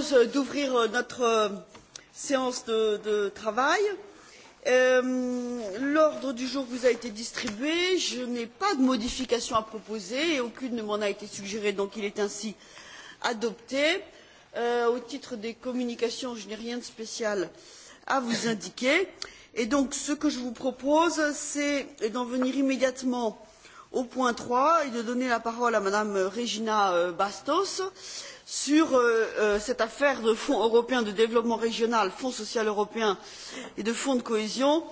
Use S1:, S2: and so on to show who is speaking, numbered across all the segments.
S1: propose d'ouvrir notre euh, séance de, de travail. Euh, L'ordre du jour vous a été distribué. Je n'ai pas de modification à proposer et aucune ne m'en a été suggérée, donc il est ainsi adopté. Euh, au titre des communications, je n'ai rien de spécial à vous indiquer. Et donc, ce que je vous propose, c'est d'en venir immédiatement au point trois et de donner la parole à Madame Regina euh, Bastos, euh, sur euh, euh, cette affaire de fonds européen de développement régional fonds social européen et de fonds de cohésion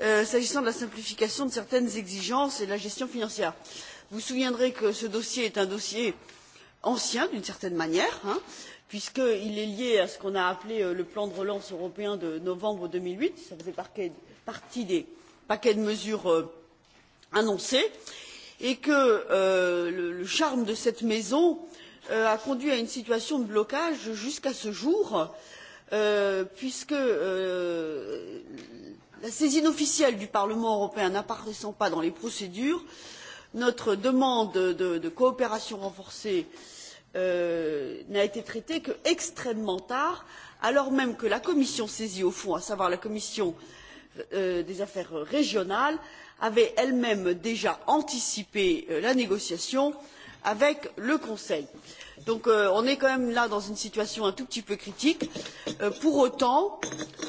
S1: euh, s'agissant de la simplification de certaines exigences et de la gestion financière. vous vous souviendrez que ce dossier est un dossier ancien d'une certaine manière puisqu'il est lié à ce qu'on a appelé le plan de relance européen de novembre deux mille huit ça faisait partie des paquets de mesures euh, annoncés et que le, le charme de cette maison est Euh, a conduit à une situation de blocage jusqu'à ce jour euh, puisque euh, la saisine officielle du parlement européen n'apparaissant pas dans les procédures notre demande de, de coopération renforcée n'a été traitée qu'extrêmement tard alors même que la commission saisie au fond à savoir la commission des affaires régionales avait elle même déjà anticipé la négociation et avec le conseil. donc euh, on est quand même là dans une situation un tout petit peu critique. Euh, pour autant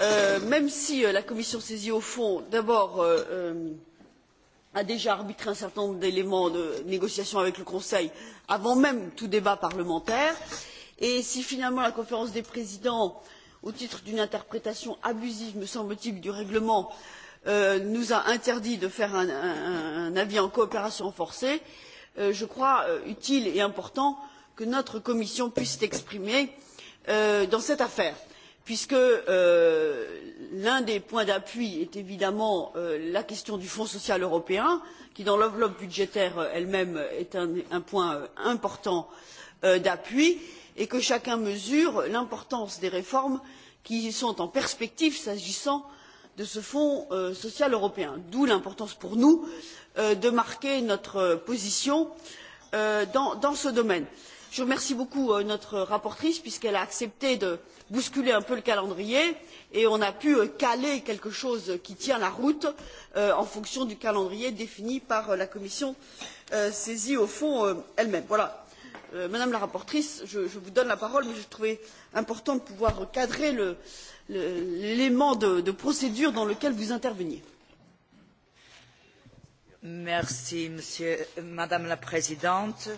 S1: euh, même si la commission saisie au fond d'abord a déjà arbitré un certain nombre d'éléments de négociation avec le conseil avant même tout débat parlementaire et si finalement la conférence des présidents au titre d'une interprétation abusive me semble t il du règlement nous a interdit de faire un, un avis en coopération renforcée Euh, je crois euh, utile et important que notre commission puisse s'exprimer euh, dans cette affaire puisque l'un des points d'appui est évidemment la question du fonds social européen qui dans l'enveloppe budgétaire elle même est un, un point important d'appui et que chacun mesure l'importance des réformes qui sont en perspective s'agissant de ce fonds social européen d'où l'importance pour nous de Euh, de marquer notre position euh, dans, ce domaine. je remercie beaucoup euh, notre rapporteure puisqu'elle a accepté de bousculer un peu le calendrier et on a pu caler quelque chose qui tient la route en fonction du calendrier défini par la commission saisie au fond elle même. voilà madame la rapporteure je, vous donne la parole mais je trouvais important de pouvoir cadrer l'élément de procédure dans lequel vous interveniez.
S2: Merci, monsieur, Madame la Presidente.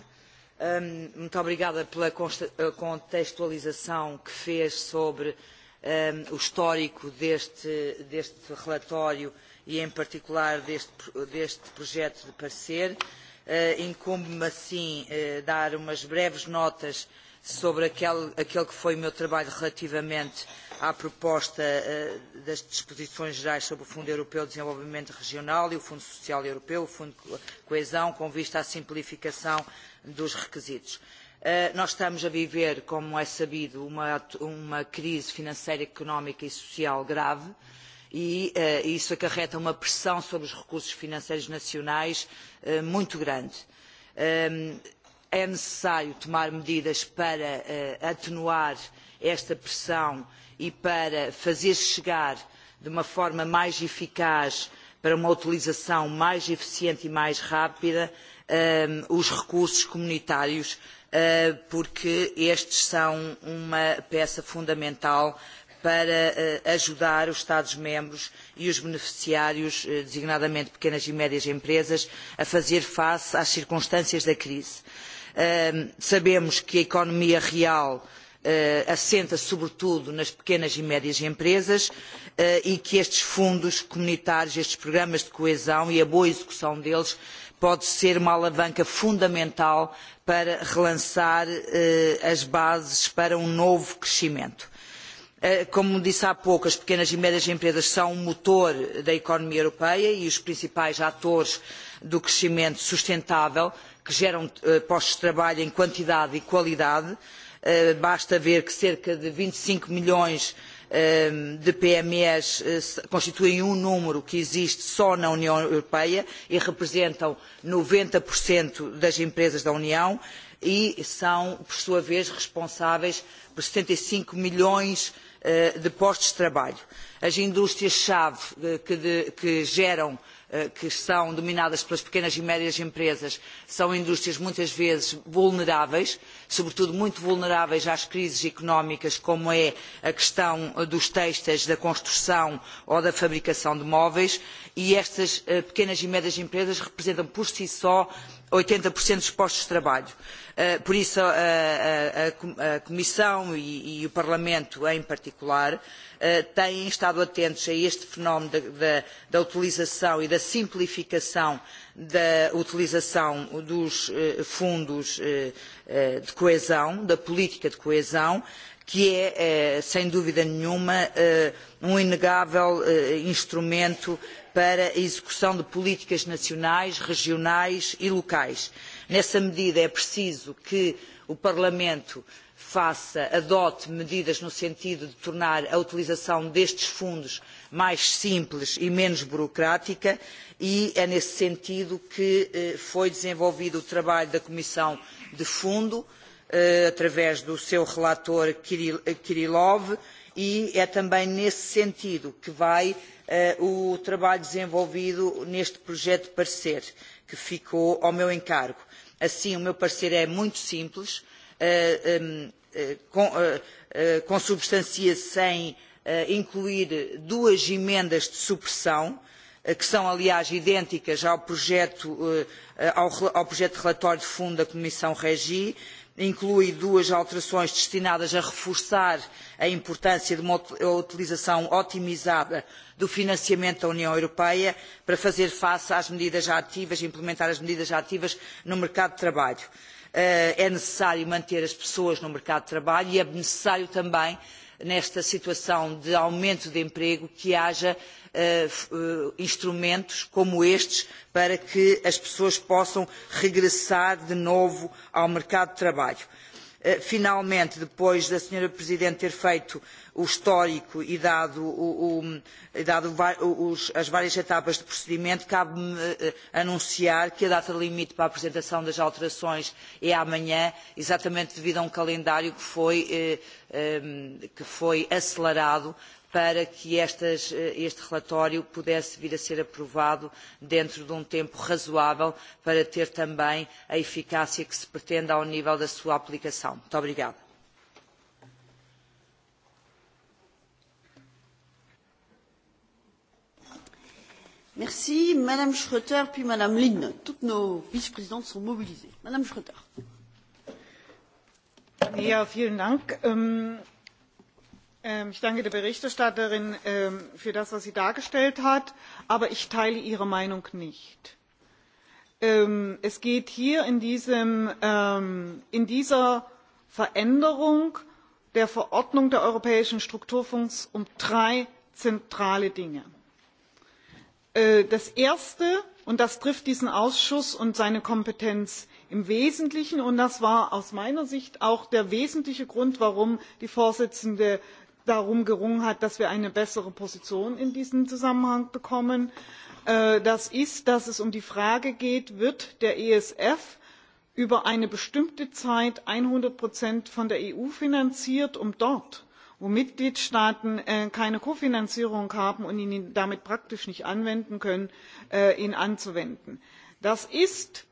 S2: muito obrigada pela eh, contextualização que fez sobre um, o histórico deste, deste relatório e, em particular, deste, deste projeto de parecer. Uh, Incumbe-me, assim, uh, dar umas breves notas uh, sobre aquele, aquele que foi o meu trabalho relativamente à proposta uh, das disposições gerais sobre o Fundo Europeu de Desenvolvimento Regional e o Fundo Social Europeu, o Fundo de Coesão, com vista à simplificação dos requisitos. Uh, nós estamos a viver, como é sabido, uma, uma crise financeira, económica e social grave e uh, isso acarreta uma pressão sobre os recursos financeiros nacionais muito grande. Ehm, é necessário tomar medidas para eh, atenuar esta pressão e para fazer chegar de uma forma mais eficaz para uma utilização mais eficiente e mais rápida ehm, os recursos comunitários, eh, porque estes são uma peça fundamental para eh, ajudar os Estados-membros e os beneficiários, designadamente pequenas e médias empresas, a fazer face às circunstâncias da crise sabemos que a economia real eh, assenta sobretudo nas pequenas e médias empresas eh, e que estes fundos comunitários estes programas de coesão e a boa execução deles podem ser uma alavanca fundamental para relançar eh, as bases para um novo crescimento. Eh, como disse há pouco, as pequenas e médias empresas são o um motor da economia europeia e os principais atores do crescimento sustentável, que geram eh, postos de trabalho em quantidade e qualidade. Eh, basta ver que cerca de vinte e cinco milhões de PMEs constituem um número que existe só na União Europeia e representam 90% das empresas da União e são, por sua vez, responsáveis por setenta e cinco milhões de Eh, de postos de trabalho. As indústrias-chave eh, que, que geram eh, que são dominadas pelas pequenas e médias empresas são indústrias muitas vezes vulneráveis, sobretudo muito vulneráveis às crises económicas, como é a questão dos têxteis, da construção ou da fabricação de móveis, e estas pequenas e médias empresas representam por si só 80% dos postos de trabalho Eh, por isso, a Comissão e, e o Parlamento, em particular, eh, têm estado atentos a este fenómeno da utilização e da simplificação da utilização dos eh, fundos de coesão, da política de coesão, que é, sem dúvida nenhuma, um inegável instrumento para a execução de políticas nacionais, regionais e locais. Nessa medida é preciso que o Parlamento faça, adote medidas no sentido de tornar a utilização destes fundos mais simples e menos burocrática e é nesse sentido que eh, foi desenvolvido o trabalho da Comissão de Fundo, eh, através do seu relator Kiril e é também nesse sentido que vai eh, o trabalho desenvolvido neste projeto de parecer que ficou ao meu encargo. Assim, o meu parecer é muito simples, eh, eh, com, consubstancia sem incluir duas emendas de supressão, que são aliás idênticas ao projeto, ao projeto de relatório de fundo da Comissão Regi, inclui duas alterações destinadas a reforçar a importância de uma utilização otimizada do financiamento da União Europeia para fazer face às medidas já ativas, implementar as medidas já ativas no mercado de trabalho. Eh, é necessário manter as pessoas no mercado de trabalho e é necessário também nesta situação de aumento de emprego que haja uh, instrumentos como estes para que as pessoas possam regressar de novo ao mercado de trabalho. Eh, finalmente depois da senhora presidente ter feito o histórico e dado, o, o, e dado os, as várias etapas de procedimento cabe me eh, anunciar que a data limite para a apresentação das alterações é amanhã exatamente devido a um calendário que foi, eh, eh, que foi acelerado para que estas, eh, este relatório pudesse vir a ser aprovado dentro de um tempo razoável para ter também a eficácia que se pretende ao nível da sua aplicação. Muito obrigada.
S1: Merci. Madame Schroeter, puis Madame Lynn. Toutes nos vice-présidentes sont mobilisées. Madame Schroeter. Ja, vielen Dank. Ähm
S3: Ähm, ich danke der Berichterstatterin ähm, für das, was sie dargestellt hat, aber ich teile ihre Meinung nicht. Ähm, es geht hier in, dieser Veränderung der Verordnung der europäischen Strukturfonds um drei zentrale Dinge. Äh, das erste, und das trifft diesen Ausschuss und seine Kompetenz im Wesentlichen, und das war aus meiner Sicht auch der wesentliche Grund, warum die Vorsitzende darum gerungen hat dass wir eine bessere position in diesem zusammenhang bekommen äh, das ist dass es um die frage geht wird der esf über eine bestimmte zeit einhundert von der eu finanziert um dort wo mitgliedstaaten äh, keine kofinanzierung haben und ihn damit praktisch nicht anwenden können äh, ihn anzuwenden. das ist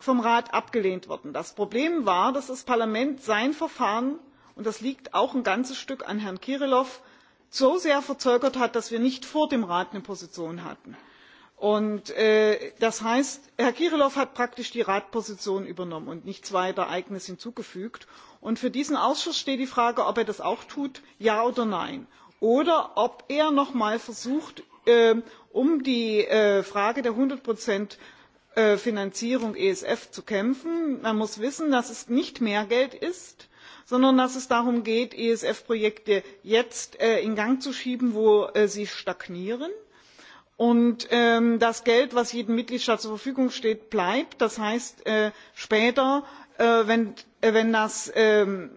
S3: vom rat abgelehnt worden. das problem war dass das parlament sein verfahren und das liegt auch ein ganzes stück an herrn kirilov so sehr verzögert hat dass wir nicht vor dem rat eine position hatten. Und, äh, das heißt herr kirilov hat praktisch die ratposition übernommen und nichts weiter eigenes hinzugefügt. für diesen ausschuss steht die frage ob er das auch tut ja oder nein oder ob er noch einmal versucht äh, um die äh, frage der einhundert finanzierung esf zu kämpfen. man muss wissen dass es nicht mehr geld ist sondern dass es darum geht esf projekte jetzt äh, in gang zu schieben wo äh, sie stagnieren und ähm, das geld das jedem mitgliedstaat zur verfügung steht bleibt. das heißt äh, später wenn, wenn das ähm,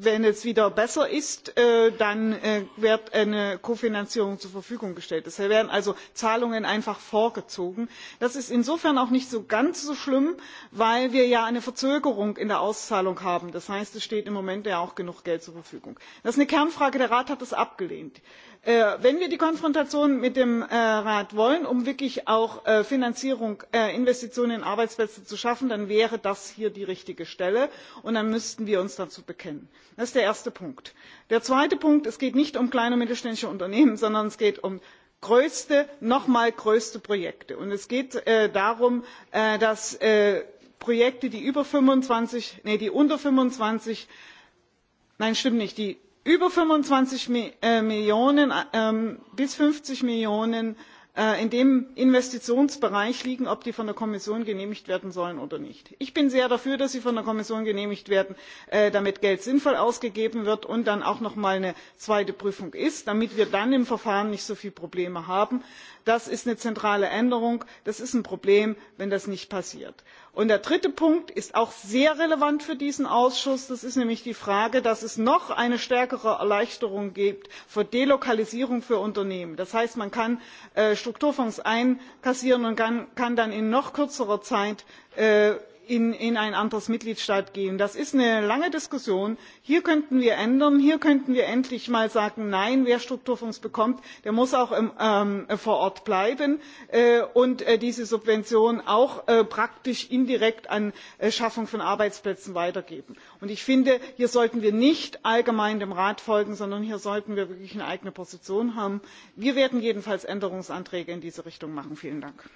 S3: wenn es wieder besser ist äh, dann äh, wird eine kofinanzierung zur verfügung gestellt. es werden also zahlungen einfach vorgezogen. das ist insofern auch nicht ganz so schlimm weil wir ja eine verzögerung in der auszahlung haben. das heißt es steht im moment ja auch genug geld zur verfügung. das ist eine kernfrage der rat hat das abgelehnt. Äh, wenn wir die konfrontation mit dem äh, rat wollen um wirklich auch äh, finanzierung investitionen in arbeitsplätze zu schaffen dann wäre das hier die richtige stelle und dann müssten wir uns dazu bekennen. das ist der erste punkt. der zweite punkt es geht nicht um kleine und mittelständische unternehmen sondern es geht um größte noch mal größte projekte und es geht darum dass projekte die unter fünfundzwanzig nein stimmt nicht über fünfundzwanzig äh, millionen ähm, bis fünfzig millionen äh, in dem investitionsbereich liegen ob die von der kommission genehmigt werden sollen oder nicht. ich bin sehr dafür dass sie von der kommission genehmigt werden äh, damit geld sinnvoll ausgegeben wird und dann auch noch mal eine zweite prüfung ist damit wir dann im verfahren nicht so viele probleme haben das ist eine zentrale änderung das ist ein problem wenn das nicht passiert. Und der dritte punkt ist auch sehr relevant für diesen ausschuss das ist nämlich die frage dass es noch eine stärkere erleichterung gibt für delokalisierung für unternehmen. das heißt man kann äh, strukturfonds einkassieren und kann dann in noch kürzerer zeit äh, in, einen anderen Mitgliedstaat gehen. Das ist eine lange Diskussion. Hier könnten wir ändern. Hier könnten wir endlich mal sagen, nein, wer Strukturfonds bekommt, der muss auch ähm, vor Ort bleiben äh, und äh, diese Subvention auch äh, praktisch indirekt an Schaffung von Arbeitsplätzen weitergeben. Und ich finde, hier sollten wir nicht allgemein dem Rat folgen, sondern hier sollten wir wirklich eine eigene Position haben. Wir werden jedenfalls Änderungsanträge in diese Richtung machen. Vielen Dank.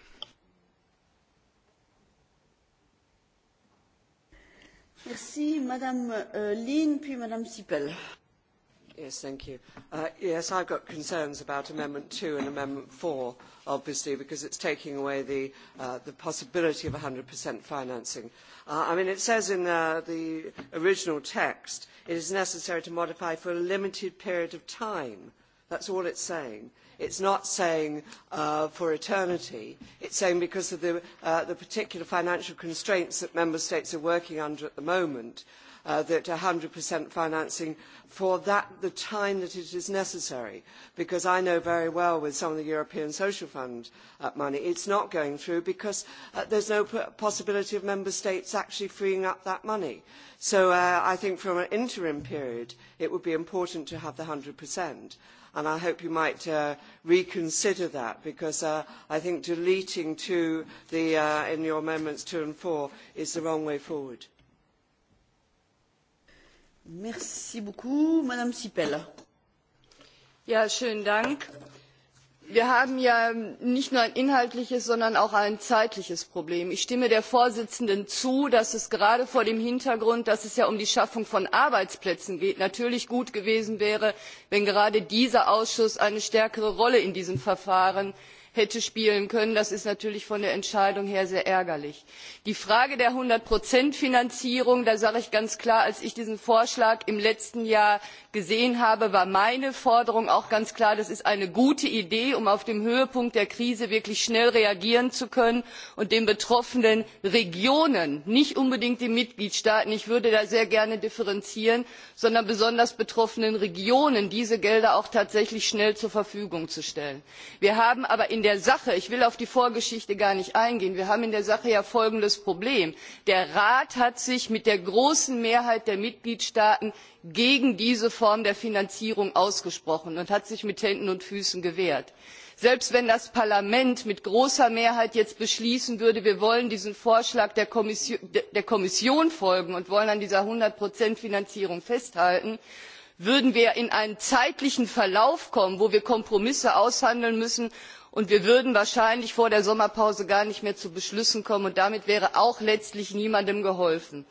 S1: Merci, Madame uh, Lynn, puis Madame Sipel.
S4: Yes, thank you. Uh, yes, I've got concerns about Amendment 2 and Amendment 4, obviously, because it's taking away the, uh, the possibility of 100% financing. Uh, I mean, it says in uh, the original text, it is necessary to modify for a limited period of time. That's all it's saying It is not saying uh, for eternity. It is saying because of the, uh, the particular financial constraints that member states are working under at the moment, uh, that one 100% financing for that, the time that it is necessary. Because I know very well with some of the European Social Fund uh, money, it is not going through because uh, there is no possibility of member states actually freeing up that money. So uh, I think from an interim period, it would be important to have the 100% and I hope you might uh, reconsider that because uh, I think deleting to the, uh, in your amendments two and four is the wrong way forward.
S1: Merci beaucoup, Madame Sipel. Ja, schönen Dank wir haben
S5: ja nicht nur ein inhaltliches sondern auch ein zeitliches problem. ich stimme der vorsitzenden zu dass es gerade vor dem hintergrund dass es ja um die schaffung von arbeitsplätzen geht natürlich gut gewesen wäre wenn gerade dieser ausschuss eine stärkere rolle in diesem verfahren hätte spielen können. das ist natürlich von der entscheidung her sehr ärgerlich. die frage der einhundert finanzierung da sage ich ganz klar als ich diesen vorschlag im letzten jahr gesehen habe war meine forderung auch ganz klar das ist eine gute idee um auf den höhepunkt der krise wirklich schnell reagieren zu können und den betroffenen regionen nicht unbedingt den mitgliedstaaten ich würde da sehr gerne differenzieren sondern besonders betroffenen regionen diese gelder auch tatsächlich schnell zur verfügung zu stellen. wir haben der sache ich will auf die vorgeschichte gar nicht eingehen wir haben in der sache ja folgendes problem der rat hat sich mit der großen mehrheit der mitgliedstaaten gegen diese form der finanzierung ausgesprochen und hat sich mit händen und füßen gewehrt. selbst wenn das parlament mit großer mehrheit jetzt beschließen würde wir wollen diesem vorschlag der kommission folgen und wollen an dieser einhundert finanzierung festhalten würden wir in einen zeitlichen verlauf kommen wo wir kompromisse aushandeln müssen und wir würden wahrscheinlich vor der sommerpause gar nicht mehr zu beschlüssen kommen und damit wäre auch letztlich niemandem geholfen.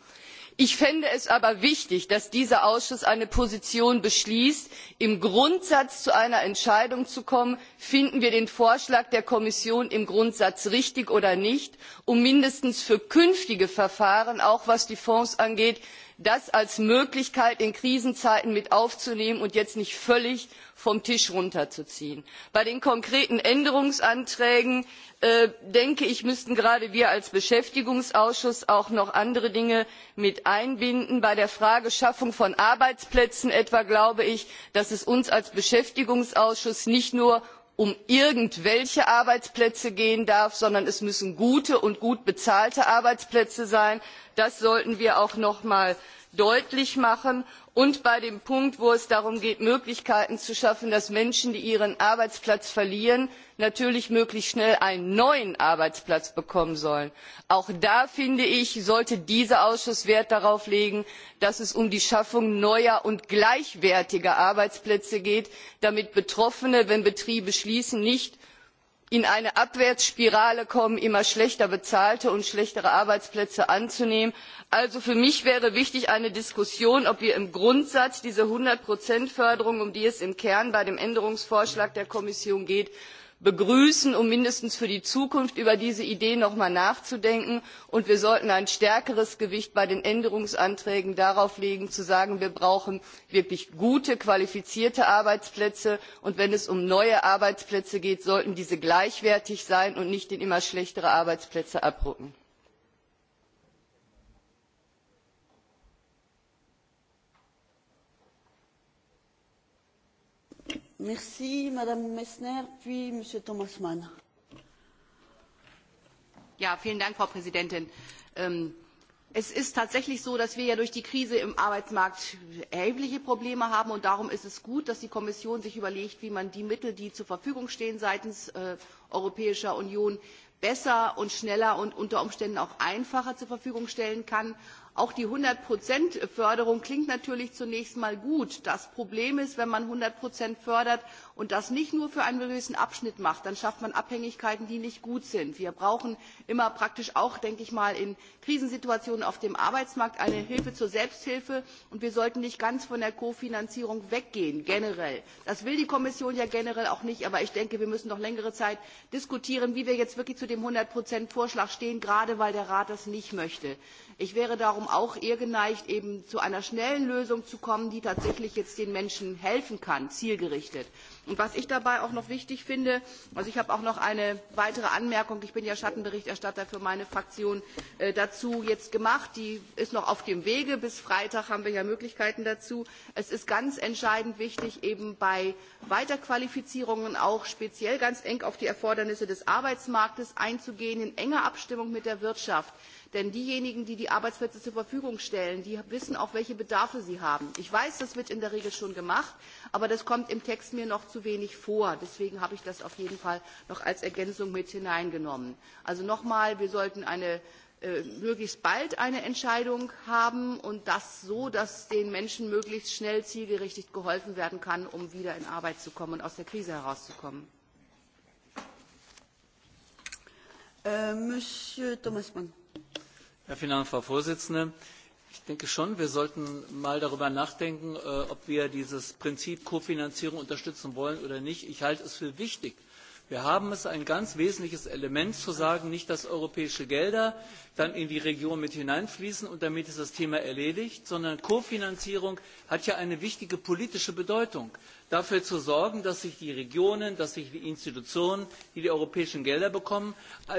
S5: ich fände es aber wichtig dass dieser ausschuss eine position beschließt im grundsatz zu einer entscheidung zu kommen finden wir den vorschlag der kommission im grundsatz richtig oder nicht um mindestens für künftige verfahren auch was die fonds angeht das als möglichkeit in krisenzeiten mit aufzunehmen und jetzt nicht völlig vom tisch herunterzuziehen. bei den konkreten änderungsanträgen äh, denke ich müssten gerade wir als beschäftigungsausschuss auch noch andere dinge mit einbinden. bei der frage der schaffung von arbeitsplätzen etwa glaube ich dass es uns als beschäftigungsausschuss nicht nur um irgendwelche arbeitsplätze gehen darf sondern es müssen gute und gut bezahlte arbeitsplätze sein das sollten wir auch noch einmal deutlich machen und bei dem punkt wo es darum geht möglichkeiten zu schaffen dass menschen die ihren arbeitsplatz verlieren natürlich möglichst schnell einen neuen arbeitsplatz bekommen sollen. auch da finde ich sollte dieser ausschuss wert darauf legen dass es um die schaffung neuer und gleichwertiger arbeitsplätze geht damit betroffene wenn betriebe schließen in eine abwärtsspirale kommen immer schlechter bezahlte und schlechtere arbeitsplätze anzunehmen. also für mich wäre wichtig eine diskussion ob wir im grundsatz diese einhundert förderung um die es im kern bei dem änderungsvorschlag der kommission geht begrüßen um mindestens für die zukunft über diese idee noch einmal nachzudenken und wir sollten ein stärkeres gewicht bei den änderungsanträgen darauf legen zu sagen wir brauchen wirklich gute qualifizierte arbeitsplätze und wenn es um neue arbeitsplätze geht sollten diese gleichwertig sein und nicht in immer schlechtere arbeitsplätze abrücken.
S1: Merci, Madame Messner, puis Monsieur Thomas Mann. Ja, vielen
S6: Dank, Frau Präsidentin. Ähm, es ist tatsächlich so, dass wir ja durch die Krise im Arbeitsmarkt erhebliche Probleme haben und darum ist es gut, dass die Kommission sich überlegt, wie man die Mittel, die zur Verfügung stehen seitens äh, Europäischer Union, besser und schneller und unter Umständen auch einfacher zur Verfügung stellen kann auch die einhundert förderung klingt natürlich zunächst einmal gut das problem ist wenn man einhundert fördert und das nicht nur für einen gewissen abschnitt macht dann schafft man abhängigkeiten die nicht gut sind. wir brauchen immer praktisch auch denke ich mal in krisensituationen auf dem arbeitsmarkt eine hilfe zur selbsthilfe und wir sollten nicht ganz von der kofinanzierung weggehen generell. das will die kommission ja generell auch nicht aber ich denke wir müssen noch längere zeit diskutieren wie wir jetzt wirklich zu dem einhundert vorschlag stehen gerade weil der rat das nicht möchte. ich wäre darum auch eher geneigt eben zu einer schnellen lösung zu kommen die tatsächlich jetzt den menschen helfen kann zielgerichtet. Und was ich dabei auch noch wichtig finde, also ich habe auch noch eine weitere Anmerkung, ich bin ja Schattenberichterstatter für meine Fraktion äh, dazu jetzt gemacht, die ist noch auf dem Wege, bis Freitag haben wir ja Möglichkeiten dazu. Es ist ganz entscheidend wichtig, eben bei Weiterqualifizierungen auch speziell ganz eng auf die Erfordernisse des Arbeitsmarktes einzugehen, in enger Abstimmung mit der Wirtschaft Denn diejenigen, die die Arbeitsplätze zur Verfügung stellen, wissen auch, welche Bedarfe sie haben. Ich weiß, das wird in der Regel schon gemacht, aber das kommt im Text mir noch zu wenig vor. Deswegen habe ich das auf jeden Fall noch als Ergänzung mit hineingenommen. Also nochmal, wir sollten eine, äh, möglichst bald eine Entscheidung haben und das so, dass den Menschen möglichst schnell zielgerichtet geholfen werden kann, um wieder in Arbeit zu kommen und aus der Krise herauszukommen.
S1: Äh,
S7: frau präsidentin! ich denke schon wir sollten mal darüber nachdenken äh, ob wir dieses prinzip kofinanzierung unterstützen wollen oder nicht. ich halte es für wichtig wir haben es ein ganz wesentliches element zu sagen nicht dass europäische gelder dann in die region mit hineinfließen und damit ist das thema erledigt sondern kofinanzierung hat ja eine wichtige politische bedeutung dafür zu sorgen dass sich die regionen dass sich die institutionen die die europäischen gelder bekommen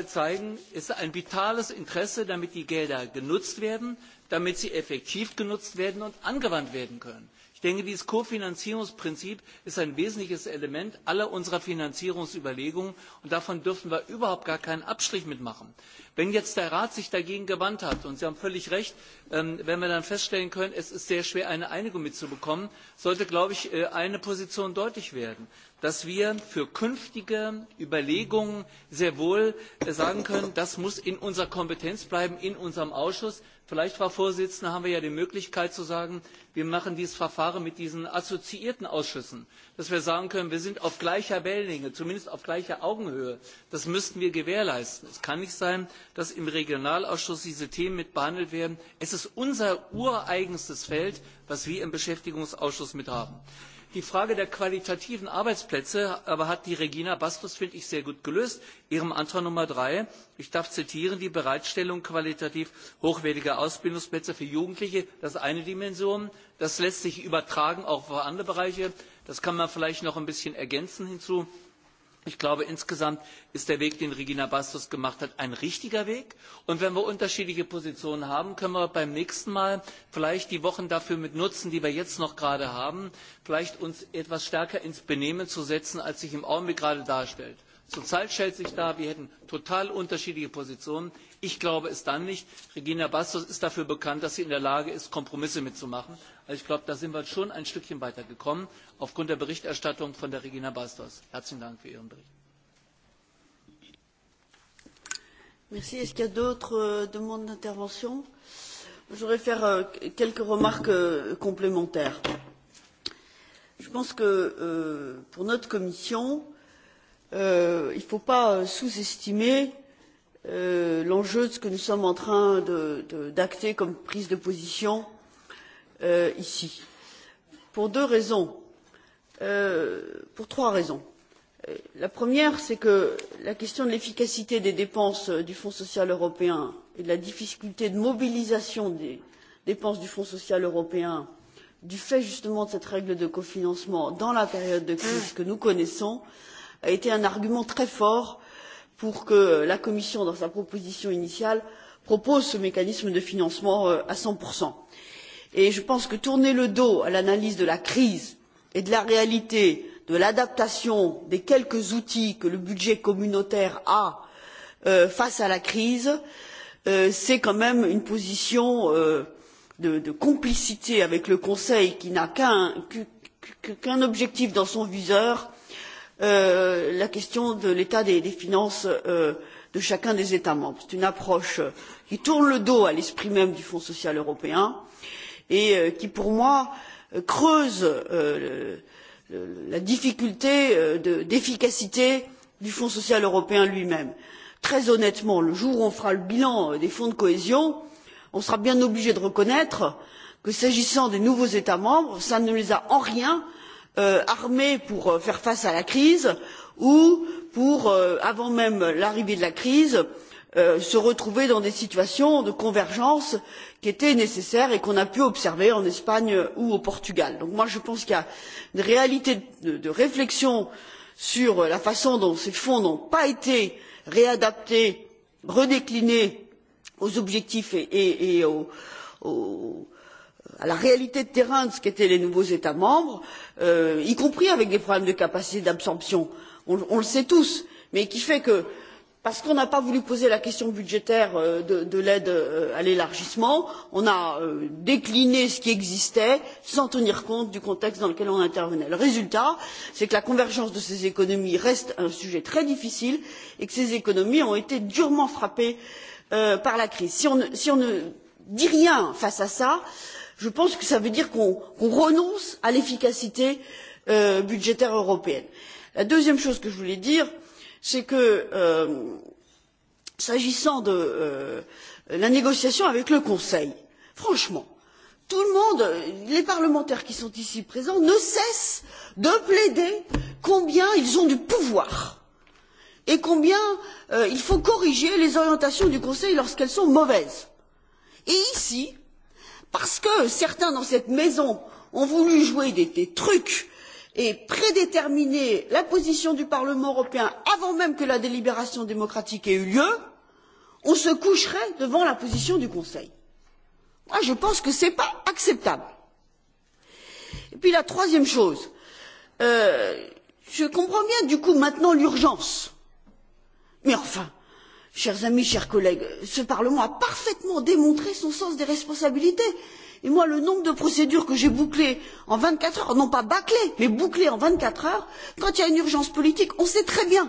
S7: zeigen es ist ein vitales interesse damit die gelder genutzt werden damit sie effektiv genutzt werden und angewandt werden können ich denke dieses kofinanzierungsprinzip ist ein wesentliches element aller unserer finanzierungsüberlegungen und davon dürfen wir überhaupt gar keinen abstrich machen. wenn sich jetzt der rat dagegen gewandt hat und sie haben völlig recht ähm, wenn wir dann feststellen können es ist sehr schwer eine einigung mitzubekommen sollte äh, eine position deutlich werden dass wir für künftige Überlegungen sehr wohl äh, sagen können, das muss in unserer Kompetenz bleiben, in unserem Ausschuss. Vielleicht, Frau Vorsitzende, haben wir ja die Möglichkeit zu sagen, wir machen dieses Verfahren mit diesen assoziierten Ausschüssen, dass wir sagen können, wir sind auf gleicher Wellenlänge, zumindest auf gleicher Augenhöhe. Das müssten wir gewährleisten. Es kann nicht sein, dass im Regionalausschuss diese Themen mit behandelt werden. Es ist unser ureigenstes Feld, das wir im Beschäftigungsausschuss mit haben. Die Frage der qualitativen Arbeitsplätze aber hat die Regina Bastos, finde ich, sehr gut gelöst. Ihrem Antrag Nummer drei, ich darf zitieren, die Bereitstellung qualitativ hochwertiger Ausbildungsplätze für Jugendliche, das ist eine Dimension. Das lässt sich übertragen auch auf andere Bereiche. Das kann man vielleicht noch ein bisschen ergänzen hinzu ich glaube, insgesamt ist der Weg, den Regina Bastos gemacht hat, ein richtiger Weg. Und wenn wir unterschiedliche Positionen haben, können wir beim nächsten Mal vielleicht die Wochen dafür mit nutzen, die wir jetzt noch gerade haben, vielleicht uns etwas stärker ins Benehmen zu setzen, als sich im Augenblick gerade darstellt. Zurzeit stellt sich dar, wir hätten total unterschiedliche Positionen. Ich glaube es dann nicht. Regina Bastos ist dafür bekannt, dass sie in der Lage ist, Kompromisse mitzumachen. Also ich glaube, da sind wir schon ein Stückchen weitergekommen, aufgrund der Berichterstattung von der Regina Bastos. Herzlichen Dank für Ihren Bericht.
S1: Merci. Est-ce qu'il y a d'autres euh, demandes d'intervention Je voudrais faire euh, quelques remarques euh, complémentaires. Je pense que euh, pour notre commission, euh, il ne faut pas euh, sous-estimer l'enjeu de ce que nous sommes en train d'acter comme prise de position Euh, ici pour deux raisons euh, pour trois raisons. Euh, la première c'est que la question de l'efficacité des dépenses du fonds social européen et de la difficulté de mobilisation des dépenses du fonds social européen du fait justement de cette règle de cofinancement dans la période de crise que nous connaissons a été un argument très fort pour que la commission dans sa proposition initiale propose ce mécanisme de financement à cent et je pense que tourner le dos à l'analyse de la crise et de la réalité de l'adaptation des quelques outils que le budget communautaire a euh, face à la crise euh, c'est quand même une position euh, de, complicité avec le conseil qui n'a qu'un objectif dans son viseur la question de l'état des, finances de chacun des états membres. c'est une approche qui tourne le dos à l'esprit même du fonds social européen et euh, qui pour moi euh, creuse euh, la difficulté d'efficacité du fonds social européen lui même. très honnêtement le jour où on fera le bilan des fonds de cohésion on sera bien obligé de reconnaître que s'agissant des nouveaux états membres cela ne les a en rien armés pour faire face à la crise ou pour avant même l'arrivée de la crise Euh, se retrouver dans des situations de convergence qui étaient nécessaires et qu'on a pu observer en espagne ou au portugal. donc moi je pense qu'il y a une réalité de, réflexion sur la façon dont ces fonds n'ont pas été réadaptés redéclinés aux objectifs et, à la réalité de terrain de ce qu'étaient les nouveaux états membres euh, y compris avec des problèmes de capacité d'absorption on le sait tous mais qui fait que parce qu'on n'a pas voulu poser la question budgétaire euh, de, l'aide euh, à l'élargissement on a euh, décliné ce qui existait sans tenir compte du contexte dans lequel on intervenait. le résultat c'est que la convergence de ces économies reste un sujet très difficile et que ces économies ont été durement frappées par la crise. Si on, ne, dit rien face à cela je pense que cela veut dire qu'on renonce à l'efficacité budgétaire européenne. la deuxième chose que je voulais dire c'est c'est que euh, s'agissant de euh, la négociation avec le conseil franchement tout le monde les parlementaires qui sont ici présents ne cessent de plaider combien ils ont du pouvoir et combien euh, il faut corriger les orientations du conseil lorsqu'elles sont mauvaises. et ici parce que certains dans cette maison ont voulu jouer des, des trucs et prédéterminer la position du parlement européen avant même que la délibération démocratique ait eu lieu on se coucherait devant la position du conseil. je pense que ce n'est pas acceptable. et puis la troisième chose euh, je comprends bien du coup maintenant l'urgence mais enfin chers amis chers collègues ce parlement a parfaitement démontré son sens des responsabilités et moi le nombre de procédures que j'ai bouclées en vingt quatre heures non pas bâclées mais bouclées en vingt quatre heures quand il y a une urgence politique on sait très bien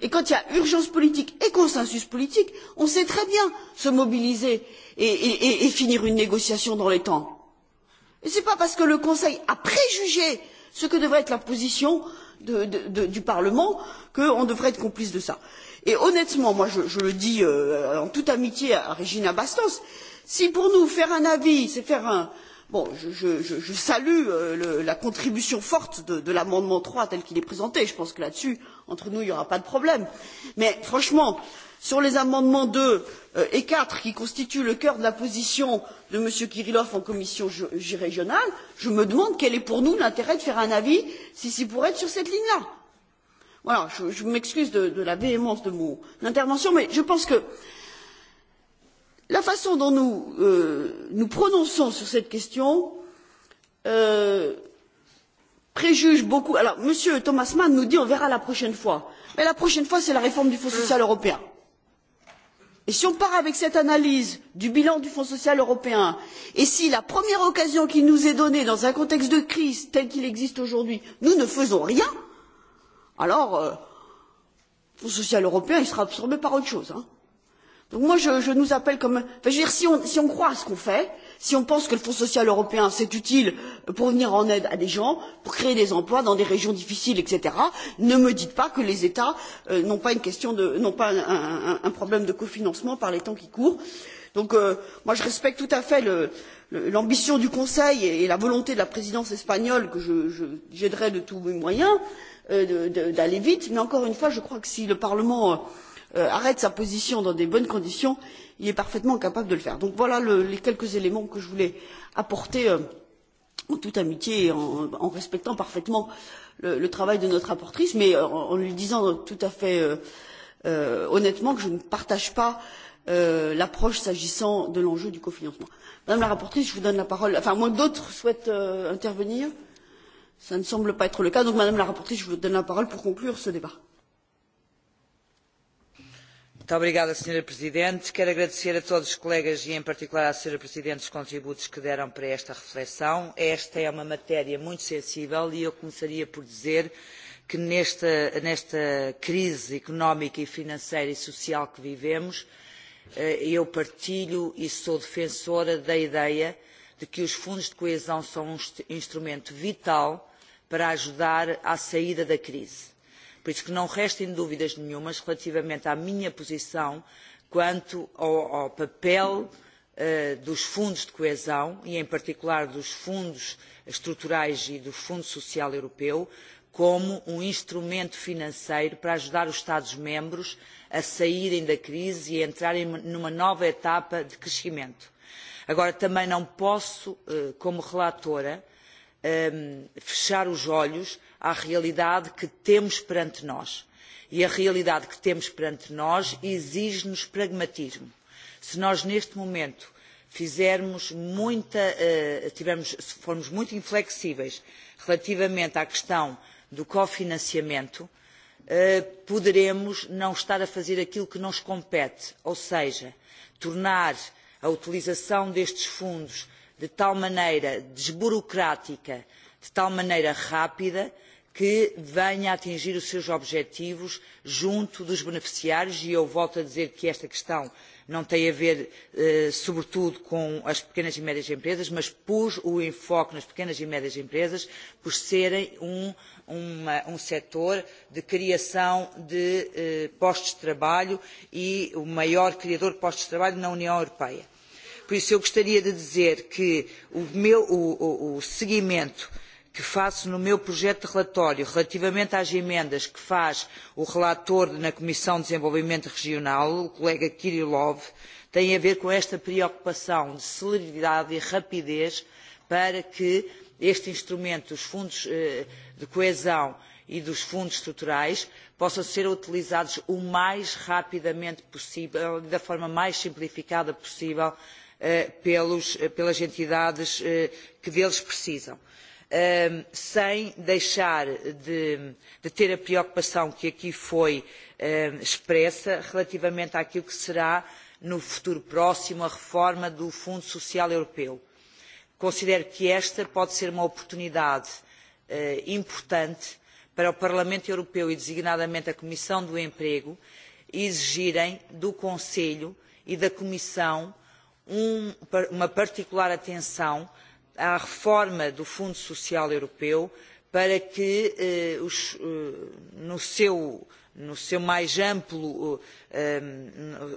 S1: et quand il y a urgence politique et consensus politique on sait très bien se mobiliser et, et, et finir une négociation dans les temps. ce n'est pas parce que le conseil a préjugé ce que devrait être la position de, de, de, du parlement qu'on devrait être complice de cela. et honnêtement moi je, je le dis euh, en toute amitié à regina bastos si pour nous faire un avis c'est faire un bon je, je, je, je salue euh, le, la contribution forte de, de l'amendement trois tel qu'il est présenté je pense que là dessus entre nous il n'y aura pas de problème mais franchement sur les amendements deux euh, et quatre qui constituent le cœur de la position de m. kirilov en commission régionale je me demande quel est pour nous l'intérêt de faire un avis si c'est pour être sur cette ligne là. voilà je m'excuse de, de la véhémence de mon intervention mais je pense que la façon dont nous euh, nous prononçons sur cette question euh, préjuge beaucoup. alors m. thomas mann nous dit on verra la prochaine fois mais la prochaine fois c'est la réforme du fonds hmm. social européen. et si on part avec cette analyse du bilan du fonds social européen et si la première occasion qui nous est donnée dans un contexte de crise tel qu'il existe aujourd'hui nous ne faisons rien alors le euh, fonds social européen il sera absorbé par autre chose. Hein Donc moi, je, je nous appelle comme... Enfin, je veux dire, si on, si on croit à ce qu'on fait, si on pense que le Fonds social européen, c'est utile pour venir en aide à des gens, pour créer des emplois dans des régions difficiles, etc., ne me dites pas que les États euh, n'ont pas, une question de, n'ont pas un, un, un problème de cofinancement par les temps qui courent. Donc, euh, moi, je respecte tout à fait le, l'ambition du conseil et la volonté de la présidence espagnole que j'aiderai de tous mes moyens euh, d'aller vite mais encore une fois je crois que si le parlement euh, Euh, arrête sa position dans de bonnes conditions il est parfaitement capable de le faire. donc voilà les quelques éléments que je voulais apporter euh, en toute amitié et en, respectant parfaitement le, travail de notre rapporteure mais euh, en, lui disant tout à fait honnêtement que je ne partage pas l'approche s'agissant de l'enjeu du cofinancement. madame la rapporteure je vous donne la parole enfin à moins que d'autres souhaitent intervenir cela ne semble pas être le cas donc madame la rapporteure je vous donne la parole pour conclure ce débat
S2: obrigada, Sra. Presidente. Quero agradecer a todos os colegas e, em particular, à Sra. Presidente os contributos que deram para esta reflexão. Esta é uma matéria muito sensível e eu começaria por dizer que nesta, nesta crise económica e financeira e social que vivemos, eh, eu partilho e sou defensora da ideia de que os fundos de coesão são um instrumento vital para ajudar à saída da crise Por isso que não restem dúvidas nenhumas relativamente à minha posição quanto ao, ao papel uh, dos fundos de coesão e, em particular, dos fundos estruturais e do Fundo Social Europeu como um instrumento financeiro para ajudar os Estados-membros a saírem da crise e a entrarem numa nova etapa de crescimento. Agora, também não posso, eh, como relatora, Ehm, fechar os olhos à realidade que temos perante nós. E a realidade que temos perante nós exige-nos pragmatismo. Se nós, neste momento, fizermos muita, eh, tivermos, se formos muito inflexíveis relativamente à questão do cofinanciamento, eh, poderemos não estar a fazer aquilo que nos compete, ou seja, tornar a utilização destes fundos de tal maneira desburocrática, de tal maneira rápida, que venha atingir os seus objetivos junto dos beneficiários e eu volto a dizer que esta questão não tem a ver eh, sobretudo com as pequenas e médias empresas, mas pus o enfoque nas pequenas e médias empresas por serem um, uma, um setor de criação de eh, postos de trabalho e o maior criador de postos de trabalho na União Europeia Por isso eu gostaria de dizer que o, meu, o, o, o seguimento que faço no meu projeto de relatório relativamente às emendas que faz o relator na Comissão de Desenvolvimento Regional, o colega Kirilov, tem a ver com esta preocupação de celeridade e rapidez para que este instrumento dos fundos eh, de coesão e dos fundos estruturais possam ser utilizados o mais rapidamente possível, da forma mais simplificada possível, Eh, eh, pelas entidades eh, que deles precisam. Ehm, sem deixar de, de ter a preocupação que aqui foi ehm, expressa relativamente àquilo que será no futuro próximo a reforma do Fundo Social Europeu. Considero que esta pode ser uma oportunidade importante para o Parlamento Europeu e designadamente a Comissão do Emprego exigirem do Conselho e da Comissão Um uma particular atenção à reforma do Fundo Social Europeu para que, eh, os, eh, no seu no seu mais amplo, eh,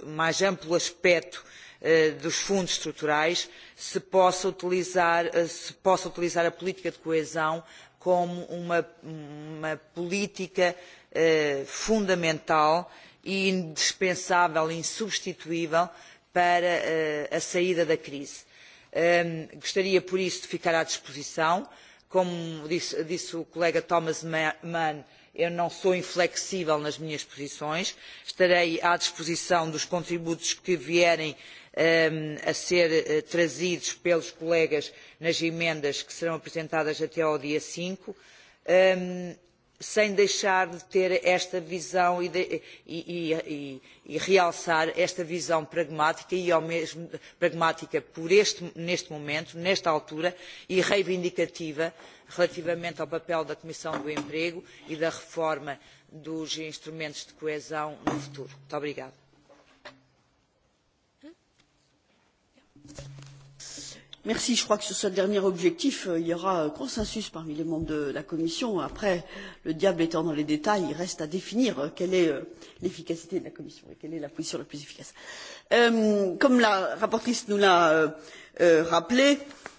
S2: um, mais amplo aspecto eh, dos fundos estruturais, se possa, utilizar, se possa utilizar a política de coesão como uma, uma política fundamental e indispensável, insubstituível para a saída da crise. Gostaria, por isso, de ficar à disposição. Como disse, disse o colega Thomas Mann, eu não sou inflexível nas minhas posições. Estarei à disposição dos contributos que vierem a ser eh, trazidos pelos colegas nas emendas que serão apresentadas até ao dia cinco sem deixar de ter esta visão e, de, e, e, e, e realçar esta visão pragmática e ao mesmo pragmática por este, neste momento, nesta altura e reivindicativa relativamente ao papel da Comissão do Emprego e da reforma dos instrumentos de coesão
S1: no futuro. Muito obrigada. Merci. Je crois que sur ce dernier objectif, euh, il y aura euh, consensus parmi les membres de la Commission. Après, le diable étant dans les détails, il reste à définir euh, quelle est l'efficacité de la Commission et quelle est la position la plus efficace. comme la rapporteure nous l'a rappelé,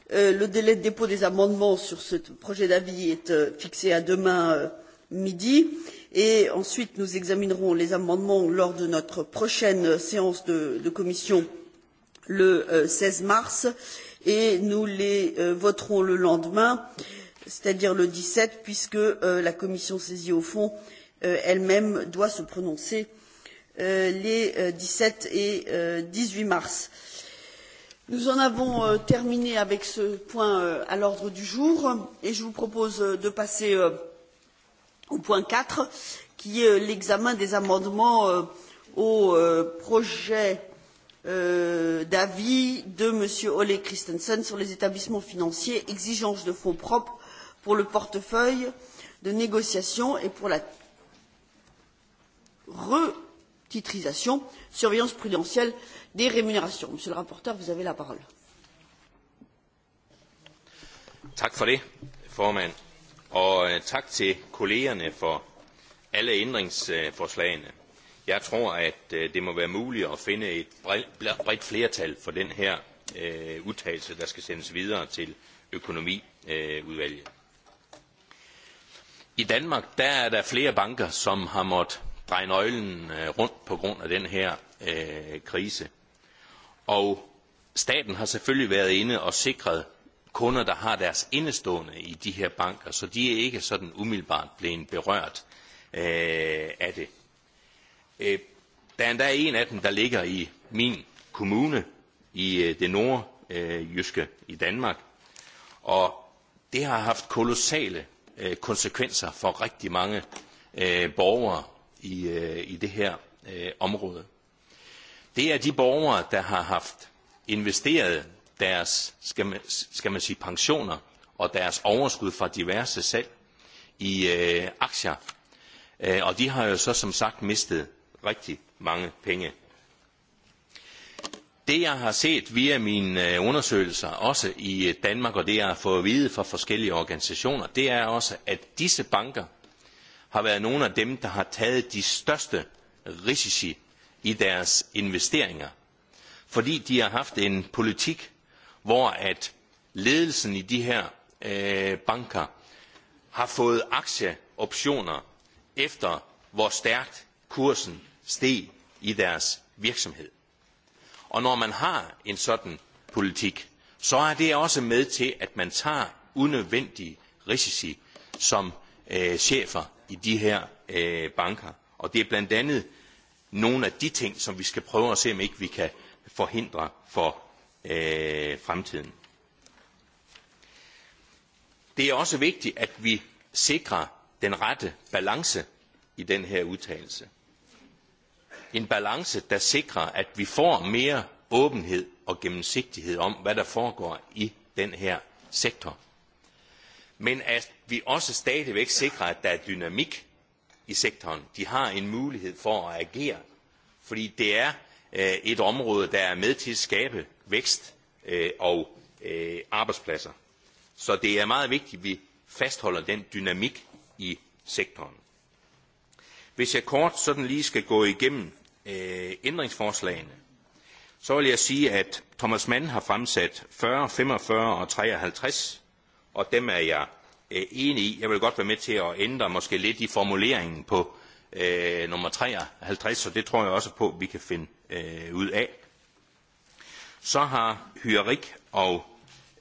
S1: le délai de dépôt des amendements sur ce projet d'avis est fixé à demain midi et ensuite nous examinerons les amendements lors de notre prochaine séance de, de commission le seize mars et et nous les euh, voterons le lendemain c'est à dire le dix sept puisque euh, la commission saisie au fond euh, elle même doit se prononcer les dix sept et dix huit mars. nous en avons terminé avec ce point à l'ordre du jour et je vous propose de passer au point quatre qui est l'examen des amendements au projet Euh, d'avis de m. ole christensen sur les établissements financiers exigence de fonds propres pour le portefeuille de négociation et pour la retitrisation surveillance prudentielle des rémunérations. monsieur le rapporteur vous avez la parole.
S8: Tak for det, formand, og øh, tak til kollegerne for alle ændringsforslagene. Jeg tror, at øh, det må være muligt at finde et bredt flertal for den her øh, udtalelse, der skal sendes videre til økonomiudvalget. I Danmark der er der flere banker, som har måttet dreje nøglen øh, rundt på grund af den her øh, krise. Og staten har selvfølgelig været inde og sikret kunder, der har deres indestående i de her banker, så de er ikke sådan umiddelbart blevet berørt øh, af det. Øh, der er endda en af dem der ligger i min kommune i øh, det nordjyske øh, i danmark og det har haft kolossale konsekvenser for rigtig mange borgere i, det her område. Det er de borgere, der har haft investeret deres skal man, skal man sige, pensioner og deres overskud fra diverse salg i øh, aktier. Og de har jo så som sagt mistet rigtig mange penge. Det jeg har set via mine øh, undersøgelser, også i øh, Danmark, og det jeg har fået at vide fra forskellige organisationer, det er også, at disse banker har været nogle af dem, der har taget de største risici i deres investeringer, fordi de har haft en politik, hvor at ledelsen i de her øh, banker har fået aktieoptioner efter, hvor stærkt kursen steg i deres virksomhed. Og når man har en sådan politik, så er det også med til, at man tager unødvendige risici som øh, chefer i de her øh, banker. Og det er blandt andet nogle af de ting, som vi skal prøve at se, om ikke vi kan forhindre for øh, fremtiden. Det er også vigtigt, at vi sikrer den rette balance i den her udtalelse en balance der sikrer at vi får mere åbenhed og gennemsigtighed om hvad der foregår i den her sektor men at vi også stadig væk sikrer at der er dynamik i sektoren de har en mulighed for at agere fordi det er øh, et område der er med til at skabe vækst øh, og øh, arbejdspladser så det er meget vigtigt at vi fastholder den dynamik i sektoren hvis jeg kort sådan lige skal gå igennem øh, ændringsforslagene, så vil jeg sige, at Thomas Mann har fremsat 40, 45 og 53, og dem er jeg øh, enig i. Jeg vil godt være med til at ændre måske lidt i formuleringen på øh, nummer 53, og det tror jeg også på, at vi kan finde øh, ud af. Så har Hyrik og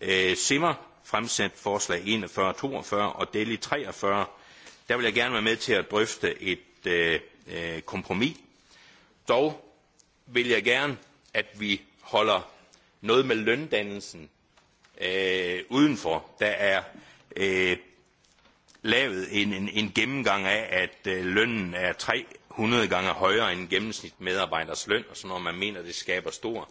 S8: øh, Simmer fremsat forslag 41, 42 og Delhi 43. Der vil jeg gerne være med til at drøfte et øh, øh kompromis dog vil jeg gerne at vi holder noget med løndannelsen øh, udenfor der er øh, lavet en, en, en gennemgang af at øh, lønnen er tre gange højere end gennemsnit medarbejders løn, og sådan noget, man mener, det skaber stor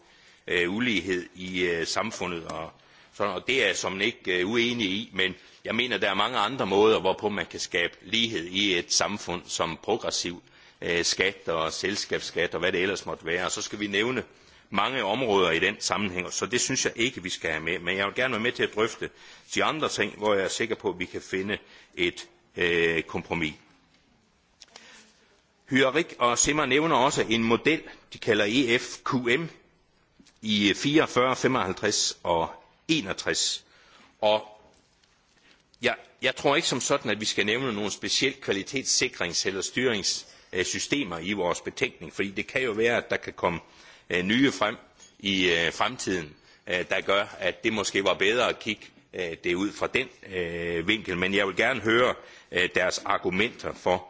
S8: øh, ulighed i øh, samfundet. Og, sådan, og det er jeg som ikke øh, uenig i, men jeg mener, der er mange andre måder, hvorpå man kan skabe lighed i et samfund som progressivt Øh, skat og selskabsskat og hvad det ellers måtte være. Og så skal vi nævne mange områder i den sammenhæng, så det synes jeg ikke, vi skal have med. Men jeg vil gerne være med til at drøfte de andre ting, hvor jeg er sikker på, at vi kan finde et øh, kompromis. Hyarik og Simmer nævner også en model, de kalder EFQM, i 44, 55 og 61. Og jeg, jeg tror ikke som sådan, at vi skal nævne nogle speciel kvalitetssikrings- eller styrings Øh, systemer i vores betænkning fordi det kan jo være at der kan komme øh, nye frem i øh, fremtiden der gør at det måske var bedre at kigge det ud fra den vinkel men jeg vil gerne høre deres argumenter for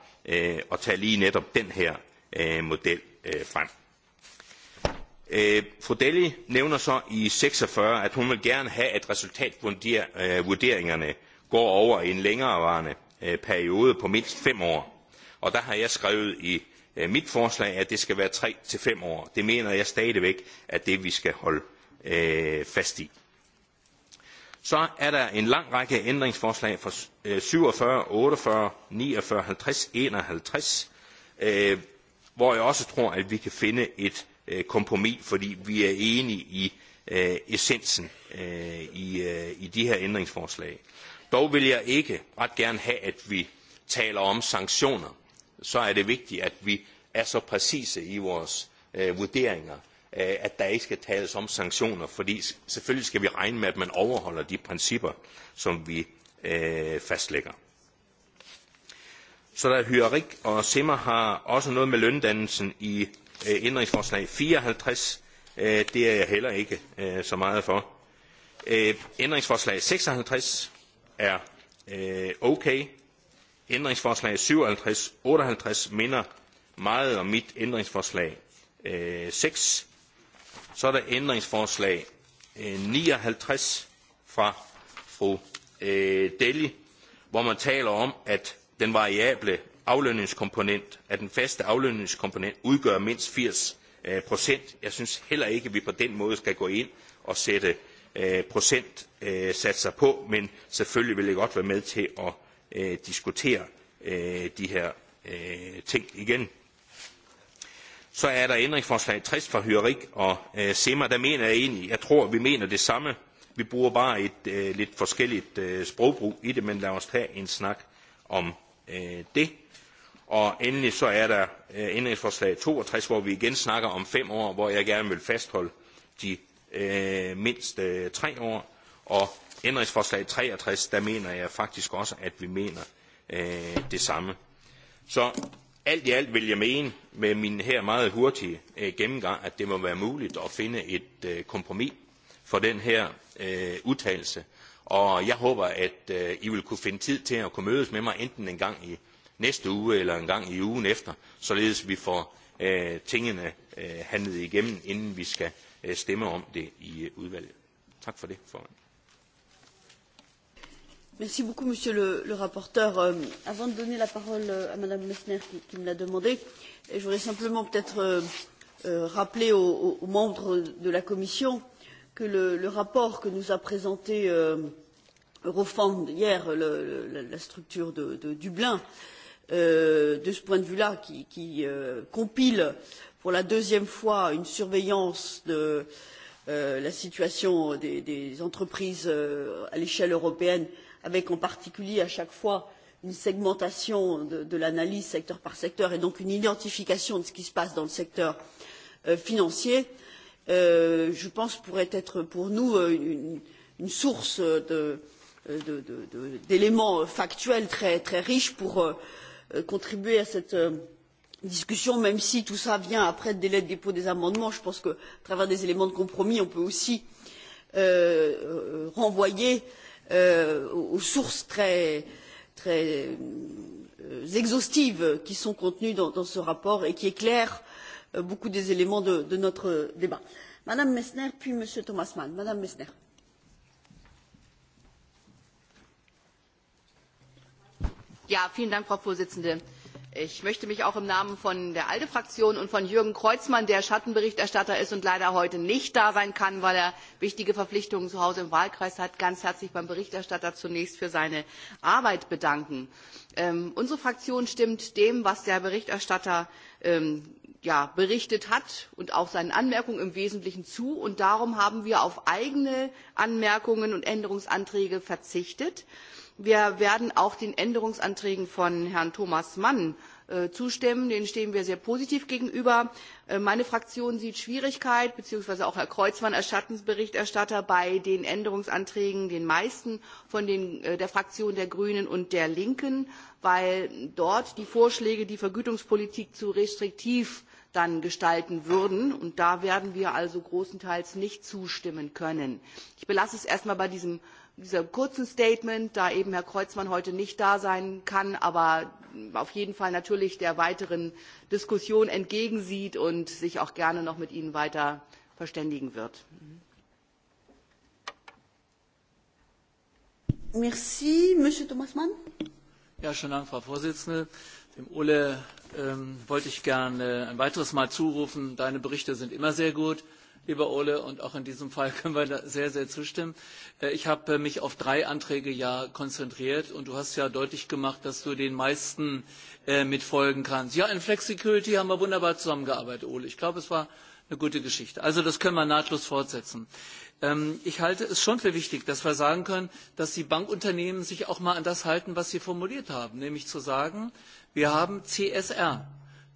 S8: at tage lige netop den her model frem. Fru Dalli nævner så i 46, at hun vil gerne have, at resultatvurderingerne går over en længerevarende periode på mindst fem år og der har jeg skrevet i øh, mit forslag at det skal være tre til fem år det mener jeg stadig væk er det vi skal holde øh, fast i så er der en lang række ændringsforslag fra øh, syv og fyrre otte og fyrre ni og fyrre halvtreds en og halvtreds øh, hvor jeg også tror at vi kan finde et øh, kompromis fordi vi er enige i øh, essensen i, i de her ændringsforslag dog vil jeg ikke ret gerne have at vi taler om sanktioner så er det vigtigt, at vi er så præcise i vores øh, vurderinger, øh, at der ikke skal tales om sanktioner, fordi selvfølgelig skal vi regne med, at man overholder de principper, som vi øh, fastlægger. Så er der Hyarik og Simmer har også noget med løndannelsen i øh, ændringsforslag 54. Øh, det er jeg heller ikke øh, så meget for. Øh, ændringsforslag 56 er øh, okay ændringsforslag syv og halvtreds otte og halvtreds minder meget om mit ændringsforslag øh, seks så er der ændringsforslag øh, ni og halvtreds fra fru øh, delli hvor man taler om at den variable aflønningskomponent at den faste aflønningskomponent udgør mindst firs procent jeg synes heller ikke at vi på den måde skal gå ind og sætte procentsatser på men selvfølgelig vil jeg godt være med til at øh, diskutere øh, de her øh, ting igen. Så er der ændringsforslag 60 fra Hyrik og øh, Simmer. Der mener jeg egentlig, jeg tror, vi mener det samme. Vi bruger bare et øh, lidt forskelligt øh, sprogbrug i det, men lad os tage en snak om øh, det. Og endelig så er der øh, ændringsforslag 62, hvor vi igen snakker om fem år, hvor jeg gerne vil fastholde de øh, mindst øh, tre år. Og ændringsforslag tre og tres mener jeg faktisk også at vi mener øh, det samme så alt i alt vil jeg mene med min her meget hurtige øh, gennemgang at det må være muligt at finde et øh, kompromis for den her øh, udtalelse og jeg håber at øh, i vil kunne finde tid til at kunne mødes med mig enten en gang i næste uge eller en gang i ugen efter således vi får øh, tingene øh, handlet igennem inden vi skal øh, stemme om det i øh, udvalget tak for det formand
S1: Merci beaucoup, monsieur le, le rapporteur. Euh, avant de donner la parole euh, à madame Messner qui, qui me l'a demandé, je voudrais simplement peut-être euh, euh, rappeler aux, aux, membres de la Commission que le, le rapport que nous a présenté euh, Eurofound hier, le, le, la structure de, de Dublin, euh, de ce point de vue-là, qui, qui euh, compile pour la deuxième fois une surveillance de euh, la situation des, des entreprises euh, à l'échelle européenne, euh, avec en particulier à chaque fois une segmentation de, l'analyse secteur par secteur et donc une identification de ce qui se passe dans le secteur euh, financier euh, je pense pourrait être pour nous euh, une, source d'éléments factuels très, riches pour contribuer à cette discussion même si tout cela vient après le délai de dépôt des amendements je pense qu'à travers des éléments de compromis on peut aussi renvoyer à euh, aux sources très, très euh, exhaustives qui sont contenues dans, dans ce rapport et qui éclairent euh, beaucoup des éléments de, de notre débat. Madame Messner, puis Monsieur Thomas Mann. Madame Messner.
S6: Ja, vielen Dank, Frau Vorsitzende ich möchte mich auch im namen von der alde fraktion und von jürgen kreuzmann der schattenberichterstatter ist und leider heute nicht da sein kann weil er wichtige verpflichtungen zu hause im wahlkreis hat ganz herzlich beim berichterstatter zunächst für seine arbeit bedanken. Ähm, unsere fraktion stimmt dem was der berichterstatter ähm, ja, berichtet hat und auch seinen anmerkungen im wesentlichen zu und darum haben wir auf eigene anmerkungen und änderungsanträge verzichtet wir werden auch den änderungsanträgen von herrn thomas mann äh, zustimmen denen stehen wir sehr positiv gegenüber. Äh, meine fraktion sieht schwierigkeiten beziehungsweise auch herr creutzmann als schattenberichterstatter bei den änderungsanträgen den meisten von den, äh, der fraktion der grünen und der linken weil dort die vorschläge die vergütungspolitik zu restriktiv dann gestalten würden und da werden wir also großenteils nicht zustimmen können. ich belasse es erst einmal bei diesem dieser kurzen Statement, da eben Herr Kreuzmann heute nicht da sein kann, aber auf jeden Fall natürlich der weiteren Diskussion entgegensieht und sich auch gerne noch mit Ihnen weiter verständigen wird.
S1: Mhm. Merci,
S7: ja, Dank, Frau Vorsitzende. Dem Ole ähm, wollte ich gerne ein weiteres Mal zurufen, deine Berichte sind immer sehr gut lieber Ole, und auch in diesem Fall können wir da sehr, sehr zustimmen. Äh, ich habe äh, mich auf drei Anträge ja konzentriert und du hast ja deutlich gemacht, dass du den meisten mit äh, mitfolgen kannst. Ja, in Flexicurity haben wir wunderbar zusammengearbeitet, Ole. Ich glaube, es war eine gute Geschichte. Also das können wir nahtlos fortsetzen. Ähm, ich halte es schon für wichtig, dass wir sagen können, dass die Bankunternehmen sich auch mal an das halten, was sie formuliert haben, nämlich zu sagen, wir haben CSR.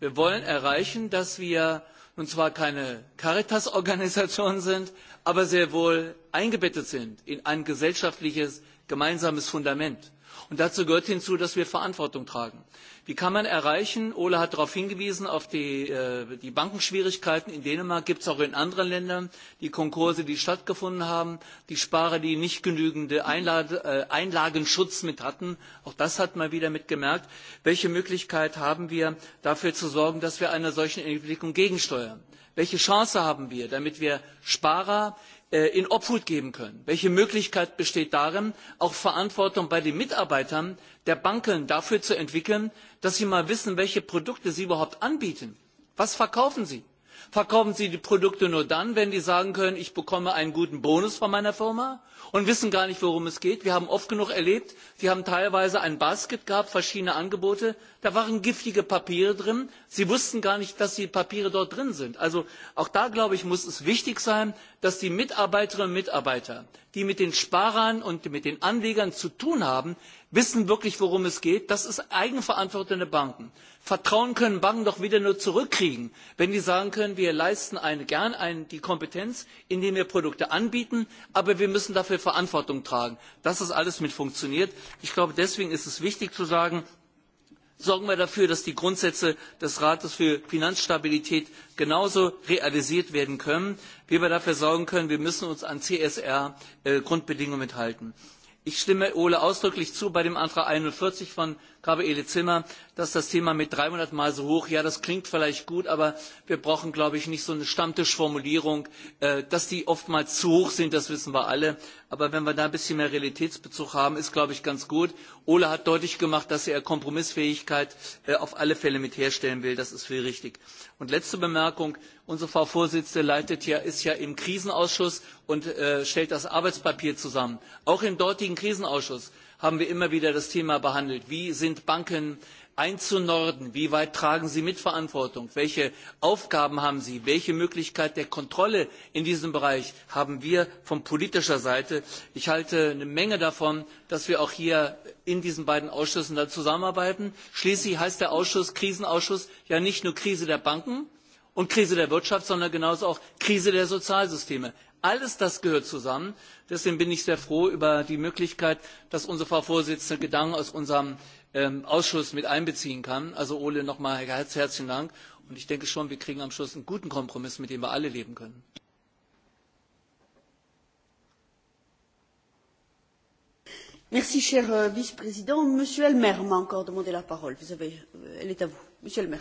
S7: Wir wollen erreichen, dass wir und zwar keine caritas organisation sind aber sehr wohl eingebettet sind in ein gesellschaftliches gemeinsames fundament. Und dazu gehört hinzu, dass wir Verantwortung tragen. Wie kann man erreichen? Ole hat darauf hingewiesen, auf die, äh, die Bankenschwierigkeiten in Dänemark gibt es auch in anderen Ländern, die Konkurse, die stattgefunden haben, die Sparer, die nicht genügende äh, Einlagenschutz mit hatten. Auch das hat man wieder mitgemerkt. Welche Möglichkeit haben wir, dafür zu sorgen, dass wir einer solchen Entwicklung gegensteuern? Welche Chance haben wir, damit wir Sparer Äh, in obhut geben können? welche möglichkeit besteht darin auch verantwortung bei den mitarbeitern der banken dafür zu entwickeln dass sie mal wissen welche produkte sie überhaupt anbieten? was verkaufen sie? verkaufen sie die produkte nur dann wenn sie sagen können ich bekomme einen guten bonus von meiner firma und wissen gar nicht worum es geht. wir haben oft genug erlebt sie haben teilweise ein basket gehabt verschiedene angebote da waren giftige papiere drin sie wussten gar nicht dass die papiere dort drin sind. also auch da glaube ich muss es wichtig sein dass die mitarbeiterinnen und mitarbeiter die mit den sparern und mit den anlegern zu tun haben wissen wirklich, worum es geht. Das ist eigenverantwortende Banken. Vertrauen können Banken doch wieder nur zurückkriegen, wenn sie sagen können, wir leisten eine, gern einen, die Kompetenz, indem wir Produkte anbieten, aber wir müssen dafür Verantwortung tragen. dass Das alles mit funktioniert. Ich glaube, deswegen ist es wichtig zu sagen, sorgen wir dafür, dass die Grundsätze des Rates für Finanzstabilität genauso realisiert werden können, wie wir dafür sorgen können, wir müssen uns an CSR-Grundbedingungen äh, halten ich stimme ole ausdrücklich zu bei dem antrag einundvierzig von gabriele zimmer dass das thema mit dreihundert mal so hoch ja das klingt vielleicht gut aber wir brauchen glaube ich nicht so eine stammtischformulierung äh, dass die oftmals zu hoch sind das wissen wir alle aber wenn wir da ein bisschen mehr realitätsbezug haben ist glaube ich ganz gut. ole hat deutlich gemacht dass er kompromissfähigkeit äh, auf alle fälle mit herstellen will das ist viel richtig. und letzte bemerkung unsere frau vorsitzende ja, ist ja im krisenausschuss und äh, stellt das arbeitspapier zusammen. auch im dortigen krisenausschuss haben wir immer wieder das Thema behandelt. Wie sind Banken einzunorden? Wie weit tragen sie Mitverantwortung? Welche Aufgaben haben sie? Welche Möglichkeit der Kontrolle in diesem Bereich haben wir von politischer Seite? Ich halte eine Menge davon, dass wir auch hier in diesen beiden Ausschüssen zusammenarbeiten. Schließlich heißt der Ausschuss, Krisenausschuss, ja nicht nur Krise der Banken, und Krise der Wirtschaft, sondern genauso auch Krise der Sozialsysteme. Alles das gehört zusammen. Deswegen bin ich sehr froh über die Möglichkeit, dass unsere Frau Vorsitzende Gedanken aus unserem ähm, Ausschuss mit einbeziehen kann. Also Ole, nochmal herzlichen Dank. Und ich denke schon, wir kriegen am Schluss einen guten Kompromiss, mit dem wir alle leben können.
S1: Merci, cher euh, vice-président. Monsieur Elmer m'a encore demandé la parole. Vous avez, euh, elle est à vous. Monsieur Elmer.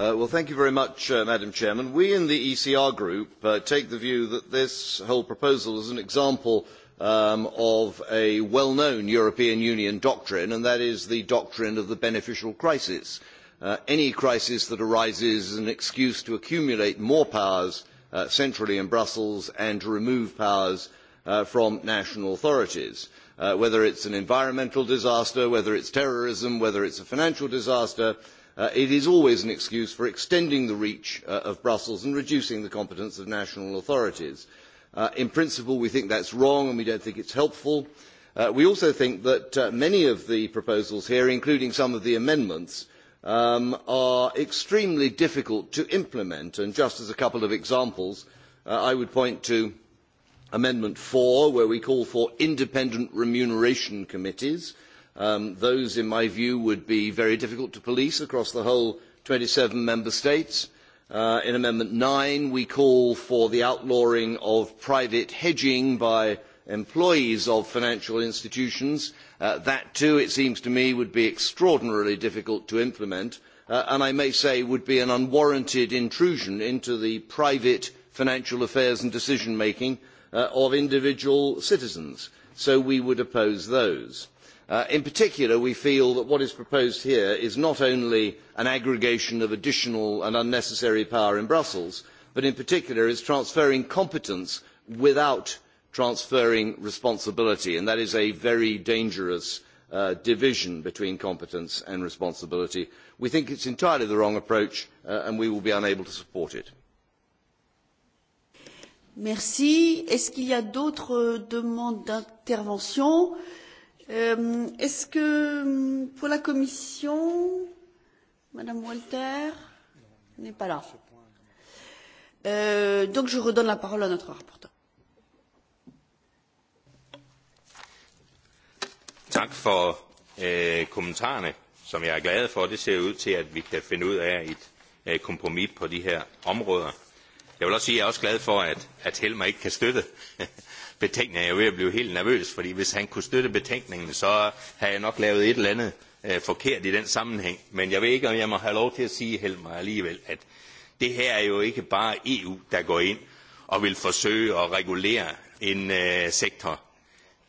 S9: Uh, thank you very much, uh, Madam Chairman. We in the ECR Group uh, take the view that this whole proposal is an example um, of a well-known European Union doctrine, and that is the doctrine of the beneficial crisis. any crisis that arises is an excuse to accumulate more powers centrally in Brussels and to remove powers from national authorities. whether it is an environmental disaster, whether it is terrorism, whether it is a financial disaster, Uh, it is always an excuse for extending the reach uh, of Brussels and reducing the competence of national authorities. Uh, in principle, we think that is wrong and we do not think it is helpful. we also think that many of the proposals here, including some of the amendments, um, are extremely difficult to implement. And just as a couple of examples, I would point to Amendment four, where we call for independent remuneration committees. Um, those, in my view, would be very difficult to police across the whole twenty seven member states. Uh, in Amendment nine, we call for the outlawing of private hedging by employees of financial institutions. Uh, that too, it seems to me, would be extraordinarily difficult to implement uh, and I may say would be an unwarranted intrusion into the private financial affairs and decision making uh, of individual citizens. So we would oppose those. Uh, in particular we feel that what is proposed here is not only an aggregation of additional and unnecessary power in brussels but in particular is transferring competence without transferring responsibility and that is a very dangerous uh, division between competence and responsibility. we think it is entirely the wrong approach uh, and we will be unable to support it.
S1: est ce qu'il y a d'autres demandes d'intervention? Euh, Est-ce que mm, pour la Commission, Madame Walter n'est pas là euh, Donc je redonne la parole à notre rapporteur.
S8: Tak for øh, kommentarerne, som jeg er glad for. Det ser ud til, at vi kan finde ud af et øh, kompromis på de her områder. Jeg vil også sige, at jeg er også glad for, at, at Helmer ikke kan støtte er ved at blive helt nervøs, fordi hvis han kunne støtte betænkningen, så havde jeg nok lavet et eller andet øh, forkert i den sammenhæng. Men jeg ved ikke, om jeg må have lov til at sige, held mig alligevel, at det her er jo ikke bare EU, der går ind og vil forsøge at regulere en øh, sektor.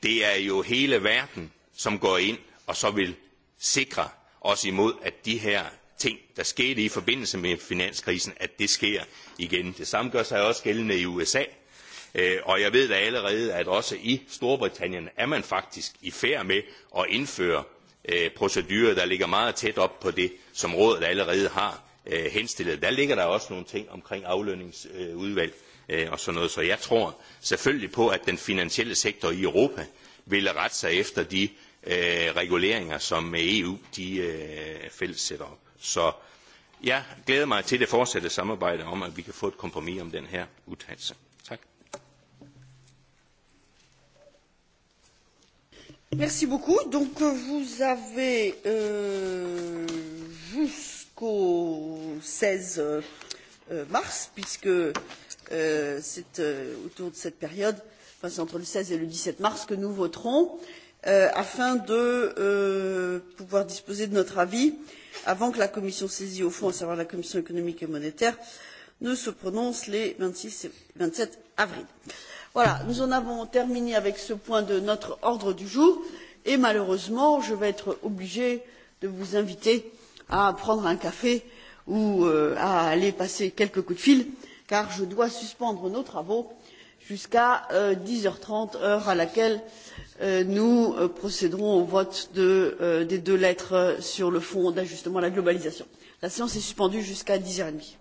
S8: Det er jo hele verden, som går ind og så vil sikre os imod, at de her ting, der skete i forbindelse med finanskrisen, at det sker igen. Det samme gør sig også gældende i USA, Øh, og jeg ved da allerede at også i storbritannien er man faktisk i færd med at indføre øh, procedurer der ligger meget tæt op på det som rådet allerede har øh, henstillet der ligger der også nogle ting omkring aflønningsudvalg og sådan noget så jeg tror selvfølgelig på at den finansielle sektor i europa vil rette sig efter de reguleringer som eu fælles sætter op så jeg glæder mig til det fortsatte samarbejde om at vi kan få et kompromis om den her udtalelse
S1: Merci beaucoup. Donc euh, vous avez euh, jusqu'au 16 euh, mars, puisque euh, c'est euh, autour de cette période, enfin c'est entre le 16 et le 17 mars que nous voterons, euh, afin de euh, pouvoir disposer de notre avis avant que la commission saisie au fond, à savoir la commission économique et monétaire, ne se prononce les 26 et 27 avril. Euh, Voilà, nous en avons terminé avec ce point de notre ordre du jour et malheureusement, je vais être obligée de vous inviter à prendre un café ou euh, à aller passer quelques coups de fil car je dois suspendre nos travaux jusqu'à euh, dix h trente heure à laquelle euh, nous euh, procéderons au vote de, euh, des deux lettres sur le fonds d'ajustement à la globalisation. la séance est suspendue jusqu'à dix h trente.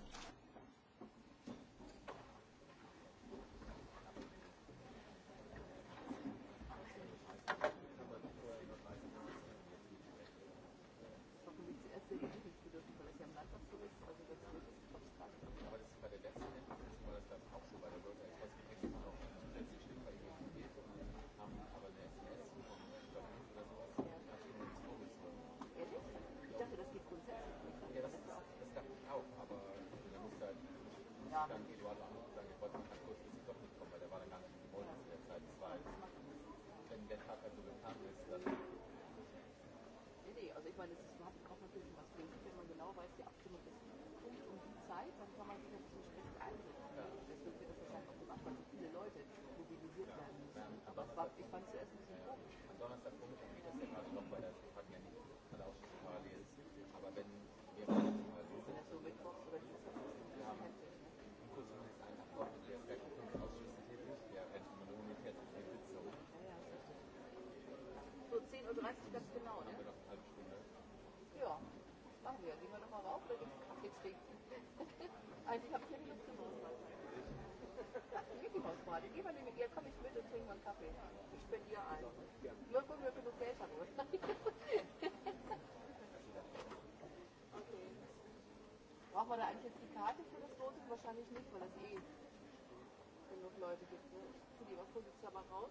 S10: Braucht man da eigentlich jetzt die Karte für das Voting? Wahrscheinlich nicht, weil es eh genug Leute gibt. Ne? ziehe die Waffe sitzt aber raus.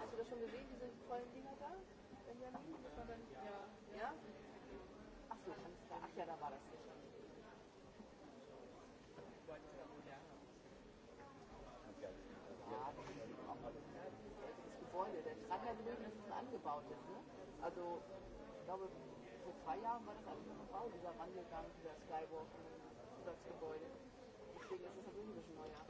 S10: Hast du das schon gesehen, diese tollen Dinger da? Ja. ja? Ach so, alles klar. Ach ja, da war das nicht. Das Gebäude, der Tragner drüben, das ist ein angebautes. Ne? Also, ich glaube, vor zwei Jahren war das eigentlich nur eine dieser die da dieser Skywalk, in das Gebäude. Deswegen ist das natürlich ein neuer.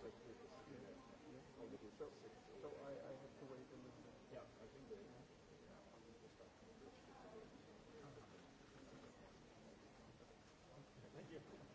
S11: So, I, I have to wait a little bit. Yeah, I think that. Yeah. Thank you.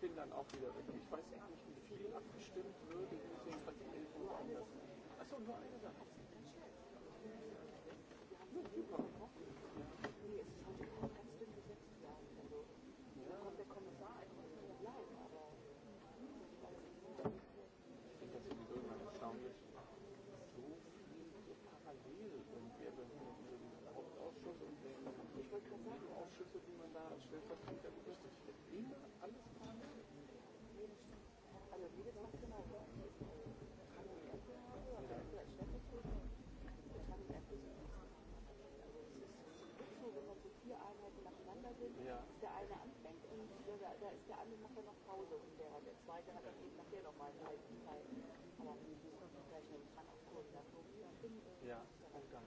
S10: bin dann auch wieder weg. Ich weiß gar nicht, wie viel abgestimmt wird. Ich muss jedenfalls die 11 Uhr Achso, nur eine Sache. Ja, super. Seite Ja, Ungarn.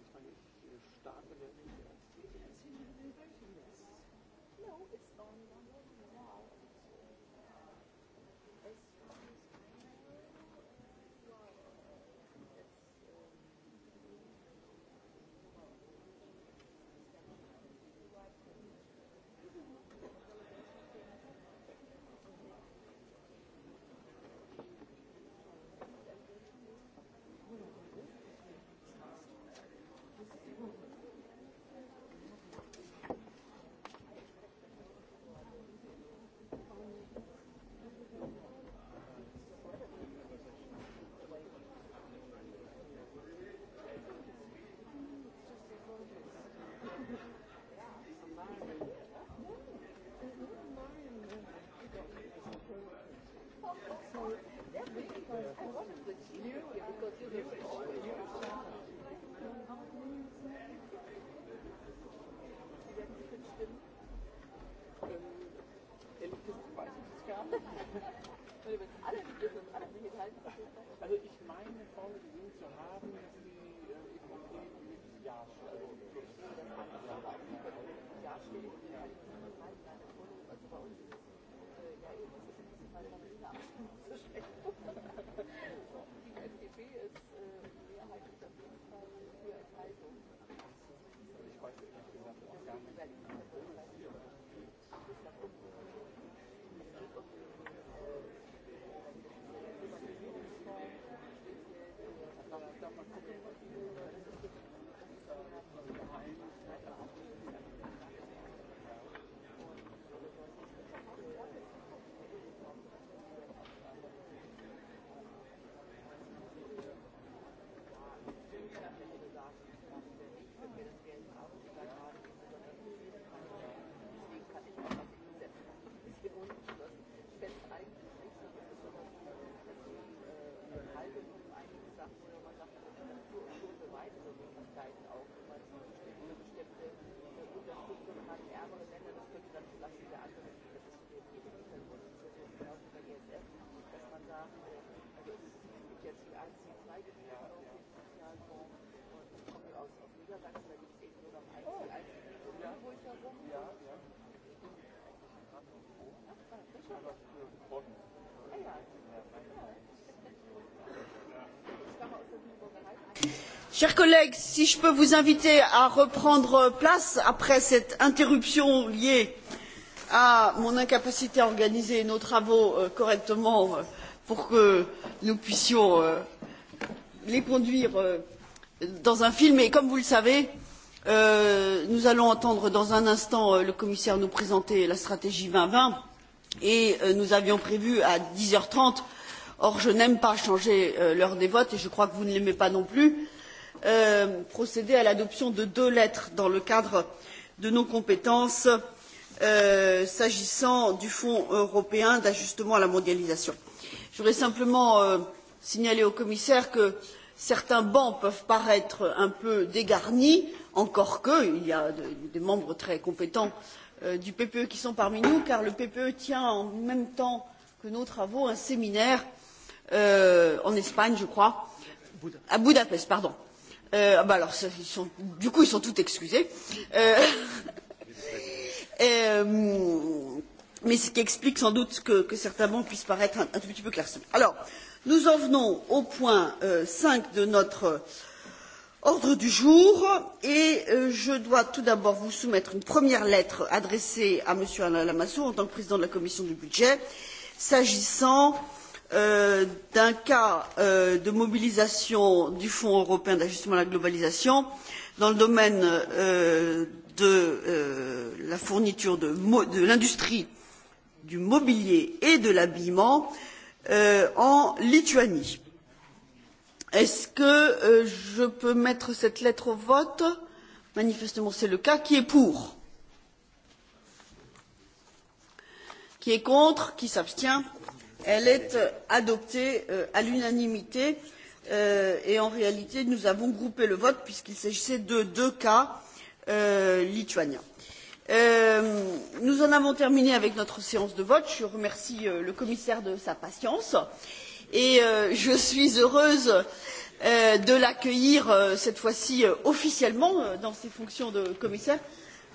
S10: ich meine, Staaten
S1: Chers collègues, si je peux vous inviter à reprendre place après cette interruption liée à mon incapacité à organiser nos travaux euh, correctement euh, pour que nous puissions euh, les conduire dans un film et comme vous le savez euh, nous allons entendre dans un instant euh, le commissaire nous présenter la stratégie deux mille vingt et euh, nous avions prévu à dix heures trente or je n'aime pas changer euh, l'heure des votes et je crois que vous ne l'aimez pas non plus euh, procéder à l'adoption de deux lettres dans le cadre de nos compétences euh, s'agissant du fonds européen d'ajustement à la mondialisation. je voudrais simplement signaler au commissaire que certains bancs peuvent paraître un peu dégarnis encore qu'il y a des membres très compétents euh, du ppe qui sont parmi nous car le ppe tient en même temps que nos travaux un séminaire euh, en espagne je crois à budapest pardon. Euh, alors, du coup ils sont tous excusés mais ce qui explique sans doute que, certains bancs puissent paraître un, un tout petit peu clairsemés. alors nous en venons au point euh, cinq de notre euh, ordre du jour et euh, je dois tout d'abord vous soumettre une première lettre adressée à m. alain lamassoure en tant que président de la commission des budgets s'agissant d'un cas de mobilisation du fonds européen d'ajustement à la globalisation dans le domaine de la fourniture de, l'industrie du mobilier et de l'habillement Euh, en lituanie. est ce que euh, je peux mettre cette lettre au vote? manifestement c'est le cas. qui est pour? qui est contre? qui s'abstient? elle est euh, adoptée à l'unanimité et en réalité nous avons groupé le vote puisqu'il s'agissait de deux cas lituaniens Euh, nous en avons terminé avec notre séance de vote. Je remercie euh, le commissaire de sa patience et euh, je suis heureuse de l'accueillir cette fois ci officiellement dans ses fonctions de commissaire.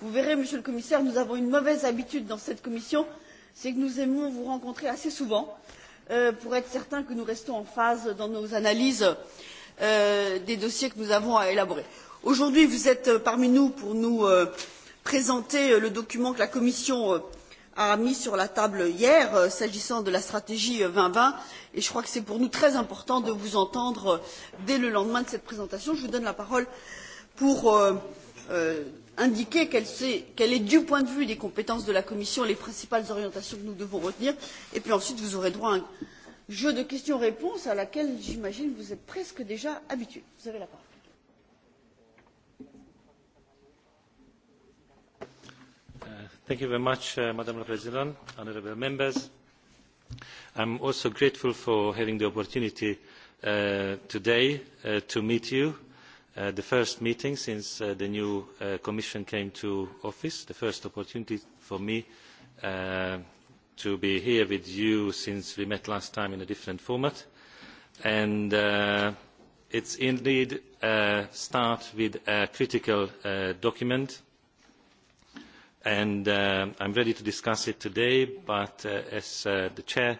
S1: Vous verrez, monsieur le commissaire, nous avons une mauvaise habitude dans cette commission, c'est que nous aimons vous rencontrer assez souvent pour être certains que nous restons en phase dans nos analyses des dossiers que nous avons à élaborer. Aujourd'hui, vous êtes parmi nous pour nous présenter euh, le document que la commission euh, a mis sur la table hier euh, s'agissant de la stratégie deux mille vingt et je crois que c'est pour nous très important de vous entendre dès le lendemain de cette présentation. je vous donne la parole pour indiquer quelles sont du point de vue des compétences de la commission les principales orientations que nous devons retenir et puis ensuite vous aurez droit à un jeu de questions réponses à laquelle j'imagine vous êtes presque déjà habitués. vous avez la parole.
S12: Thank you very much, uh, Madam President, honourable members. am also grateful for having the opportunity uh, today uh, to meet you, the first meeting since the new Commission came to office, the first opportunity for me to be here with you since we met last time in a different format. And it is indeed a start with a critical document and uh, i am ready to discuss it today but uh, as uh, the chair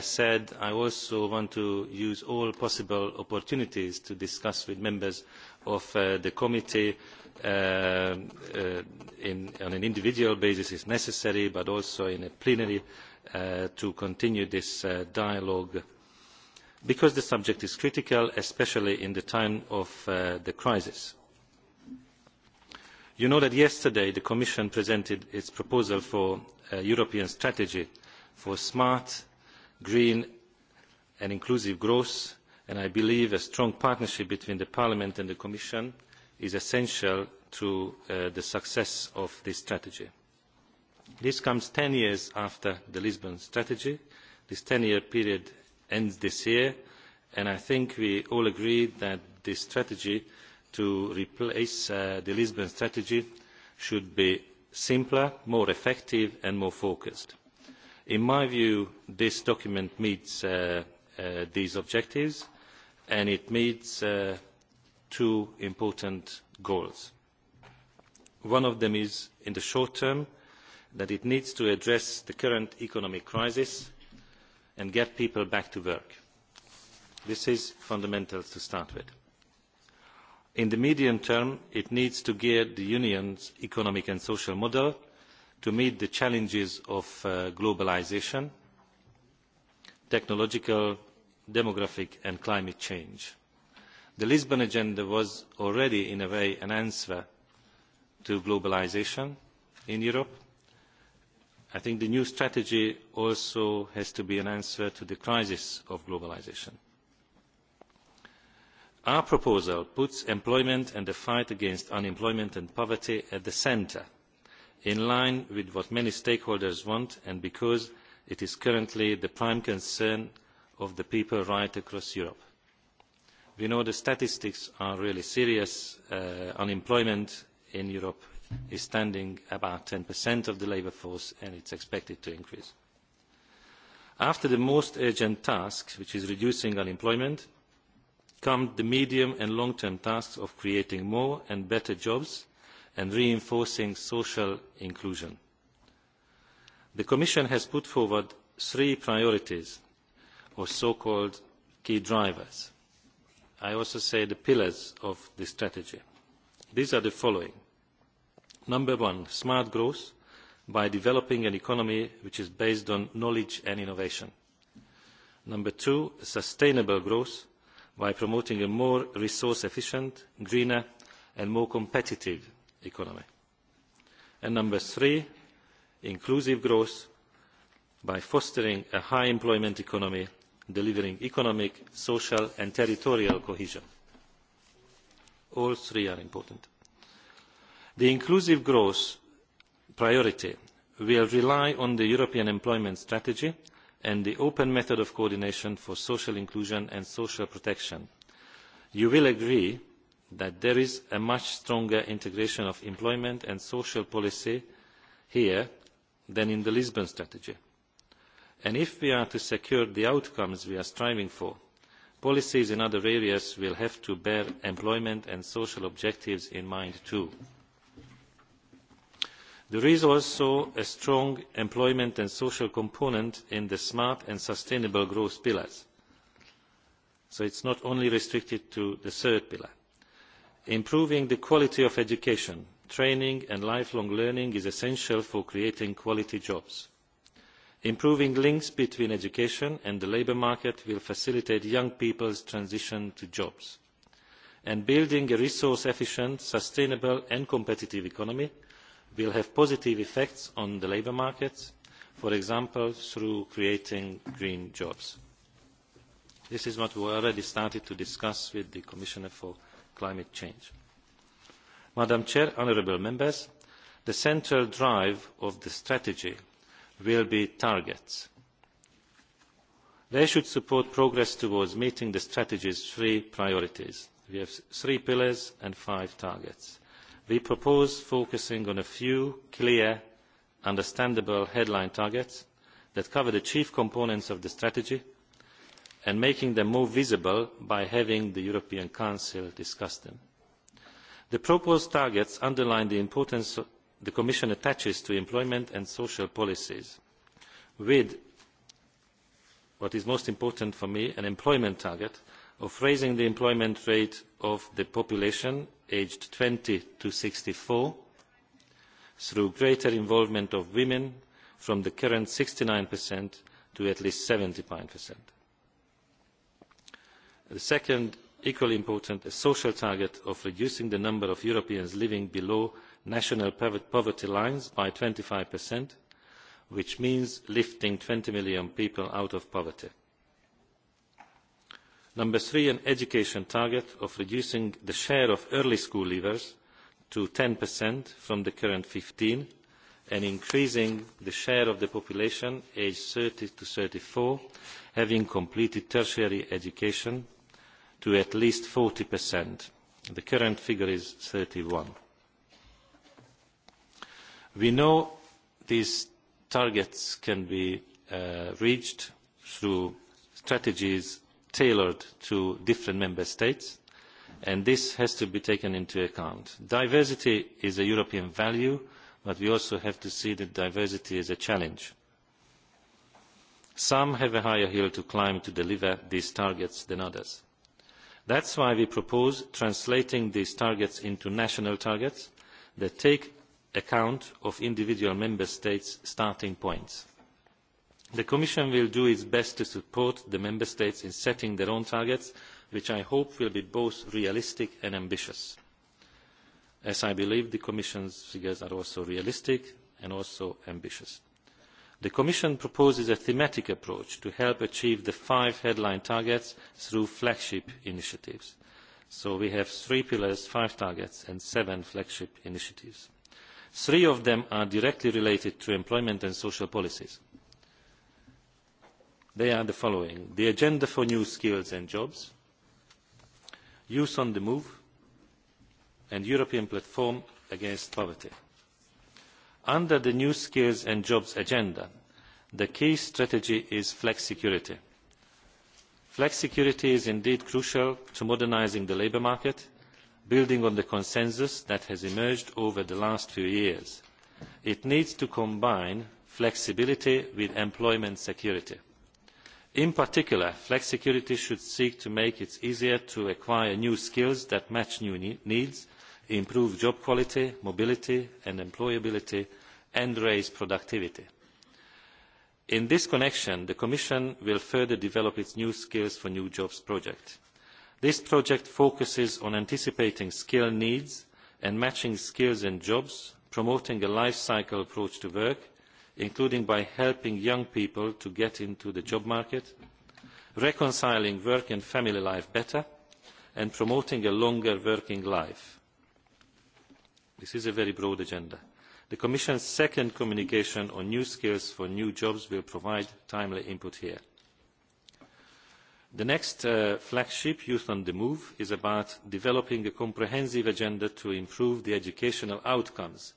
S12: said i also want to use all possible opportunities to discuss with members of the committee on an individual basis if necessary but also in a plenary to continue this dialogue because the subject is critical especially in the time of the crisis you know that yesterday the commission presented its proposal for a european strategy for smart green and inclusive growth and i believe a strong partnership between parliament and the commission is essential to uh, the success of this strategy. this comes ten years after the lisbon strategy. this ten year period ends this year and i think we all agree that this strategy to replace uh, the lisbon strategy should be simpler more effective and more focused. in my view this document meets uh, uh, these objectives and it meets two important goals. one of them is in the short term that it needs to address the current economic crisis and get people back to work. this is fundamental to start with in the medium term it needs to gear the union's economic and social model to meet the challenges of uh, globalisation technological demographic and climate change. the lisbon agenda was already in a way an answer to globalisation in europe. i think the new strategy also has to be an answer to the crisis of globalisation our proposal puts employment and the fight against unemployment and poverty at the centre in line with what many stakeholders want and because it is currently the prime concern of the people right across europe. we know the statistics are really serious uh, unemployment in europe is standing at about ten of the labour force and it is expected to increase. after the most urgent task which is reducing unemployment come the medium and long term tasks of creating more and better jobs and reinforcing social inclusion. the commission has put forward three priorities or so called key drivers i also say the pillars of the strategy. these are the following number one smart growth by developing an economy which is based on knowledge and innovation; number two sustainable growth by promoting a more resource efficient greener and more competitive economy. and number three inclusive growth by fostering a high employment economy delivering economic social and territorial cohesion. all three are important. the inclusive growth priority will rely on the european employment strategy and the open method of coordination for social inclusion and social protection. you will agree that there is a much stronger integration of employment and social policy here than in the lisbon strategy and if we are to secure the outcomes we are striving for policies in other areas will have to bear employment and social objectives in mind too there is also a strong employment and social component in the smart and sustainable growth pillars so it is not only restricted to the third pillar. improving the quality of education training and lifelong learning is essential for creating quality jobs. improving links between education and the labour market will facilitate young people's transition to jobs and building a resource efficient sustainable and competitive economy will have positive effects on the labour market for example through creating green jobs. this is what we already started to discuss with the commissioner for climate change. madam honourable members the central drive of the strategy will be targets. they should support progress towards meeting the strategy's three priorities. we have three pillars and five targets we propose focusing on a few clear understandable headline targets that cover the chief components of the strategy and making them more visible by having the european council discuss them. the proposed targets underline the importance the commission attaches to employment and social policies with what is most important for me an employment target of raising the employment rate of the population aged twenty to sixty four through greater involvement of women from the current sixty nine to at least. seventy nine the second equally important a social target of reducing the number of europeans living below national poverty lines by twenty five which means lifting twenty million people out of poverty number three an education target of reducing the share of early school leavers to ten from the current fifteen and increasing the share of the population aged thirty to thirty four having completed tertiary education to at least forty the current figure is. thirty one we know these targets can be uh, reached through strategies tailored to different member states and this has to be taken into account. diversity is a european value but we also have to see that diversity is a challenge. some have a higher hill to climb to deliver these targets than others. that is why we propose translating these targets into national targets that take account of individual member states' starting points the commission will do its best to support the member states in setting their own targets which i hope will be both realistic and ambitious as i believe the commission's figures are also realistic and also ambitious. the commission proposes a thematic approach to help achieve the five headline targets through flagship initiatives so we have three pillars five targets and seven flagship initiatives. three of them are directly related to employment and social policies they are the following the agenda for new skills and jobs youth on the move and european platform against poverty. under the new skills and jobs agenda the key strategy is flexicurity. flexicurity is indeed crucial to modernising the labour market building on the consensus that has emerged over the last few years. it needs to combine flexibility with employment security in particular flexicurity should seek to make it easier to acquire new skills that match new needs improve job quality mobility and employability and raise productivity. in this connection the commission will further develop its new skills for new jobs project. this project focuses on anticipating skill needs and matching skills and jobs promoting a life cycle approach to work including by helping young people to get into the job market reconciling work and family life better and promoting a longer working life. this is a very broad agenda. the commission's second communication on new skills for new jobs will provide timely input here. the next uh, flagship youth on the move is about developing a comprehensive agenda to improve the educational outcomes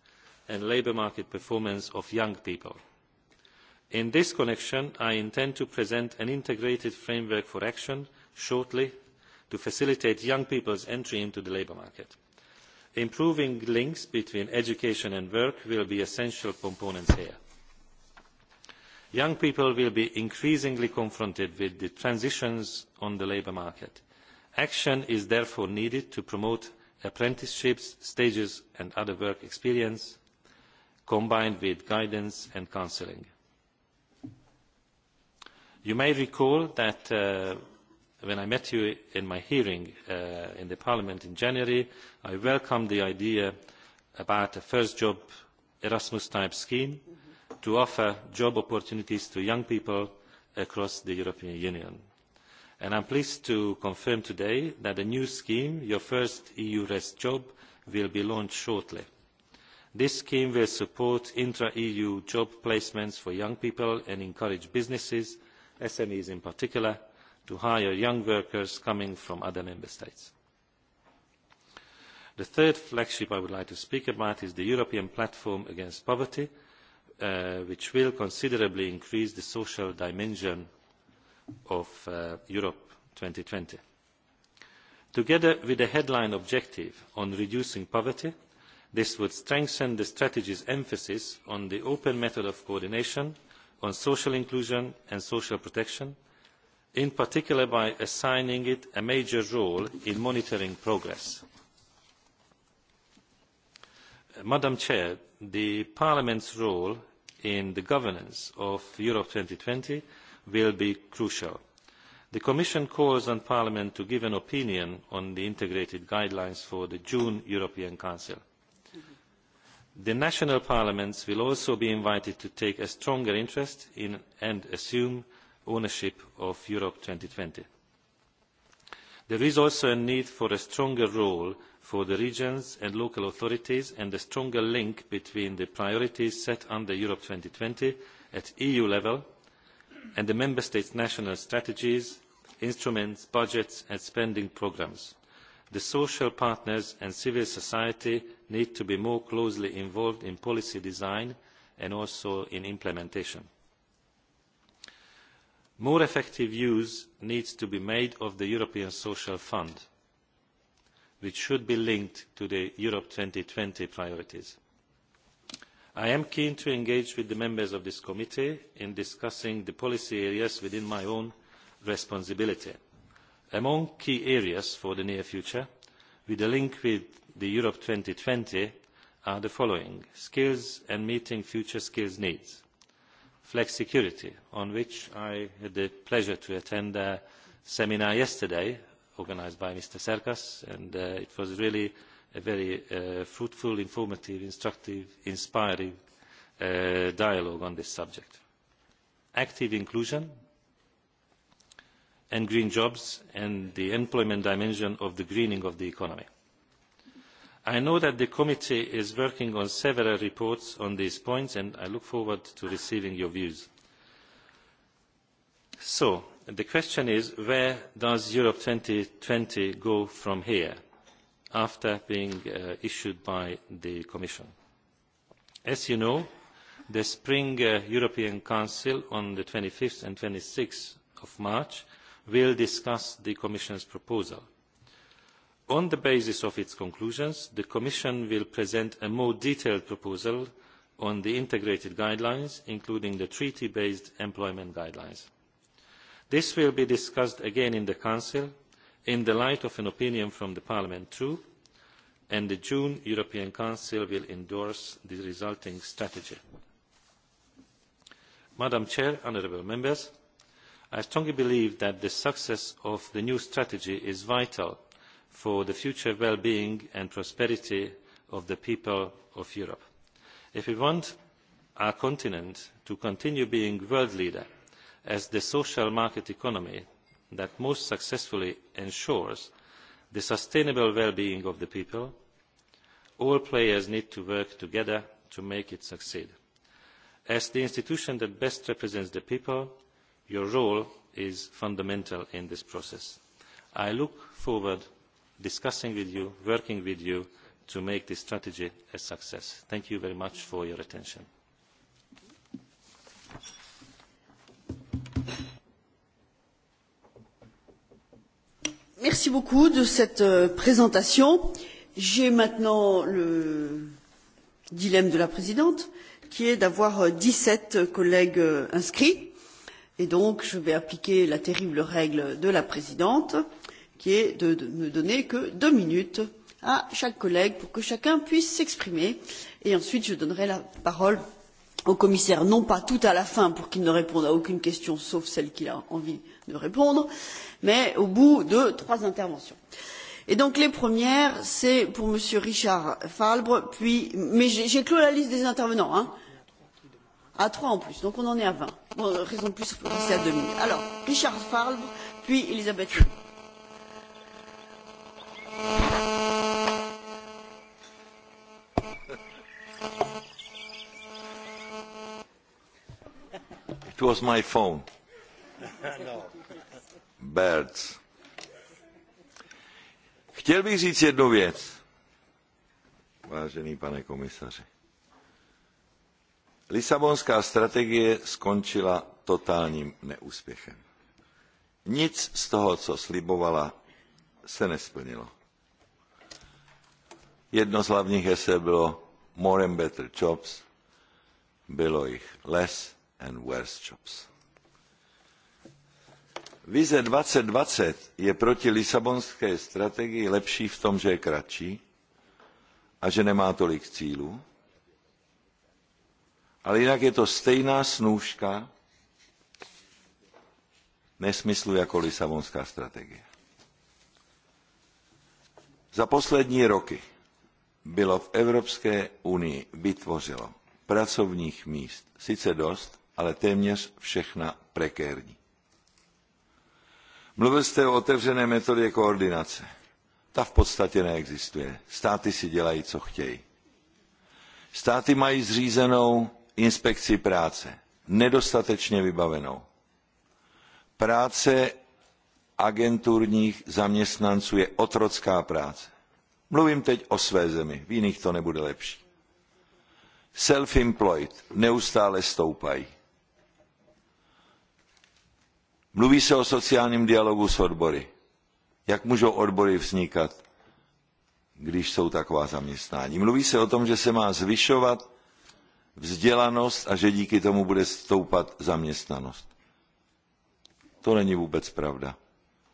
S12: and labour market performance of young people. in this connection i intend to present an integrated framework for action shortly to facilitate young people's entry into the labour market. improving links between education and work will be essential components here. young people will be increasingly confronted with the transitions on the labour market. action is therefore needed to promote apprenticeships stages and other work experience combined with guidance and counselling. you may recall that uh, when i met you in my hearing uh, in parliament in january i welcomed the idea about a first job erasmus type scheme to offer job opportunities to young people across the european union and i am pleased to confirm today that a new scheme your first eu rest job will be launched shortly this scheme will support intra eu job placements for young people and encourage businesses smes in particular to hire young workers coming from other member states. the third flagship i would like to speak about is the european platform against poverty uh, which will considerably increase the social dimension of uh, europe. two thousand and twenty together with the headline objective on reducing poverty this would strengthen the strategy's emphasis on the open method of coordination on social inclusion and social protection in particular by assigning it a major role in monitoring progress. madam parliament's role in the governance of europe two thousand and twenty will be crucial. the commission calls on parliament to give an opinion on the integrated guidelines for the june european council the national parliaments will also be invited to take a stronger interest in and assume ownership of europe. two thousand and twenty there is also a need for a stronger role for the regions and local authorities and a stronger link between the priorities set under europe two thousand and twenty at eu level and the member states' national strategies instruments budgets and spending programmes the social partners and civil society need to be more closely involved in policy design and also in implementation. more effective use needs to be made of the european social fund which should be linked to the europe two thousand and twenty priorities. i am keen to engage with the members of this committee in discussing the policy areas within my own responsibility among key areas for the near future with a link with the europe two thousand and twenty are the following skills and meeting future skills needs flexicurity on which i had the pleasure to attend a seminar yesterday organised by mr cercas and uh, it was really a very uh, fruitful informative instructive inspiring uh, dialogue on this subject. active inclusion and green jobs and the employment dimension of the greening of the economy. i know that the committee is working on several reports on these points and i look forward to receiving your views. so the question is where does europe two thousand and twenty go from here after being uh, issued by the commission? as you know the spring uh, european council on twenty five and twenty six march will discuss the commission's proposal. on the basis of its conclusions the commission will present a more detailed proposal on the integrated guidelines including the treaty based employment guidelines. this will be discussed again in the council in the light of an opinion from parliament too and the june european council will endorse the resulting strategy. madam honourable members i strongly believe that the success of the new strategy is vital for the future well being and prosperity of the people of europe. if we want our continent to continue being a world leader as the social market economy that most successfully ensures the sustainable well being of the people all players need to work together to make it succeed. as the institution that best represents the people your role is fundamental in this process. i look forward to discussing with you and working with you to make this strategy a success. thank you very much for your attention.
S1: merci beaucoup de cette euh, présentation. j'ai maintenant le dilemme de la présidente qui est d'avoir euh, dix sept collègues euh, inscrits et donc je vais appliquer la terrible règle de la présidente qui est de, ne donner que deux minutes à chaque collègue pour que chacun puisse s'exprimer et ensuite je donnerai la parole au commissaire non pas tout à la fin pour qu'il ne réponde à aucune question sauf celle qu'il a envie de répondre mais au bout de trois interventions. Et donc les premières c'est pour m. richard falbre puis mais j'ai clos la liste des intervenants hein à 3 en plus donc on en est à 20. bon euh, raison de plus pour rester à deux minutes alors richard farbre puis elisabeth lynn.
S13: it was my phone birds chtěl bych říct jednu věc vážený pane komisaři Lisabonská strategie skončila totálním neúspěchem. Nic z toho, co slibovala, se nesplnilo. Jedno z hlavních hesel bylo More and Better Jobs, bylo jich Less and Worse Jobs. Vize 2020 je proti Lisabonské strategii lepší v tom, že je kratší a že nemá tolik cílů, ale jinak je to stejná snůžka nesmyslu jako Lisabonská strategie. Za poslední roky bylo v Evropské unii vytvořeno pracovních míst sice dost, ale téměř všechna prekérní. Mluvil jste o otevřené metodě koordinace. Ta v podstatě neexistuje. Státy si dělají, co chtějí. Státy mají zřízenou inspekci práce, nedostatečně vybavenou. Práce agenturních zaměstnanců je otrocká práce. Mluvím teď o své zemi, v jiných to nebude lepší. Self-employed neustále stoupají. Mluví se o sociálním dialogu s odbory. Jak můžou odbory vznikat, když jsou taková zaměstnání? Mluví se o tom, že se má zvyšovat vzdělanost a že díky tomu bude stoupat zaměstnanost. To není vůbec pravda.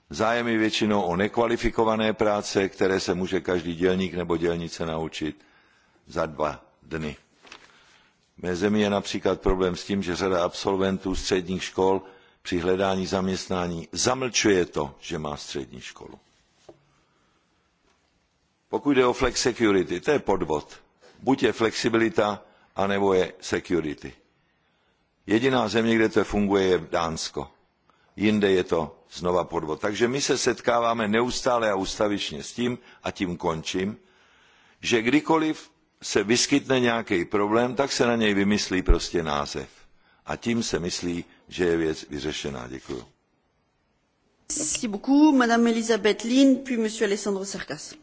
S13: Zájem je většinou o nekvalifikované práce, které se může každý dělník nebo dělnice naučit za dva dny. V mé zemi je například problém s tím, že řada absolventů středních škol při hledání zaměstnání zamlčuje to, že má střední školu. Pokud jde o security, to je podvod. Buď je flexibilita anebo je security. Jediná země, kde to funguje, je Dánsko. Jinde je to znova podvod. Takže my se setkáváme neustále a ustavičně s tím, a tím končím, že kdykoliv se vyskytne nějaký problém, tak se na něj vymyslí prostě název. A tím se myslí, že je věc vyřešená. Děkuji.
S1: Merci beaucoup, Madame Elisabeth Lynn, puis Monsieur Alessandro Sarkas.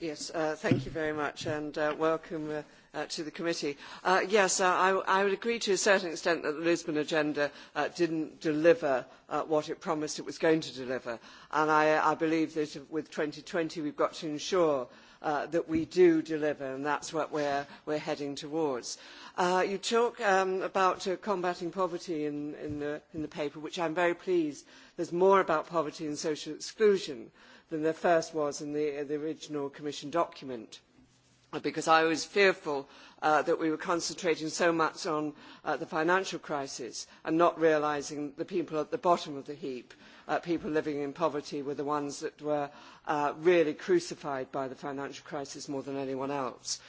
S4: Yes, uh, thank you very much and uh, welcome uh, Uh, to the committee. Uh, yes, uh, I, I would agree to a certain extent that the Lisbon agenda uh, didn't deliver uh, what it promised it was going to deliver. And I, I believe that with 2020 we've got to ensure uh, that we do deliver, and that's what we're, we're heading towards. Uh, you talk um, about uh, combating poverty in, in, the, in the paper, which I'm very pleased. There's more about poverty and social exclusion than there first was in the, in uh, the original Commission document because I was fearful uh, that we were concentrating so much on uh, the financial crisis and not realising the people at the bottom of the heap, uh, people living in poverty, were the ones that were uh, really crucified by the financial crisis more than anyone else.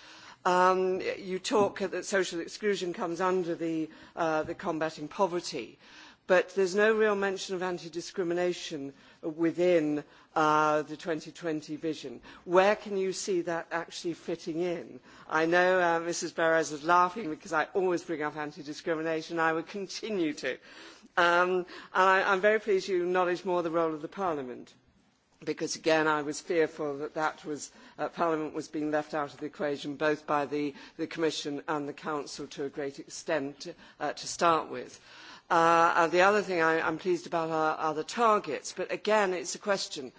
S4: Um, you talk that social exclusion comes under the, uh, the combating poverty, but there is no real mention of anti-discrimination uh, within uh, the 2020 vision. Where can you see that actually fitting in? I know uh, Mrs. Perez is laughing because I always bring up anti-discrimination. I will continue to. Um, and I, I'm very pleased you acknowledge more the role of the Parliament because again I was fearful that, that was, uh, Parliament was being left out of the equation both by the, the Commission and the Council to a great extent uh, to start with. Uh, and the other thing I, am pleased about are, are, the targets. But again, it's a question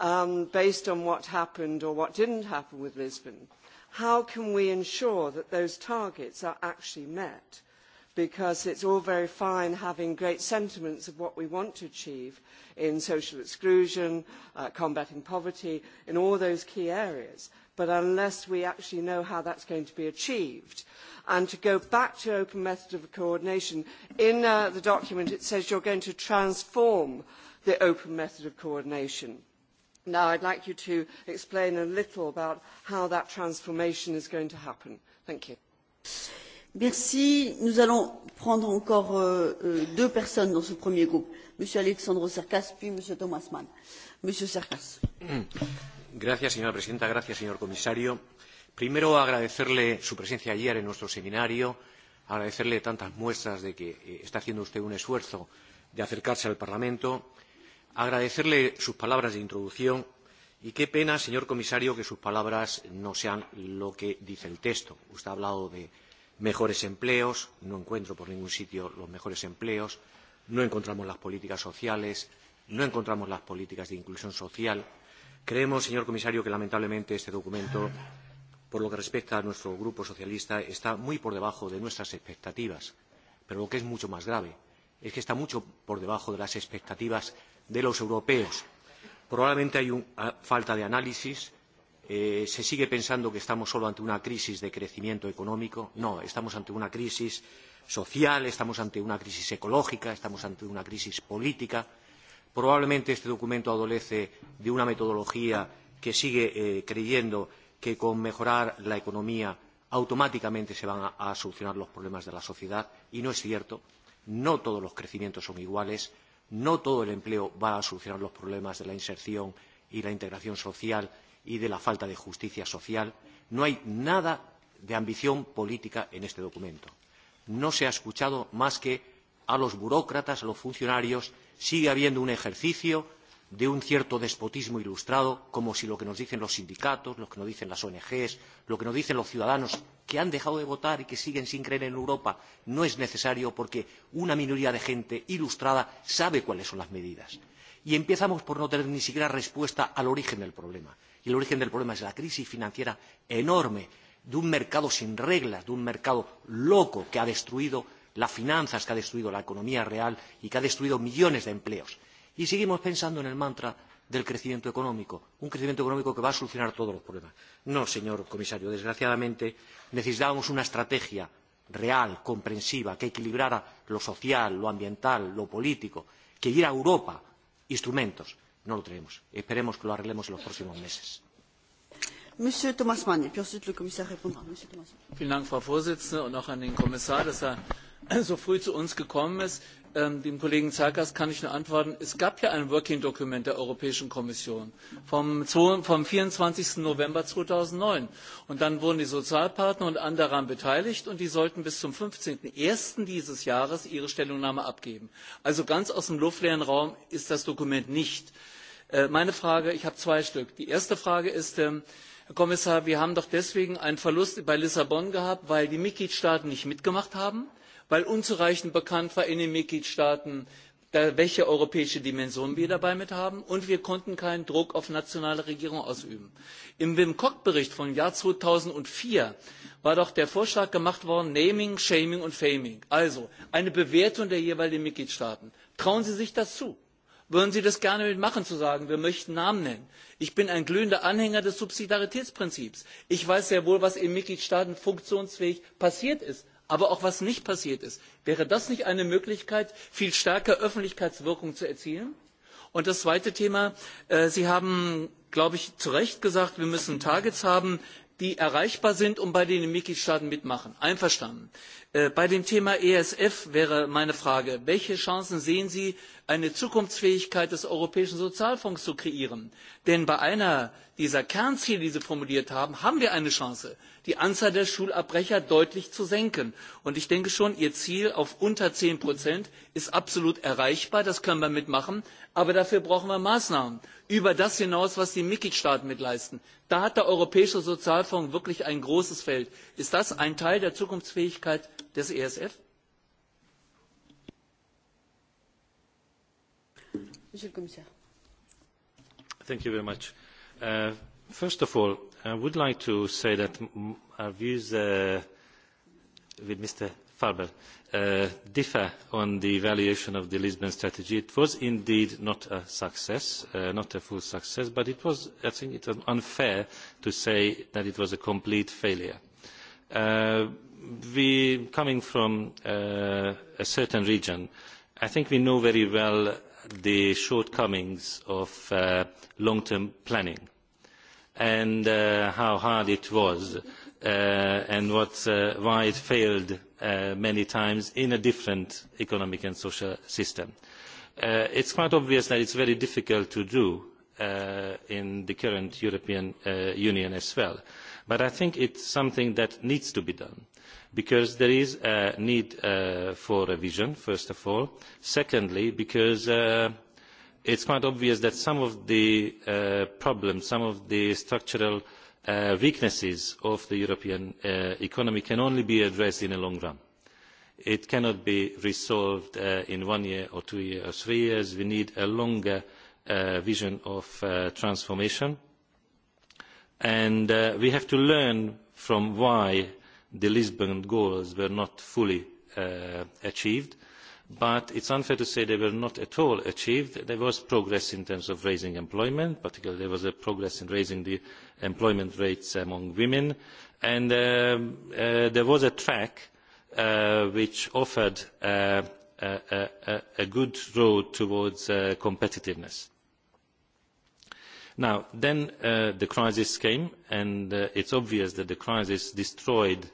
S4: um, based on what happened or what didn't happen with Lisbon. How can we ensure that those targets are actually met? Because it's all very fine having great sentiments of what we want to achieve in social exclusion, uh, combating poverty, in all those key areas but unless we actually know how that is going to be achieved. And to go back to open method of coordination, in uh, the document it says you are going to transform the open method of coordination. Now I would like you to explain a little about how that transformation is going to happen. Thank you.
S1: Merci. Nous allons prendre encore euh, euh deux personnes dans ce premier groupe. Monsieur puis Monsieur Thomas Mann. Monsieur
S14: señora presidenta. Gracias, señor comisario. Primero, agradecerle su presencia ayer en nuestro seminario, agradecerle tantas muestras de que eh, está haciendo usted un esfuerzo de acercarse al Parlamento, agradecerle sus palabras de introducción y qué pena, señor comisario, que sus palabras no sean lo que dice el texto. Usted ha hablado de mejores empleos, no encuentro por ningún sitio los mejores empleos, no encontramos las políticas sociales, no encontramos las políticas de inclusión social, Creemos, señor comisario, que lamentablemente este documento, por lo que respecta a nuestro grupo socialista, está muy por debajo de nuestras expectativas. Pero lo que es mucho más grave es que está mucho por debajo de las expectativas de los europeos. Probablemente hay una falta de análisis. Eh, se sigue pensando que estamos solo ante una crisis de crecimiento económico. No, estamos ante una crisis social, estamos ante una crisis ecológica, estamos ante una crisis política Probablemente este documento adolece de una metodología que sigue eh, creyendo que con mejorar la economía automáticamente se van a, a solucionar los problemas de la sociedad y no es cierto. No todos los crecimientos son iguales, no todo el empleo va a solucionar los problemas de la inserción y la integración social y de la falta de justicia social. No hay nada de ambición política en este documento. No se ha escuchado más que a los burócratas, a los funcionarios, sigue habiendo un ejercicio de un cierto despotismo ilustrado, como si lo que nos dicen los sindicatos, lo que nos dicen las ONG, lo que nos dicen los ciudadanos que han dejado de votar y que siguen sin creer en Europa no es necesario porque una minoría de gente ilustrada sabe cuáles son las medidas. Y empezamos por no tener ni siquiera respuesta al origen del problema. Y el origen del problema es la crisis financiera enorme de un mercado sin reglas, de un mercado loco que ha destruido las finanzas, que ha destruido la economía real y que ha destruido millones de empleos. Y seguimos pensando en el mantra del crecimiento económico, un crecimiento económico que va a solucionar todos los problemas. No, señor comisario, desgraciadamente necesitábamos una estrategia real, comprensiva, que equilibrara lo social, lo ambiental, lo político, que diera a Europa instrumentos. No lo tenemos. Esperemos que lo arreglemos en los próximos meses.
S7: so früh zu uns gekommen ist. Ähm, dem Kollegen Zerkas kann ich nur antworten. Es gab ja ein Working Document der Europäischen Kommission vom, vom 24. November 2009. Und dann wurden die Sozialpartner und andere daran beteiligt und die sollten bis zum 15.01. dieses Jahres ihre Stellungnahme abgeben. Also ganz aus dem luftleeren Raum ist das Dokument nicht. Äh, meine Frage, ich habe zwei Stück. Die erste Frage ist, ähm, herr kommissar wir haben doch deswegen einen verlust bei lissabon gehabt weil die mitgliedstaaten nicht mitgemacht haben weil unzureichend bekannt war in den mitgliedstaaten welche europäische dimension wir dabei mit haben und wir konnten keinen druck auf nationale regierungen ausüben. im wim kok bericht vom jahr zweitausendvier war doch der vorschlag gemacht worden naming shaming und faming also eine bewertung der jeweiligen mitgliedstaaten. trauen sie sich das zu? würden sie das gerne mitmachen zu sagen wir möchten namen nennen? ich bin ein glühender anhänger des subsidiaritätsprinzips. ich weiß sehr wohl was in mitgliedstaaten funktionsfähig passiert ist aber auch was nicht passiert ist. wäre das nicht eine möglichkeit viel stärker öffentlichkeitswirkung zu erzielen? und das zweite thema äh, sie haben glaube ich zu recht gesagt wir müssen targets haben die erreichbar sind und bei denen die mitgliedstaaten mitmachen. einverstanden. Äh, bei dem thema esf wäre meine frage welche chancen sehen sie eine zukunftsfähigkeit des europäischen sozialfonds zu kreieren? denn bei einer dieser Kernziele, die Sie formuliert haben, haben wir eine Chance, die Anzahl der Schulabbrecher deutlich zu senken. Und ich denke schon, Ihr Ziel auf unter zehn ist absolut erreichbar. Das können wir mitmachen. Aber dafür brauchen wir Maßnahmen über das hinaus, was die Mitgliedstaaten mitleisten. Da hat der Europäische Sozialfonds wirklich ein großes Feld. Ist das ein Teil der Zukunftsfähigkeit des ESF?
S12: Thank you very much. Uh, first of all i would like to say that our views uh, with mr ferber uh, differ on the evaluation of the lisbon strategy. it was indeed not a success not a full success but it was i think it was unfair to say that it was a complete failure. We, coming from a certain region i think we know very well the shortcomings of long term planning and uh, how hard it was uh, and what, uh, why it failed uh, many times in a different economic and social system. Uh, it is quite obvious that it is very difficult to do uh, in the current european union as well but i think it is something that needs to be done because there is a need for revision first of all secondly because it is quite obvious that some of the uh, problems some of the structural uh, weaknesses of the european uh, economy can only be addressed in the long run. it cannot be resolved in one year or two years or three years. we need a longer vision of transformation and we have to learn from why the lisbon goals were not fully achieved but it is unfair to say they were not at all achieved. there was progress in terms of raising employment particularly there was progress in raising the employment rates among women and um, uh, there was a track uh, which offered uh, a, good road towards competitiveness. then the crisis came and it is obvious that the crisis destroyed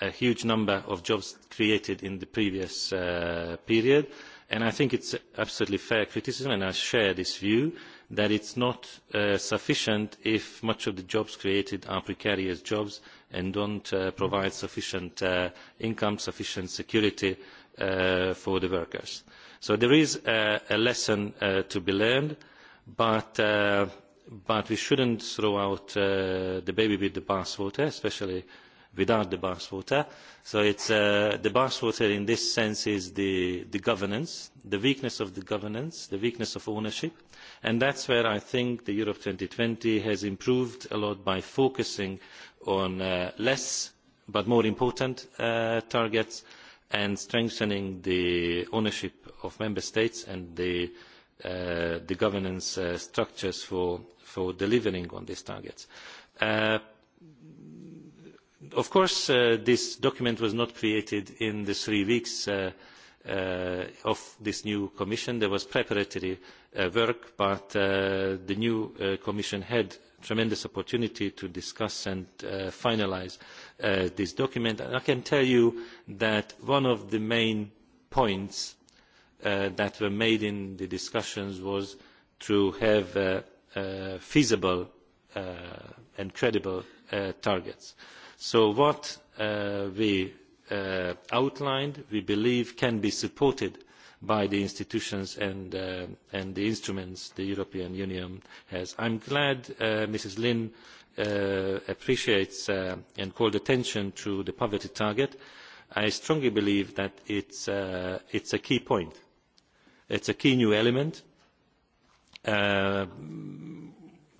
S12: a huge number of jobs created in the previous uh, period and i think it is absolutely fair criticism and i share this view that it is not uh, sufficient if much of the jobs created are precarious jobs and do not uh, provide sufficient income sufficient security for the workers. so there is a, lesson to be learned but, but we should not throw out the baby with the bathwater especially without the bathwater. so uh, the bathwater in this sense is the, the governance the weakness of the governance the weakness of ownership and that is where i think the europe two thousand and twenty has improved a lot by focusing on uh, less but more important uh, targets and strengthening the ownership of member states and the, uh, the governance structures for, for delivering on these targets of course uh, this document was not created in the three weeks uh, uh, of this new commission. there was preparatory work but the new commission had a tremendous opportunity to discuss and finalise this document. And i can tell you that one of the main points that were made in the discussions was to have feasible and credible targets so what uh, we uh, outlined we believe can be supported by the institutions and, uh, and the instruments the european union has. i am glad mrs lynne appreciates and called attention to the poverty target. i strongly believe that it is a key point. it is a key new element.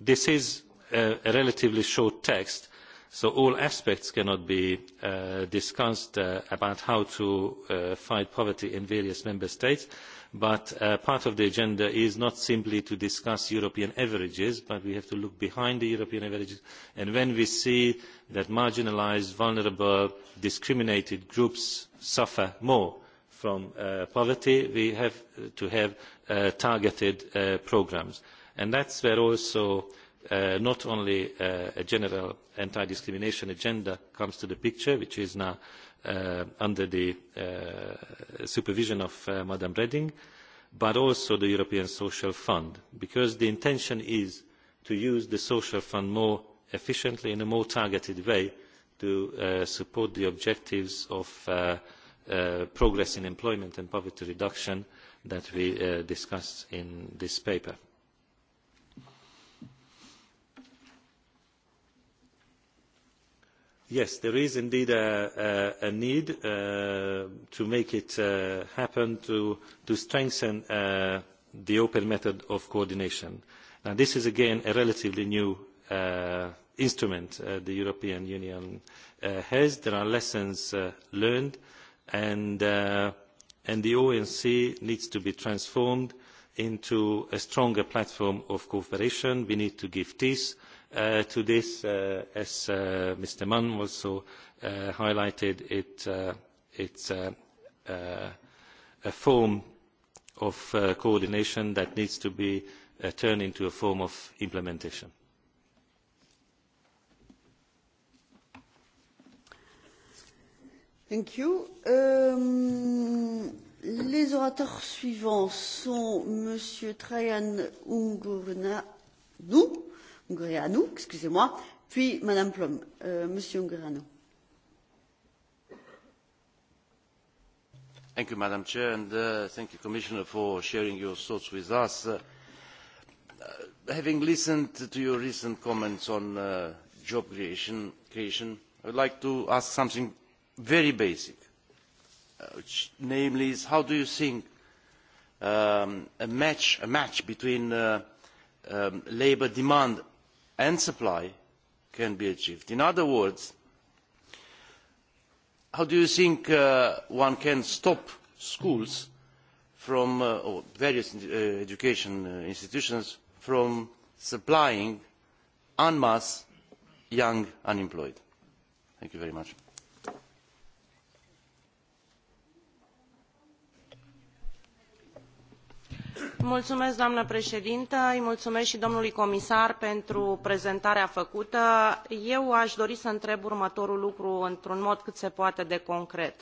S12: this is a relatively short text so all aspects cannot be uh, discussed uh, about how to uh, fight poverty in various member states but part of the agenda is not simply to discuss european averages but we have to look behind the european averages and when we see that marginalised vulnerable discriminated groups suffer more from poverty we have to have targeted programmes and that is where also Uh, not only uh, a general anti discrimination agenda comes into the picture which is now uh, under the supervision of ms reding but also the european social fund because the intention is to use the social fund more efficiently in a more targeted way to support the objectives of progress in employment and poverty reduction that we discussed in this paper yes there is indeed a, need uh, to make it uh, happen to, to strengthen uh, the open method of coordination. this is again a relatively new instrument the european union has. there are lessons learned and, and the omc needs to be transformed into a stronger platform of cooperation. we need to give teeth Uh, to this uh, as uh, mr mann also highlighted it is a form of coordination that needs to be turned into a form of implementation.
S1: Um, les orateurs suivants sont m. trajan Ungureanu, excusez-moi, puis Madame euh, Monsieur Ungureanu.
S15: Thank you, Madam Chair, and uh, thank you, Commissioner, for sharing your thoughts with us. Uh, uh, having listened to your recent comments on uh, job creation, creation, I would like to ask something very basic, uh, which namely is how do you think um, a match, a match between uh, um, labour demand and supply can be achieved. in other words how do you think uh, one can stop schools from, uh, or various uh, education institutions from supplying en masse young unemployed? thank you very much.
S16: Mulțumesc, doamnă președintă, îi mulțumesc și domnului comisar pentru prezentarea făcută. Eu aș dori să întreb următorul lucru într-un mod cât se poate de concret.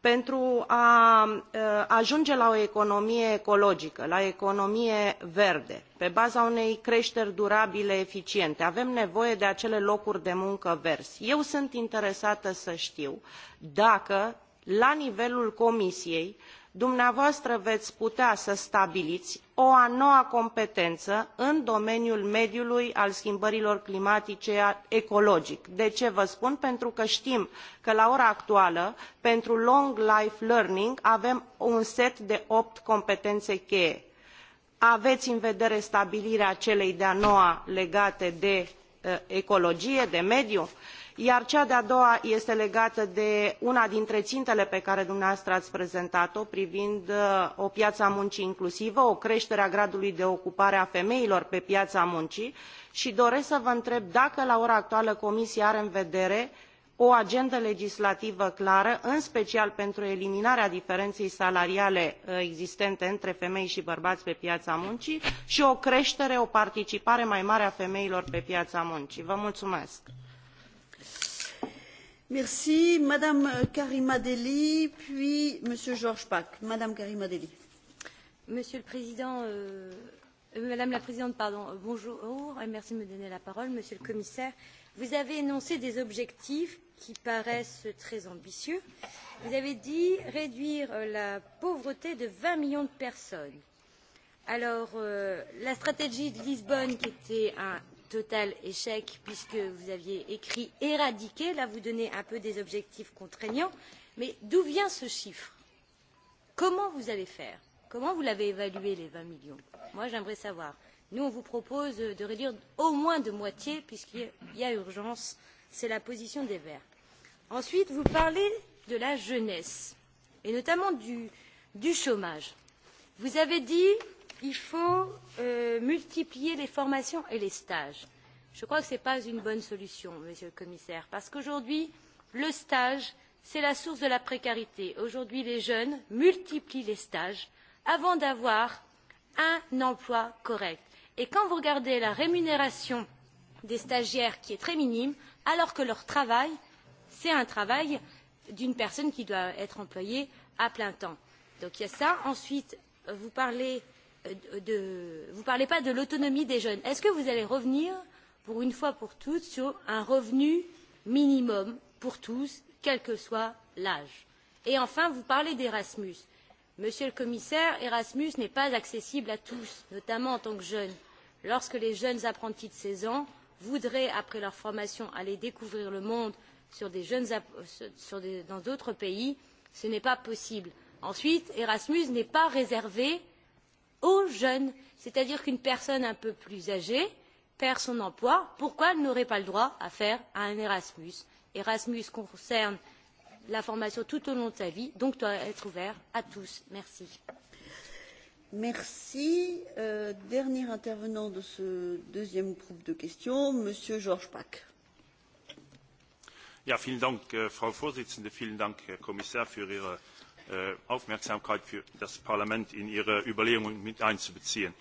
S16: Pentru a e, ajunge la o economie ecologică, la o economie verde, pe baza unei creșteri durabile eficiente, avem nevoie de acele locuri de muncă verzi. Eu sunt interesată să știu dacă, la nivelul Comisiei, dumneavoastră veți putea să stabiliți o a noua competență în domeniul mediului al schimbărilor climatice ecologic. De ce vă spun? Pentru că știm că la ora actuală, pentru long life learning, avem un set de opt competențe cheie. Aveți în vedere stabilirea celei de-a noua legate de uh, ecologie, de mediu? iar cea de a doua este legată de una dintre intele pe care dumneavoastră ai prezentat uh, o privind o piaă a muncii inclusivă o cretere a gradului de ocupare a femeilor pe piaa muncii i doresc să vă întreb dacă la ora actuală comisia are în vedere o agendă legislativă clară în special pentru eliminarea diferenei salariale uh, existente între femei i bărbai pe piaa muncii i o cretere o participare mai mare a femeilor pe piaa muncii. Vă mulțumesc!
S1: Merci. Madame puis Monsieur Georges Madame
S17: Monsieur le Président, euh, Madame la Présidente, pardon, euh, bonjour et merci de me donner la parole. Monsieur le Commissaire, vous avez énoncé des objectifs qui paraissent très ambitieux. Vous avez dit réduire euh, la pauvreté de vingt millions de personnes. Alors, la stratégie de Lisbonne, qui était un total échec puisque vous aviez écrit éradiquer là vous donnez un peu des objectifs contraignants mais d'où vient ce chiffre comment vous allez faire comment vous l'avez évalué les vingt millions moi j'aimerais savoir nous on vous propose de réduire au moins de moitié puisqu'il y a urgence c'est la position des verts ensuite vous parlez de la jeunesse et notamment du, du chômage vous avez dit que il faut euh, multiplier les formations et les stages. Je crois que ce n'est pas une bonne solution, Monsieur le Commissaire, parce qu'aujourd'hui, le stage, c'est la source de la précarité. Aujourd'hui, les jeunes multiplient les stages avant d'avoir un emploi correct. Et quand vous regardez la rémunération des stagiaires qui est très minime, alors que leur travail, c'est un travail d'une personne qui doit être employée à plein temps. Donc il y a ça. Ensuite, vous parlez euh, Euh, de, vous ne parlez pas de l'autonomie des jeunes. Est-ce que vous allez revenir, pour une fois pour toutes, sur un revenu minimum pour tous, quel que soit l'âge Et enfin, vous parlez d'Erasmus. Monsieur le commissaire, Erasmus n'est pas accessible à tous, notamment en tant que jeunes. Lorsque les jeunes apprentis de 16 ans voudraient, après leur formation, aller découvrir le monde sur des jeunes, sur des, dans d'autres pays, ce n'est pas possible. Ensuite, Erasmus n'est pas réservé aux jeunes c'est à dire qu'une personne un peu plus âgée perd son emploi pourquoi elle n'aurait pas le droit à faire un erasmus? erasmus concerne la formation tout au long de sa vie donc doit être ouvert à tous. merci.
S1: Merci. Euh, dernier intervenant de ce deuxième groupe de questions, Monsieur Georges Pack.
S18: Ja, vielen Dank, äh, Frau Vorsitzende, vielen Dank, Herr Kommissar, für Ihre Äh, Aufmerksamkeit für das Parlament in ihre Überlegungen mit einzubeziehen.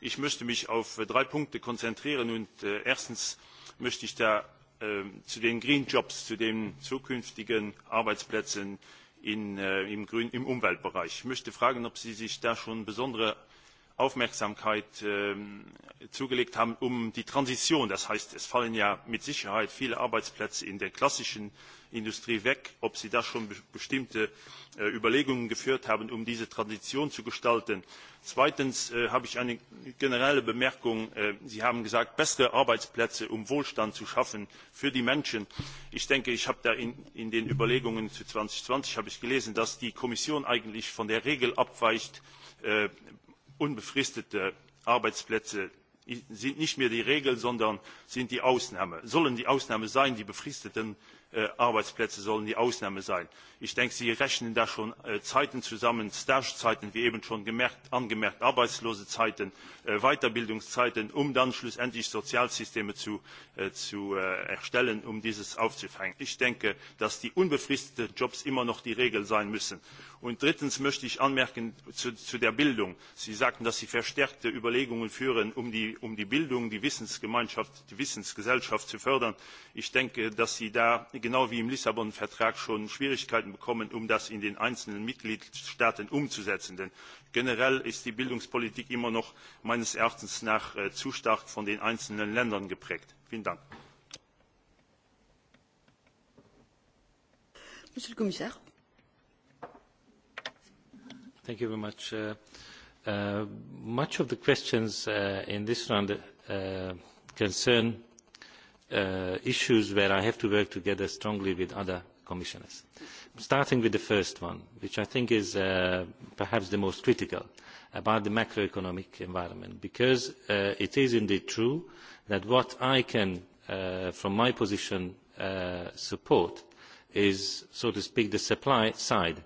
S18: Ich möchte mich auf äh, drei Punkte konzentrieren und äh, erstens möchte ich da ähm, zu den Green Jobs, zu den zukünftigen Arbeitsplätzen in, im, Grün, im Umweltbereich. Ich möchte fragen, ob Sie sich da schon besondere Aufmerksamkeit ähm, zugelegt haben um die Transition. Das heißt, es fallen ja mit Sicherheit viele Arbeitsplätze in der klassischen Industrie weg. Ob Sie da schon be bestimmte äh, Überlegungen geführt haben, um diese Transition zu gestalten. Zweitens äh, habe ich eine generelle Bemerkung. Äh, Sie haben gesagt, bessere Arbeitsplätze, um Wohlstand zu schaffen für die Menschen. Ich denke, ich habe da in, in den Überlegungen zu 2020 habe ich gelesen, dass die Kommission eigentlich von der Regel abweicht, äh, unbefristete Arbeitsplätze sind nicht mehr die Regel, sondern sind die Ausnahme. Sollen die Ausnahme sein, die befristeten äh, Arbeitsplätze sollen die Ausnahme sein. Ich denke, Sie rechnen da schon äh, Zeiten zusammen, Stagezeiten, wie eben schon gemerkt, angemerkt, Arbeitslosezeiten, äh, Weiterbildungszeiten, um dann schlussendlich Sozialsysteme zu, erstellen, um dieses aufzufangen. Ich denke, dass die unbefristeten Jobs immer noch die Regel sein müssen Und drittens möchte ich anmerken zu, zu der Bildung. Sie sagten, dass Sie verstärkte Überlegungen führen, um die, um die Bildung, die Wissensgemeinschaft, die Wissensgesellschaft zu fördern. Ich denke, dass Sie da genau wie im Lissabon-Vertrag schon Schwierigkeiten bekommen, um das in den einzelnen Mitgliedstaaten umzusetzen. Denn generell ist die Bildungspolitik immer noch meines Erachtens nach äh, zu stark von den einzelnen Ländern geprägt. Vielen Dank.
S1: Monsieur le Commissaire.
S12: Thank you very much. Uh, uh, much of the questions uh, in this round uh, concern uh, issues where I have to work together strongly with other commissioners. Starting with the first one, which I think is uh, perhaps the most critical, about the macroeconomic environment, because uh, it is indeed true that what I can, uh, from my position, uh, support is, so to speak, the supply side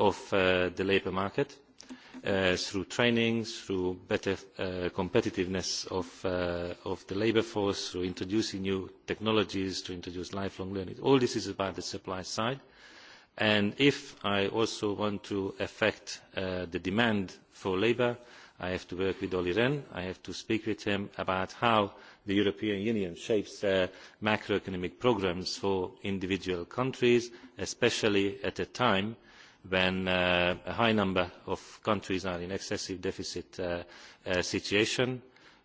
S12: of uh, the labour market uh, through training through better uh, competitiveness of, the labour force through introducing new technologies to introduce lifelong learning. all this is about the supply side and if i also want to affect the demand for labour i have to work with olli rehn i have to speak with him about how the european union shapes macroeconomic programmes for individual countries especially at a time when uh, a high number of countries are in excessive deficit uh, uh, situation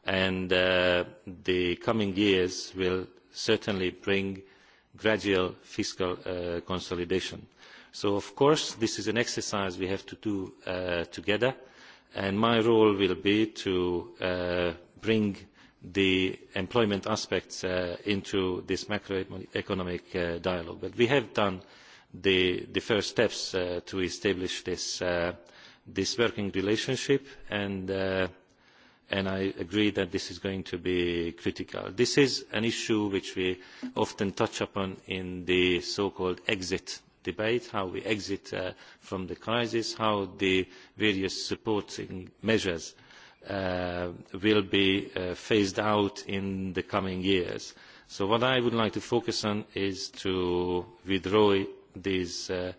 S12: and the coming years will certainly bring gradual fiscal consolidation. so of course this is an exercise we have to do together and my role will be to bring the employment aspects into this macroeconomic dialogue. but we have done the, the first steps uh, to establish this, uh, working relationship uh, and i agree that this is going to be critical. this is an issue which we often touch upon in the so called exit debate how we exit from the crisis how the various supporting measures will be phased out in the coming years. so what i would like to focus on is to withdraw these uh,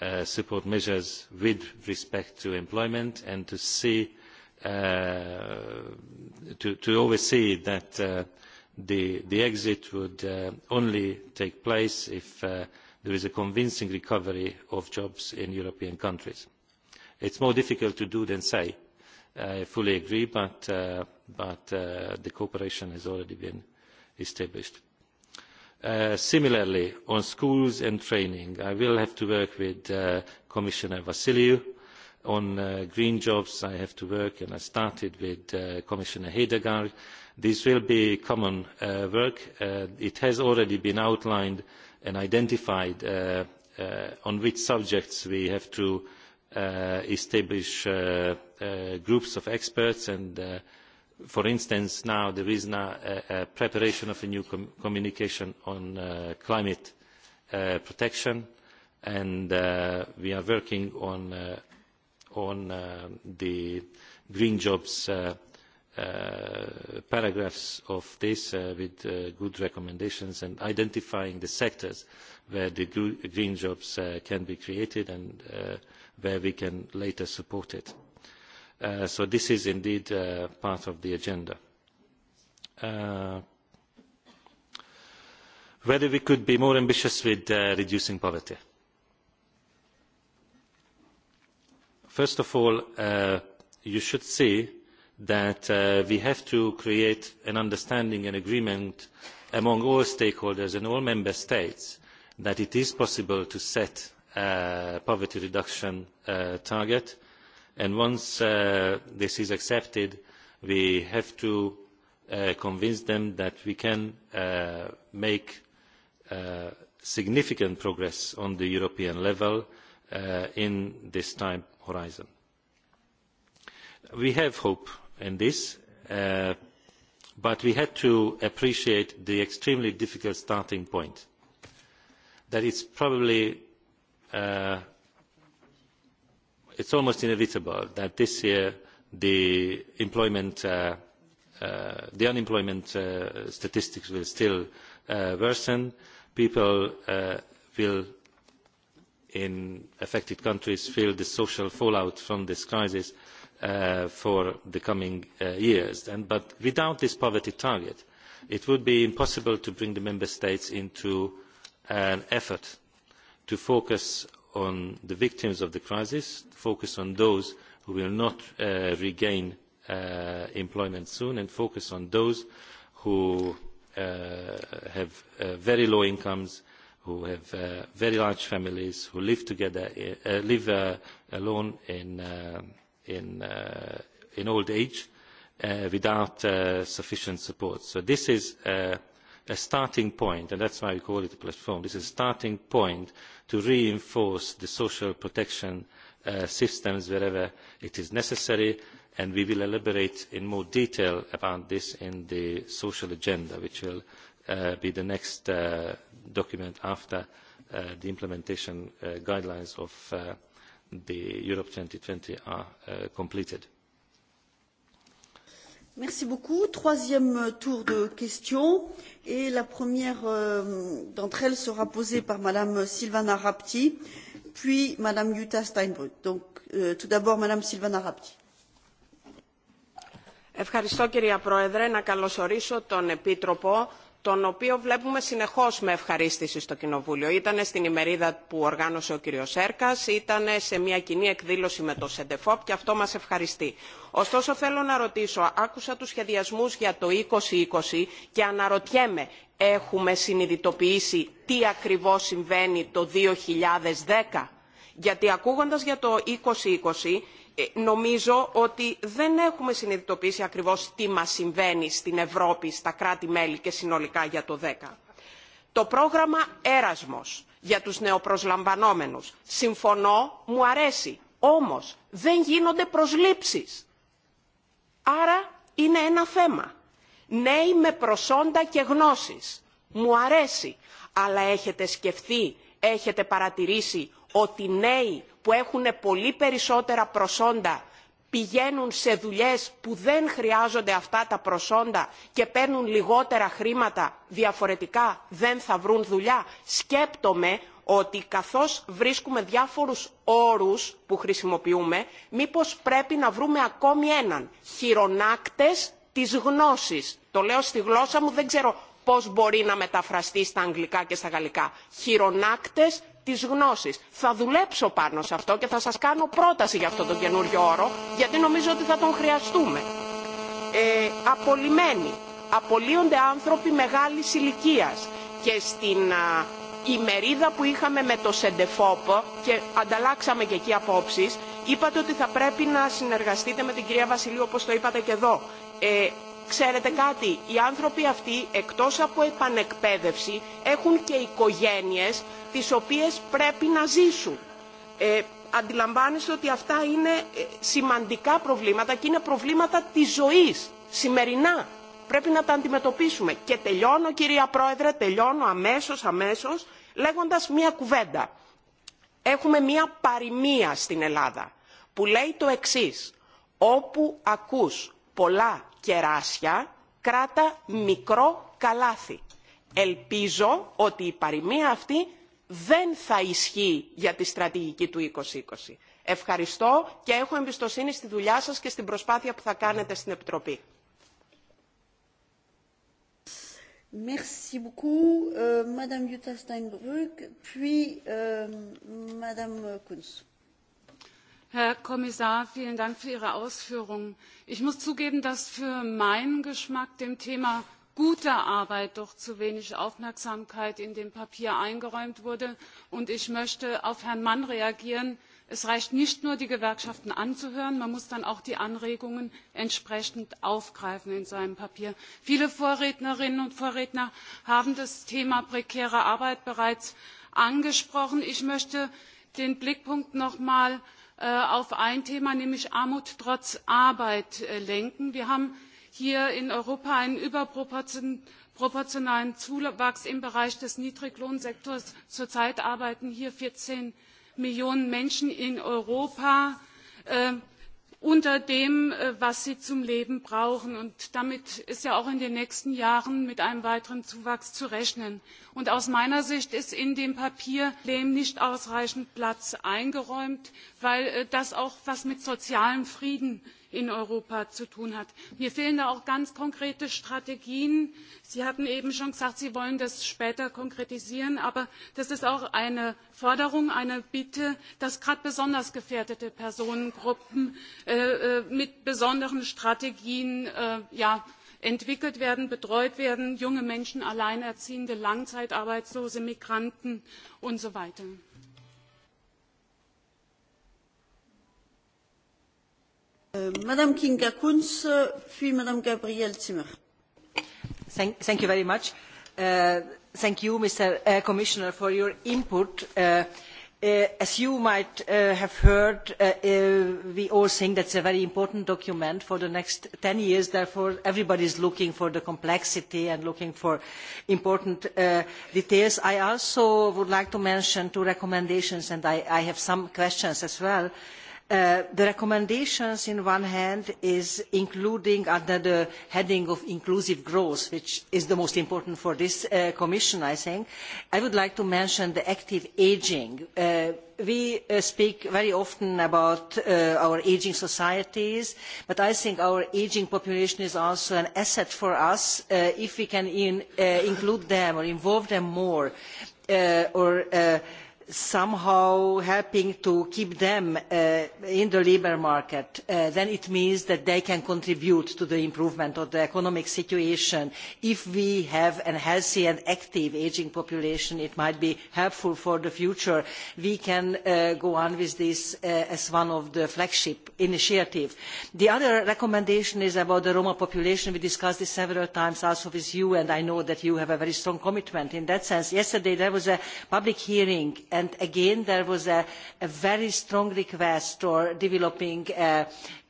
S12: uh, support measures with respect to employment and to see uh, to oversee that the, exit would only take place if there is a convincing recovery of jobs in european countries. it is more difficult to do than say i fully agree but the cooperation has already been established Uh, similarly on schools and training i will have to work with uh, commissioner vassiliou on uh, green jobs i have to work and i started with commissioner hedegaard. this will be common work. it has already been outlined and identified on which subjects we have to establish groups of experts and for instance now there is now a, preparation of a new communication on uh, climate uh, protection and uh, we are working on the green jobs paragraphs of this with good recommendations and identifying the sectors where the green jobs can be created and where we can later support it Uh, so this is indeed uh, part of the agenda. Uh, whether we could be more ambitious with reducing poverty. first of all you should see that we have to create an understanding and agreement among all stakeholders in all member states that it is possible to set a poverty reduction target and once uh, this is accepted we have to uh, convince them that we can uh, make significant progress on the european level in this time horizon. we have hope in this but we had to appreciate the extremely difficult starting point that it is probably it is almost inevitable that this year the, uh, uh, the unemployment uh, statistics will still worsen. people will in affected countries feel the social fallout from this crisis for the coming years but without this poverty target it would be impossible to bring the member states into an effort to focus on the victims of the crisis focus on those who will not uh, regain uh, employment soon and focus on those who uh, have very low incomes who have very large families who live together live alone in, in old age without sufficient support. so this is a starting point and that is why we call it a platform this is a starting point to reinforce the social protection uh, systems wherever it is necessary and we will elaborate in more detail about this in the social agenda which will uh, be the next uh, document after the implementation guidelines of the europe two thousand and twenty are completed
S1: Merci beaucoup. Troisième tour de questions. Et la première euh, d'entre elles sera posée par Madame Sylvana Rapti, puis Madame Jutta Steinbrück. Donc, euh, tout d'abord, Madame Sylvana Rapti.
S19: Ευχαριστώ κυρία Πρόεδρε. Να καλωσορίσω τον Επίτροπο τον οποίο βλέπουμε συνεχώς με ευχαρίστηση στο Κοινοβούλιο. Ήταν στην ημερίδα που οργάνωσε ο κύριος Έρκας, ήταν σε μια κοινή εκδήλωση με το ΣΕΝΤΕΦΟΠ και αυτό μας ευχαριστεί. Ωστόσο θέλω να ρωτήσω, άκουσα τους σχεδιασμούς για το 2020 και αναρωτιέμαι, έχουμε συνειδητοποιήσει τι ακριβώς συμβαίνει το 2010? Γιατί ακούγοντας για το 2020 νομίζω ότι δεν έχουμε συνειδητοποιήσει ακριβώς τι μας συμβαίνει στην Ευρώπη, στα κράτη-μέλη και συνολικά για το 10. Το πρόγραμμα Έρασμος για τους νεοπροσλαμβανόμενους. Συμφωνώ, μου αρέσει. Όμως δεν γίνονται προσλήψεις. Άρα είναι ένα θέμα. Νέοι με προσόντα και γνώσεις. Μου αρέσει. Αλλά έχετε σκεφτεί, έχετε παρατηρήσει ότι νέοι που έχουν πολύ περισσότερα προσόντα πηγαίνουν σε δουλειές που δεν χρειάζονται αυτά τα προσόντα και παίρνουν λιγότερα χρήματα, διαφορετικά δεν θα βρουν δουλειά. Σκέπτομαι ότι καθώς βρίσκουμε διάφορους όρους που χρησιμοποιούμε, μήπως πρέπει να βρούμε ακόμη έναν χειρονάκτες της γνώσης. Το λέω στη γλώσσα μου, δεν ξέρω πώς μπορεί να μεταφραστεί στα αγγλικά και στα γαλλικά. Χειρονάκτες της γνώσης. Θα δουλέψω πάνω σε αυτό και θα σα κάνω πρόταση για αυτό το καινούριο όρο, γιατί νομίζω ότι θα τον χρειαστούμε. Ε, απολυμένοι. Απολύονται άνθρωποι μεγάλη ηλικία. Και στην α, ημερίδα που είχαμε με το Σεντεφόπ και ανταλλάξαμε και εκεί απόψεις, είπατε ότι θα πρέπει να συνεργαστείτε με την κυρία Βασιλείου, όπως το είπατε και εδώ. Ε, Ξέρετε κάτι, οι άνθρωποι αυτοί εκτός από επανεκπαίδευση έχουν και οικογένειες τις οποίες πρέπει να ζήσουν. Ε, αντιλαμβάνεστε ότι αυτά είναι σημαντικά προβλήματα και είναι προβλήματα της ζωής, σημερινά. Πρέπει να τα αντιμετωπίσουμε. Και τελειώνω κυρία Πρόεδρε, τελειώνω αμέσως, αμέσως, λέγοντας μία κουβέντα. Έχουμε μία παροιμία στην Ελλάδα που λέει το εξής. Όπου ακούς πολλά κεράσια, κράτα μικρό καλάθι. Ελπίζω ότι η παροιμία αυτή δεν θα ισχύει για τη στρατηγική του 2020. Ευχαριστώ και έχω εμπιστοσύνη στη δουλειά σας και στην προσπάθεια που θα κάνετε στην Επιτροπή.
S1: Merci beaucoup, euh, Madame Jutta Steinbrück, puis euh, Madame Kunz.
S20: Herr Kommissar, vielen Dank für Ihre Ausführungen. Ich muss zugeben, dass für meinen Geschmack dem Thema guter Arbeit doch zu wenig Aufmerksamkeit in dem Papier eingeräumt wurde. Und ich möchte auf Herrn Mann reagieren. Es reicht nicht nur, die Gewerkschaften anzuhören, man muss dann auch die Anregungen entsprechend aufgreifen in seinem Papier. Viele Vorrednerinnen und Vorredner haben das Thema prekäre Arbeit bereits angesprochen. Ich möchte den Blickpunkt noch einmal äh, auf ein Thema, nämlich Armut trotz Arbeit, äh, lenken. Wir haben hier in europa einen überproportionalen zuwachs im bereich des niedriglohnsektors. zurzeit arbeiten hier vierzehn millionen menschen in europa äh, unter dem äh, was sie zum leben brauchen. Und damit ist ja auch in den nächsten jahren mit einem weiteren zuwachs zu rechnen. Und aus meiner sicht ist in dem papier dem nicht ausreichend platz eingeräumt weil äh, das auch etwas mit sozialem frieden in europa zu tun hat. mir fehlen da auch ganz konkrete strategien. sie hatten eben schon gesagt sie wollen das später konkretisieren aber das ist auch eine forderung eine bitte dass gerade besonders gefährdete personengruppen äh, äh mit besonderen strategien äh, ja, entwickelt werden betreut werden junge menschen alleinerziehende langzeitarbeitslose migranten und so weiter.
S1: Madame Kinga Kunz, puis Madame Gabrielle Zimmer.
S21: Thank, you very much. Uh, thank you, Mr. Uh, Commissioner, for your input. Uh, as you might have heard, we all think that is a very important document for the next ten years. Therefore, everybody is looking for the complexity and looking for important details. I also would like to mention two recommendations, and I, have some questions as well. Uh, the recommendations on the one hand is including under the heading of inclusive growth which is the most important for this uh, commission i think i would like to mention the active ageing uh, we speak very often about our ageing societies but i think our ageing population is also an asset for us if we can include them or involve them more or somehow helping to keep them uh, in the labour market uh, then it means that they can contribute to the improvement of the economic situation. if we have a healthy and active ageing population it might be helpful for the future. we can uh, go on with this as one of the flagship initiatives. the other recommendation is about the roma population. we discussed this several times also with you and i know that you have a very strong commitment in that sense. yesterday there was a public hearing and again there was a, very strong request for developing a uh,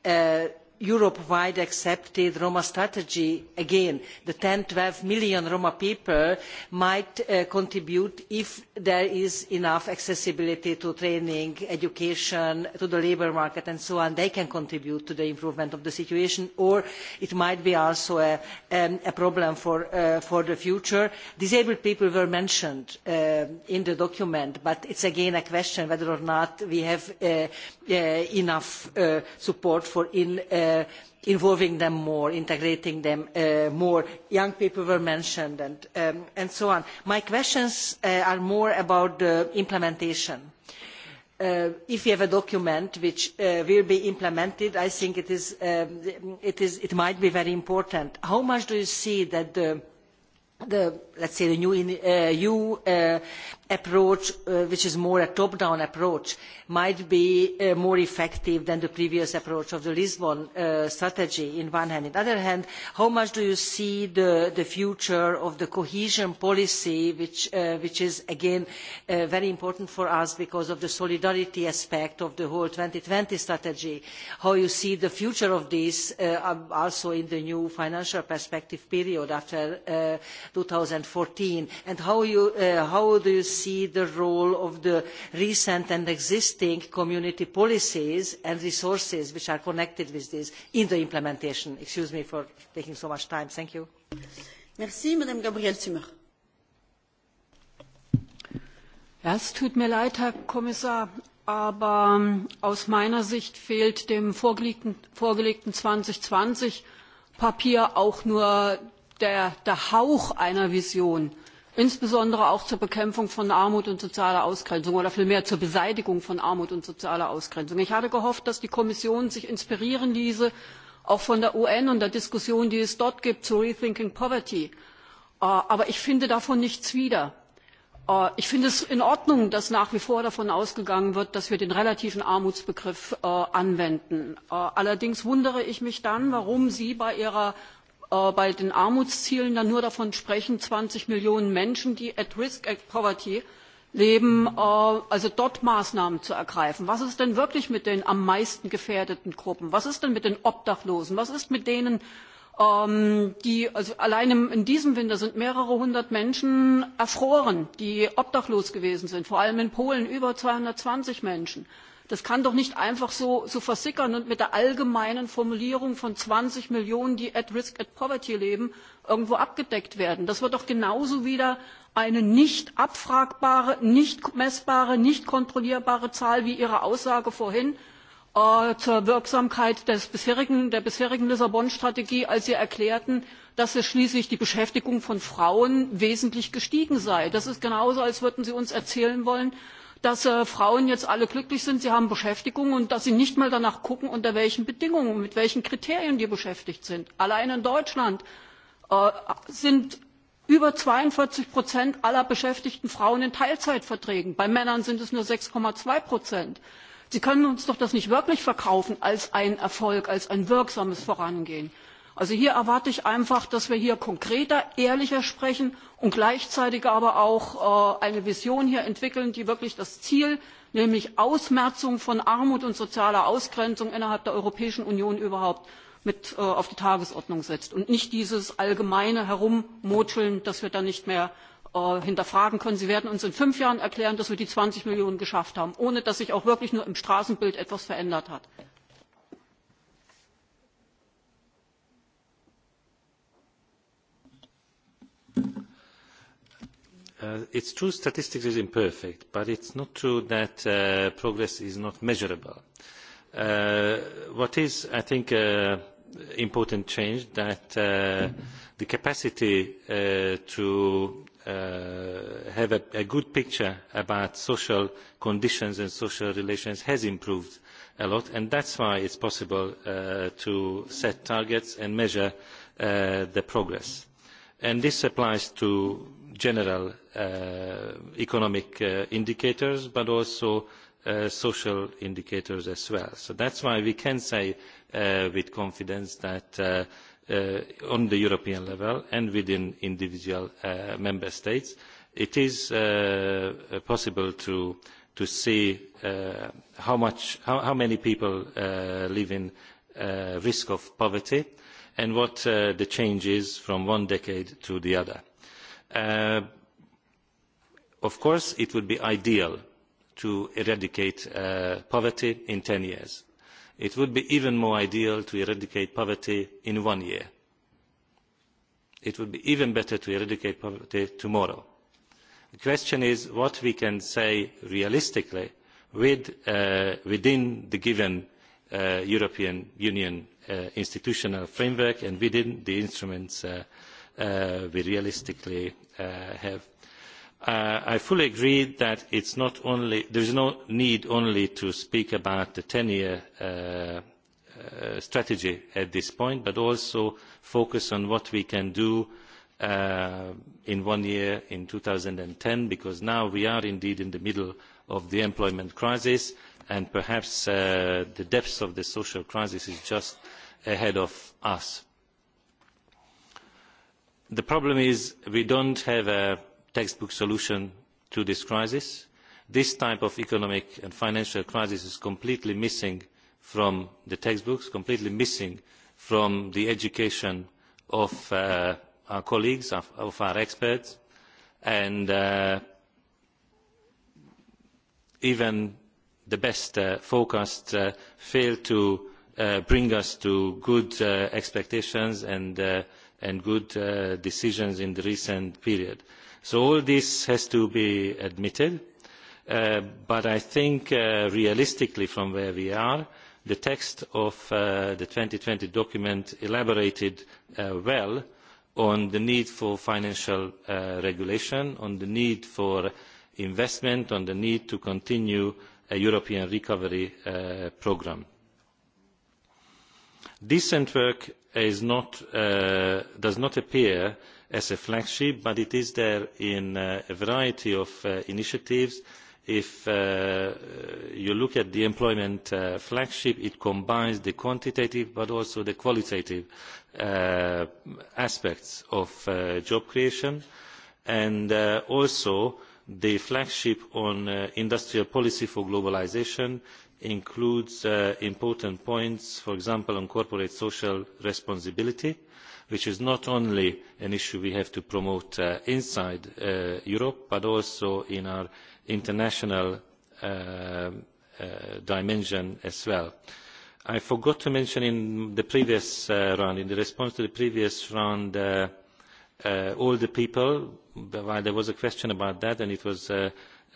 S21: uh, europe wide accepted roma strategy again the ten twelve million roma people might uh, contribute if there is enough accessibility to training education to the labour market and so on they can contribute to the improvement of the situation or it might be also a, um, a problem uh, for, the future. disabled people were mentioned uh, in the document but it is again a question whether or not we have enough support for in Uh, involving them more integrating them uh, more young people were mentioned and, um, so on. my questions uh, are more about the implementation. if we have a document which will be implemented i think it, is, um, it, is, it might be very important. how much do you see that the, the let us say the new approach uh, which is more a top down approach might be uh, more effective than the previous approach of the lisbon uh, strategy on one hand. on the other hand how much do you see the, future of the cohesion policy which, which is again very important for us because of the solidarity aspect of the whole two thousand and twenty strategy how you see the future of this um, also in the new financial perspective period after two thousand and fourteen and how do you see the role of the recent and existing community policies and resources which are connected with this in the implementation. Excuse me for taking so much time.
S22: Thank you. Merci, Madame Gabrielle Zimmer. Ja, es tut mir leid, Herr Kommissar, aber ähm, aus meiner Sicht fehlt dem vorgelegten, vorgelegten 2020 Papier auch nur der, der Hauch einer Vision insbesondere auch zur Bekämpfung von Armut und sozialer Ausgrenzung oder vielmehr zur Beseitigung von Armut und sozialer Ausgrenzung. Ich hatte gehofft, dass die Kommission sich inspirieren ließe, auch von der UN und der Diskussion, die es dort gibt, zu Rethinking Poverty. Äh, aber ich finde davon nichts wieder. Äh, ich finde es in Ordnung, dass nach wie vor davon ausgegangen wird, dass wir den relativen Armutsbegriff äh, anwenden. allerdings wundere ich mich dann, warum Sie bei Ihrer Äh, bei den Armutszielen dann nur davon sprechen, zwanzig Millionen Menschen, die at risk at poverty leben, äh, also dort Maßnahmen zu ergreifen. Was ist denn wirklich mit den am meisten gefährdeten Gruppen? Was ist denn mit den Obdachlosen? Was ist mit denen, ähm, die, also allein in diesem Winter sind mehrere hundert Menschen erfroren, die obdachlos gewesen sind, vor allem in Polen über 220 Menschen das kann doch nicht einfach so, versickern und mit der allgemeinen formulierung von zwanzig millionen die at risk at poverty leben irgendwo abgedeckt werden. das wird doch genauso wieder eine nicht abfragbare nicht messbare nicht kontrollierbare zahl wie ihre aussage vorhin äh, zur wirksamkeit bisherigen, der bisherigen lissabon strategie als sie erklärten dass schließlich die beschäftigung von frauen wesentlich gestiegen sei. das ist genauso als würden sie uns erzählen wollen dass äh, Frauen jetzt alle glücklich sind, sie haben Beschäftigung und dass sie nicht einmal danach gucken, unter welchen Bedingungen, und mit welchen Kriterien die beschäftigt sind. Allein in Deutschland äh, sind über zweiundvierzig aller beschäftigten Frauen in Teilzeitverträgen. Bei Männern sind es nur sechs Prozent. Sie können uns doch das nicht wirklich verkaufen als einen Erfolg, als ein wirksames Vorangehen also hier erwarte ich einfach dass wir hier konkreter ehrlicher sprechen und gleichzeitig aber auch äh, eine vision hier entwickeln die wirklich das ziel nämlich ausmerzung von armut und sozialer ausgrenzung innerhalb der europäischen union überhaupt mit äh, auf die tagesordnung setzt und nicht dieses allgemeine herummotscheln das wir dann nicht mehr äh, hinterfragen können. sie werden uns in fünf jahren erklären dass wir die zwanzig millionen geschafft haben ohne dass sich auch wirklich nur im straßenbild etwas verändert hat.
S12: Uh, it is true that statistics is imperfect but it is not true that uh, progress is not measurable. Uh, what is i think an important change is that the capacity to have a, a good picture about social conditions and social relations has improved a lot and that is why it is possible to set targets and measure the progress. And this applies to general uh, economic uh, indicators but also uh, social indicators as well. so that is why we can say with confidence that on the european level and within individual member states it is possible to see how, many people live at risk of poverty and what the change is from one decade to the other. Uh, of course it would be ideal to eradicate uh, poverty in ten years. it would be even more ideal to eradicate poverty in one year. it would be even better to eradicate poverty tomorrow. the question is what we can say realistically uh, within the given european union institutional framework and within the instruments Uh, we realistically uh, have. Uh, i fully agree that only, there is no need only to speak about the ten year strategy at this point but also focus on what we can do in one year in two thousand and ten because now we are indeed in the middle of the employment crisis and perhaps the depth of the social crisis is just ahead of us the problem is that we do not have a textbook solution to this crisis. this type of economic and financial crisis is completely missing from the textbooks completely missing from the education of uh, our colleagues of, our experts and uh, even the best uh, forecasts fail to bring us to good expectations and and good uh, decisions in the recent period. so all this has to be admitted uh, but i think uh, realistically from where we are the text of the two thousand and twenty document elaborated well on the need for financial regulation on the need for investment on the need to continue a european recovery programme. decent work Uh, does not appear as a flagship but it is there in uh, a variety of uh, initiatives. if you look at the employment flagship it combines the quantitative but also the qualitative aspects of job creation and also the flagship on industrial policy for globalisation includes uh, important points for example on corporate social responsibility which is not only an issue we have to promote uh, inside uh, europe but also in our international dimension as well. i forgot to mention in the previous round in the response to the previous round all the people while there was a question about that and it was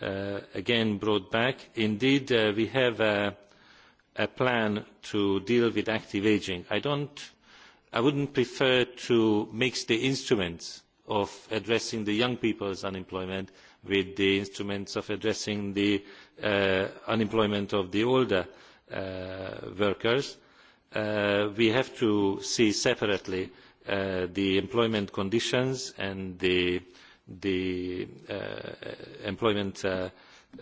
S12: Uh, again brought back. indeed uh, we have a plan to deal with active ageing. i, I would not prefer to mix the instruments of addressing the young people's unemployment with the instruments of addressing the uh, unemployment of the older uh, workers. Uh, we have to see separately the employment conditions and the the uh, employment uh,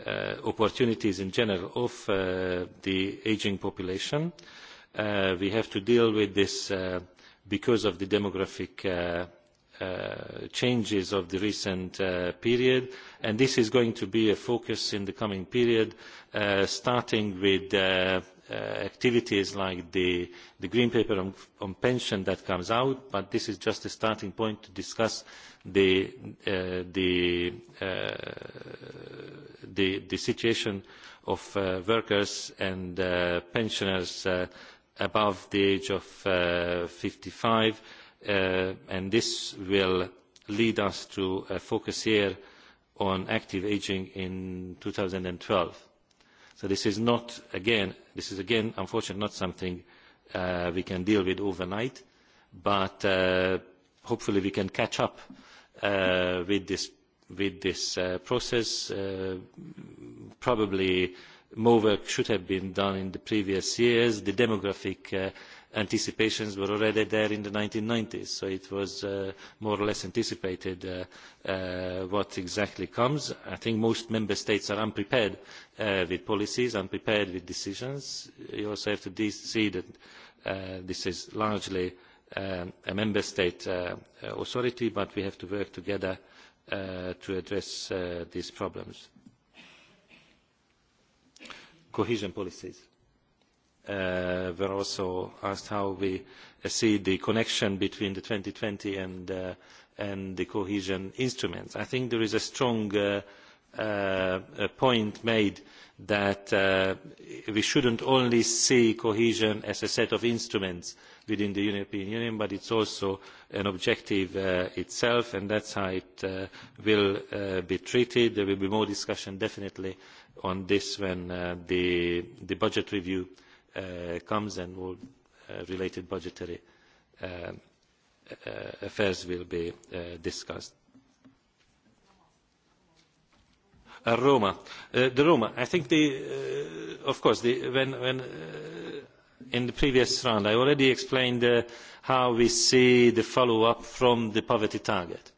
S12: uh, opportunities in general of uh, the ageing population. Uh, we have to deal with this uh, because of the demographic changes of the recent period and this is going to be a focus in the coming period starting with activities like the, the green paper on, on pensions that comes out but this is just a starting point to discuss the, uh, the, uh, the, the situation of uh, workers and pensioners above the age of fifty five and this will lead us to a focus here on active ageing in. two thousand and twelve so this is not again this is again unfortunately not something uh, we can deal with overnight but uh, hopefully we can catch up uh, with this, with this uh, process. Uh, probably more work should have been done in the previous years. The demographic uh, anticipations were already there in the ninety s so it was uh, more or less anticipated what exactly comes. I think most member states are unprepared with policies, unprepared with decisions. You also have to see that this is largely Uh, a member state uh, uh, authority but we have to work together to address these problems. cohesion policies were also asked how we see the connection between the two thousand and twenty and the cohesion instruments. i think there is a strong point made that we should not only see cohesion as a set of instruments within the european union but it is also an objective uh, itself and that is how it uh, will uh, be treated. there will be more discussion definitely on this when the, budget review comes and all related budgetary um, affairs will be discussed. Roma. the roma i think of course when in the previous round i already explained uh, how we see the follow up from the poverty target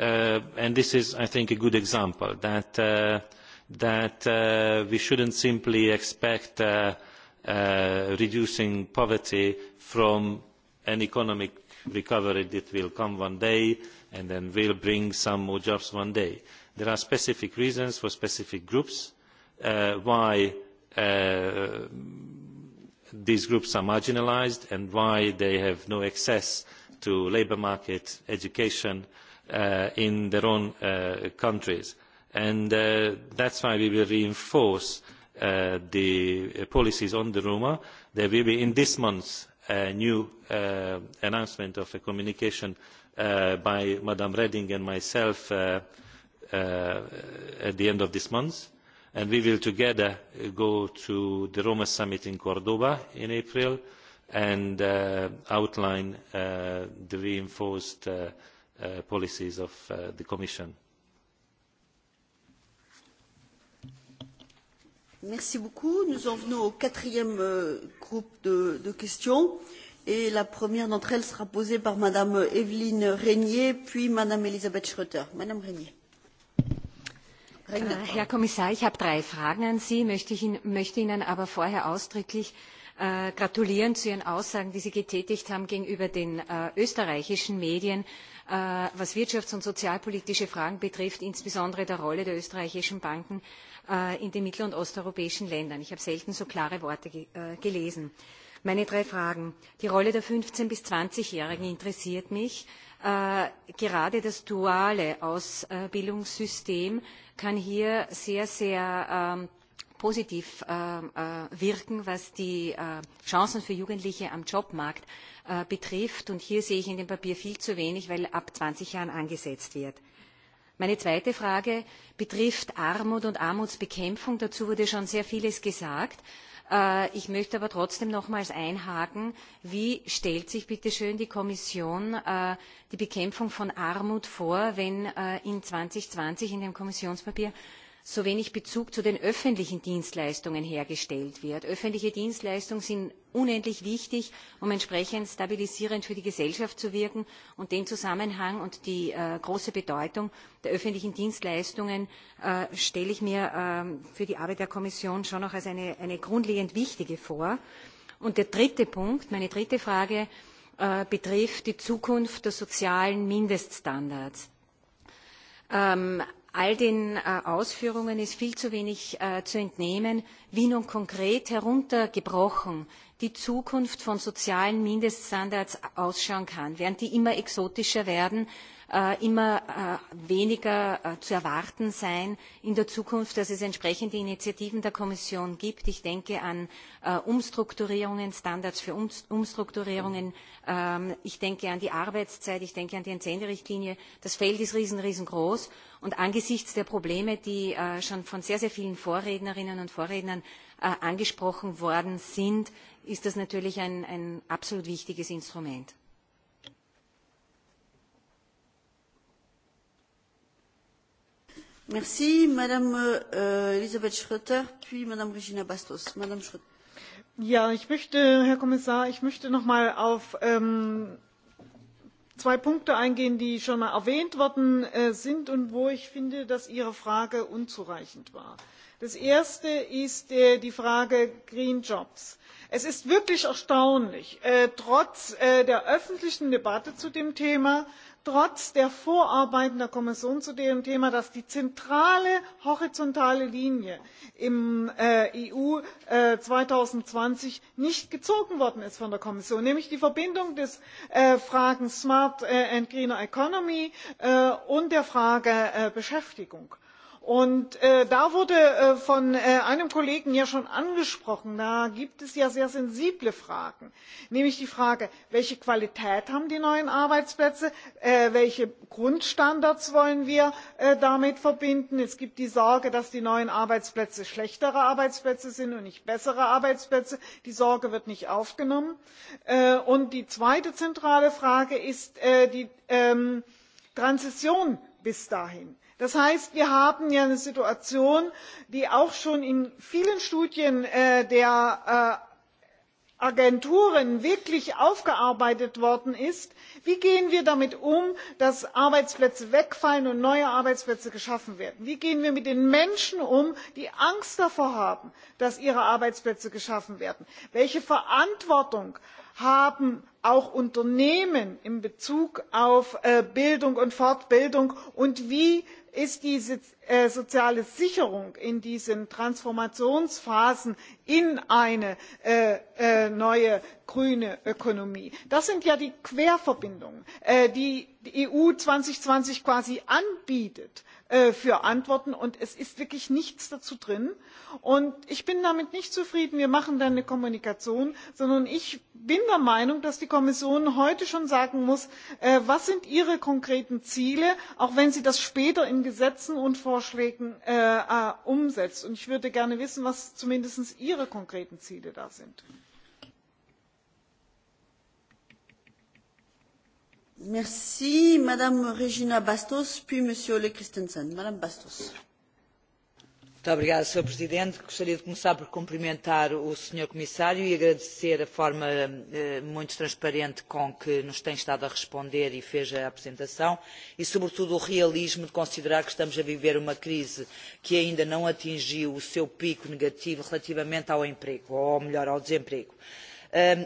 S12: uh, and this is i think a good example that, uh, that we should not simply expect reducing poverty from an economic recovery that will come one day and then will bring some more jobs one day. there are specific reasons for specific groups why these groups are marginalised and why they have no access to the labour market and education uh, in their own uh, countries. Uh, that is why we will reinforce the policies on the roma. there will be in this month a new announcement of a communication by ms reding and myself at the end of this month and we will together uh, go to the roma summit in cordoba in april and uh, outline uh, the reinforced policies of the commission.
S1: Nous en venons au quatrième euh, groupe de, questions et la première d'entre elles sera posée par Madame Evelyne Régnier puis Madame Elisabeth
S23: Schroeter. Madame Régnier. Äh, Herr Kommissar, ich habe drei Fragen an Sie, möchte, Ihnen aber vorher ausdrücklich äh, gratulieren zu Ihren Aussagen, die Sie getätigt haben gegenüber den äh, österreichischen Medien, was wirtschafts- und sozialpolitische Fragen betrifft, insbesondere der Rolle der österreichischen Banken in den mittel- und osteuropäischen Ländern. Ich habe selten so klare Worte gelesen meine drei fragen die rolle der fünfzehn bis zwanzig jährigen interessiert mich. Äh, gerade das duale ausbildungssystem äh, kann hier sehr sehr ähm, positiv ähm, äh, wirken was die chancen für jugendliche am jobmarkt betrifft und hier sehe ich in dem papier viel zu wenig weil ab zwanzig jahren angesetzt wird. Meine zweite Frage betrifft Armut und Armutsbekämpfung. Dazu wurde schon sehr vieles gesagt. Äh, ich möchte aber trotzdem nochmals einhaken. Wie stellt sich bitte schön die Kommission äh, die Bekämpfung von Armut vor, wenn äh, in 2020 in dem Kommissionspapier so wenig Bezug zu den öffentlichen Dienstleistungen hergestellt wird. Öffentliche Dienstleistungen sind unendlich wichtig, um entsprechend stabilisierend für die Gesellschaft zu wirken. Und den Zusammenhang und die äh, große Bedeutung der öffentlichen Dienstleistungen äh, stelle ich mir ähm, für die Arbeit der Kommission schon noch als eine, grundlegend wichtige vor. Und der dritte Punkt, meine dritte Frage, äh, betrifft die Zukunft der sozialen Mindeststandards. Ähm, all den äh, Ausführungen ist viel zu wenig äh, zu entnehmen, wie nun konkret heruntergebrochen die Zukunft von sozialen Mindeststandards ausschauen kann. Während die immer exotischer werden, Äh, immer äh, weniger äh, zu erwarten sein in der Zukunft, dass es entsprechende Initiativen der Kommission gibt. Ich denke an Umstrukturierungen, Standards für Umstrukturierungen. Ähm, ich denke an die Arbeitszeit, ich denke an die Entsenderichtlinie. Das Feld ist riesengroß. Und angesichts der Probleme, die schon von sehr, sehr vielen Vorrednerinnen und Vorrednern angesprochen worden sind, ist das natürlich ein absolut wichtiges Instrument. Merci. Madame
S1: euh, Elisabeth Schröter, puis Madame Regina Bastos. Madame Schröter. Ja, ich möchte,
S3: Herr Kommissar, ich möchte noch mal auf ähm, zwei Punkte eingehen, die schon mal erwähnt worden äh, sind und wo ich finde, dass Ihre Frage unzureichend war. Das erste ist äh, die Frage Green Jobs. Es ist wirklich erstaunlich, äh, trotz äh, der öffentlichen Debatte zu dem Thema trotz der Vorarbeiten der Kommission zu dem Thema, dass die zentrale horizontale Linie im äh, EU äh, 2020 nicht gezogen worden ist von der Kommission, nämlich die Verbindung des äh, Fragen Smart äh, and Greener Economy äh, und der Frage äh, Beschäftigung Und äh, da wurde äh, von äh, einem Kollegen ja schon angesprochen, da gibt es ja sehr sensible Fragen, nämlich die Frage, welche Qualität haben die neuen Arbeitsplätze, welche Grundstandards wollen wir damit verbinden. Es gibt die Sorge, dass die neuen Arbeitsplätze schlechtere Arbeitsplätze sind und nicht bessere Arbeitsplätze. Die Sorge wird nicht aufgenommen. und die zweite zentrale Frage ist die ähm, Transition bis dahin das heißt wir haben ja eine situation die auch schon in vielen studien äh, der äh, agenturen wirklich aufgearbeitet worden ist wie gehen wir damit um dass arbeitsplätze wegfallen und neue arbeitsplätze geschaffen werden? wie gehen wir mit den menschen um die angst davor haben dass ihre arbeitsplätze geschaffen werden? welche verantwortung haben auch unternehmen in bezug auf äh, bildung und fortbildung und wie ist die äh, soziale sicherung in diesen transformationsphasen in eine äh, äh, neue grüne ökonomie. das sind ja die querverbindungen die die eu zweitausendzwanzig quasi anbietet. Äh, für antworten und es ist wirklich nichts dazu drin. Und ich bin damit nicht zufrieden wir machen dann eine kommunikation sondern ich bin der meinung dass die kommission heute schon sagen muss äh, was sind ihre konkreten ziele auch wenn sie das später in gesetzen und vorschlägen äh, umsetzt. Und ich würde gerne wissen was zumindest ihre konkreten ziele da sind.
S1: Merci. Madame Regina Bastos, puis Monsieur Ole Christensen. Madame Bastos.
S2: Muito obrigada, Sr. Presidente. Gostaria de começar por cumprimentar o Sr. Comissário e agradecer a forma eh, muito transparente com que nos tem estado a responder e fez a apresentação e, sobretudo, o realismo de considerar que estamos a viver uma crise que ainda não atingiu o seu pico negativo relativamente ao emprego, ou melhor, ao desemprego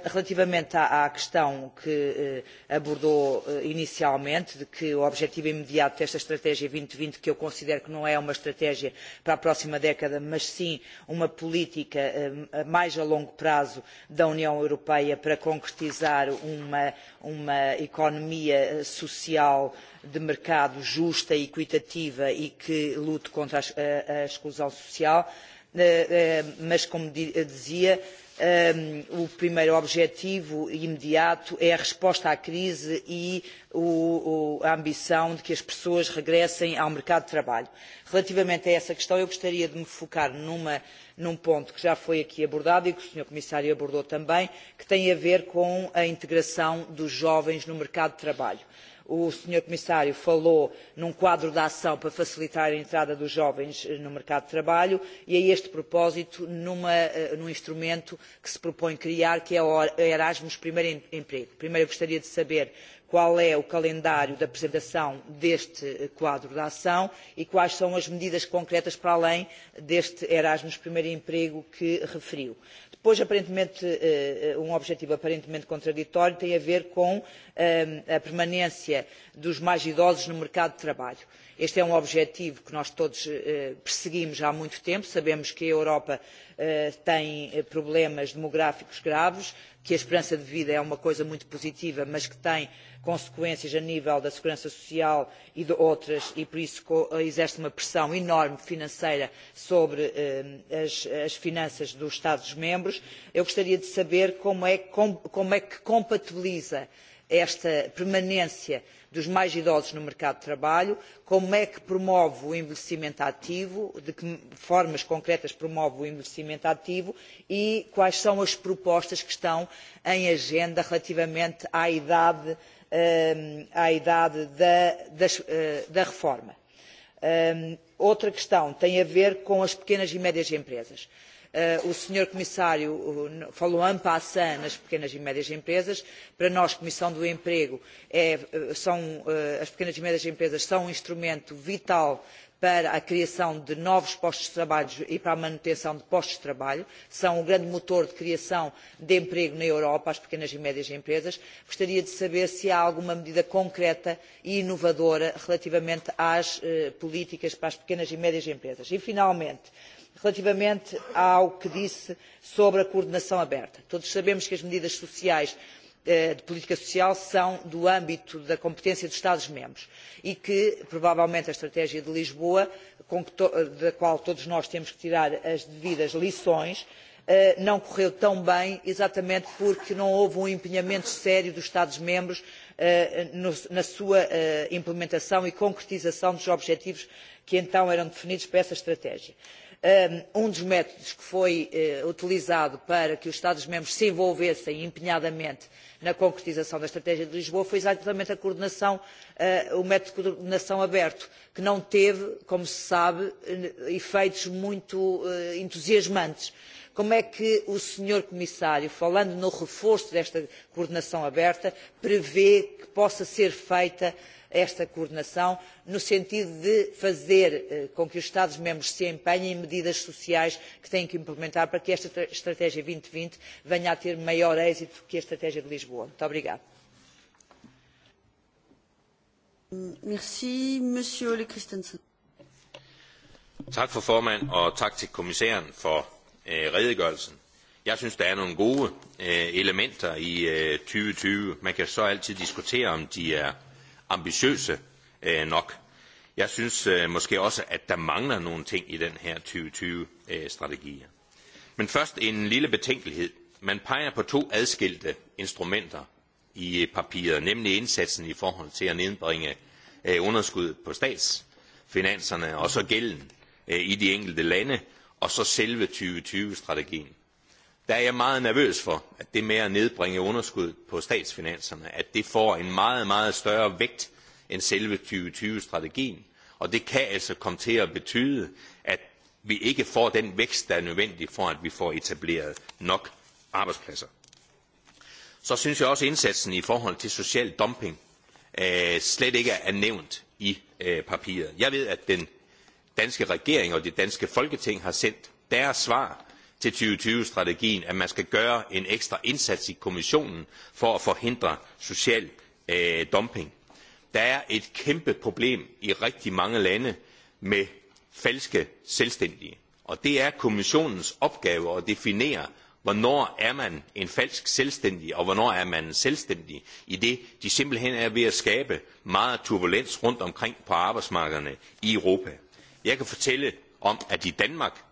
S2: relativamente à questão que eh, abordou eh, inicialmente de que o objetivo imediato desta estratégia dois mil e vinte que eu considero que não é uma estratégia para a próxima década mas sim uma política eh, mais a longo prazo da união europeia para concretizar uma, uma economia social de mercado justa e equitativa e que lute contra a, a, a exclusão social mas como dizia Um, o primeiro objetivo imediato é a resposta à crise e o, o, a ambição de que as pessoas regressem ao mercado de trabalho. Relativamente a essa questão, eu gostaria de me focar numa, num ponto que já foi aqui abordado e que o Sr. Comissário abordou também, que tem a ver com a integração dos jovens no mercado de trabalho o Sr. Comissário falou num quadro de ação para facilitar a entrada dos jovens eh, no mercado de trabalho e, a este propósito, numa, eh, num instrumento que se propõe criar, que é o Erasmus Primeiro Emprego. Primeiro, eu gostaria de saber qual é o calendário da de apresentação deste eh, quadro de ação e quais são as medidas concretas para além deste Erasmus Primeiro Emprego que referiu depois aparentemente eh, um objetivo aparentemente contraditório tem a ver com eh, a permanência dos mais idosos no mercado de trabalho este é um objetivo que nós todos eh, perseguimos há muito tempo sabemos que a europa eh, tem eh, problemas demográficos graves que a esperança de vida é uma coisa muito positiva mas que tem consequências a nível da segurança social e de outras e por isso exerce uma pressão enorme financeira sobre as, as finanças dos estados membros eu gostaria de saber como é, como é que compatibiliza esta permanência dos mais idosos no mercado de trabalho como é que promove o envelhecimento ativo de que formas concretas promove o envelhecimento ativo e quais são as propostas que estão em agenda relativamente à idade, ehm, à idade da, eh, da reforma. Ehm, outra questão tem a ver com as pequenas e médias empresas. Eh, o senhor comissário falou en passant nas pequenas e médias empresas para nós comissão do emprego é, eh, são, eh, as pequenas e médias empresas são um instrumento vital para a criação de novos postos de trabalho e para a manutenção de postos de trabalho são um grande motor de criação de emprego na europa as pequenas e médias empresas gostaria de saber se há alguma medida concreta e inovadora relativamente às eh, políticas para as pequenas e médias empresas. e finalmente relativamente ao que disse sobre a coordenação aberta todos sabemos que as medidas sociais eh, de política social são do âmbito da competência dos estados membros e que provavelmente a estratégia de lisboa da qual todos nós temos que tirar as devidas lições eh, não correu tão bem exatamente porque não houve um empenhamento sério dos estados membros eh, no, na sua implementação e concretização dos objetivos que então eram definidos para essa estratégia um dos métodos que foi eh, utilizado para que os estados membros se envolvessem empenhadamente na concretização da estratégia de lisboa foi exatamente a coordenação eh, o método de coordenação aberto que não teve como se sabe eh, efeitos muito entusiasmantes. como é que o senhor comissário falando no reforço desta coordenação aberta prevê que possa ser feita esta coordenação no sentido de fazer eh, com que os Estados membros se empenhem em medidas sociais que têm que implementar para que esta Estratégia 2020 e venha a ter maior êxito que a Estratégia de Lisboa. Muito obrigada.
S1: Merci, Monsieur Ole Christensen.
S8: Tak for formand, og tak til kommissæren for øh, redegørelsen. Jeg synes, der er nogle gode øh, elementer i øh, 2020. Man kan så altid diskutere, om de er ambitiøse øh, nok. Jeg synes øh, måske også, at der mangler nogle ting i den her 2020-strategi. Øh, Men først en lille betænkelighed. Man peger på to adskilte instrumenter i papiret, nemlig indsatsen i forhold til at nedbringe underskuddet på statsfinanserne og så gælden i de enkelte lande, og så selve 2020-strategien er jeg meget nervøs for at det med at nedbringe underskuddet på statsfinanserne får en meget meget større vægt end selve to tusind og tyve strategien og det kan altså komme til at betyde at vi ikke får den vækst der er nødvendig for at vi får etableret nok arbejdspladser. så synes jeg også at indsatsen i forhold til social dumping øh, slet ikke er nævnt i øh, papiret. jeg ved at den danske regering og det danske folketing har sendt deres svar til to tyve strategien at man skal gøre en ekstra indsats i kommissionen for at forhindre social øh, dumping. der er et kæmpe problem i rigtig mange lande med falske selvstændige og det er kommissionens opgave at definere hvornår er man en falsk selvstændig og hvornår er man en selvstændig idet de simpelt hen er ved at skabe meget turbulens rundt omkring på arbejdsmarkederne i europa. jeg kan fortælle om at i danmark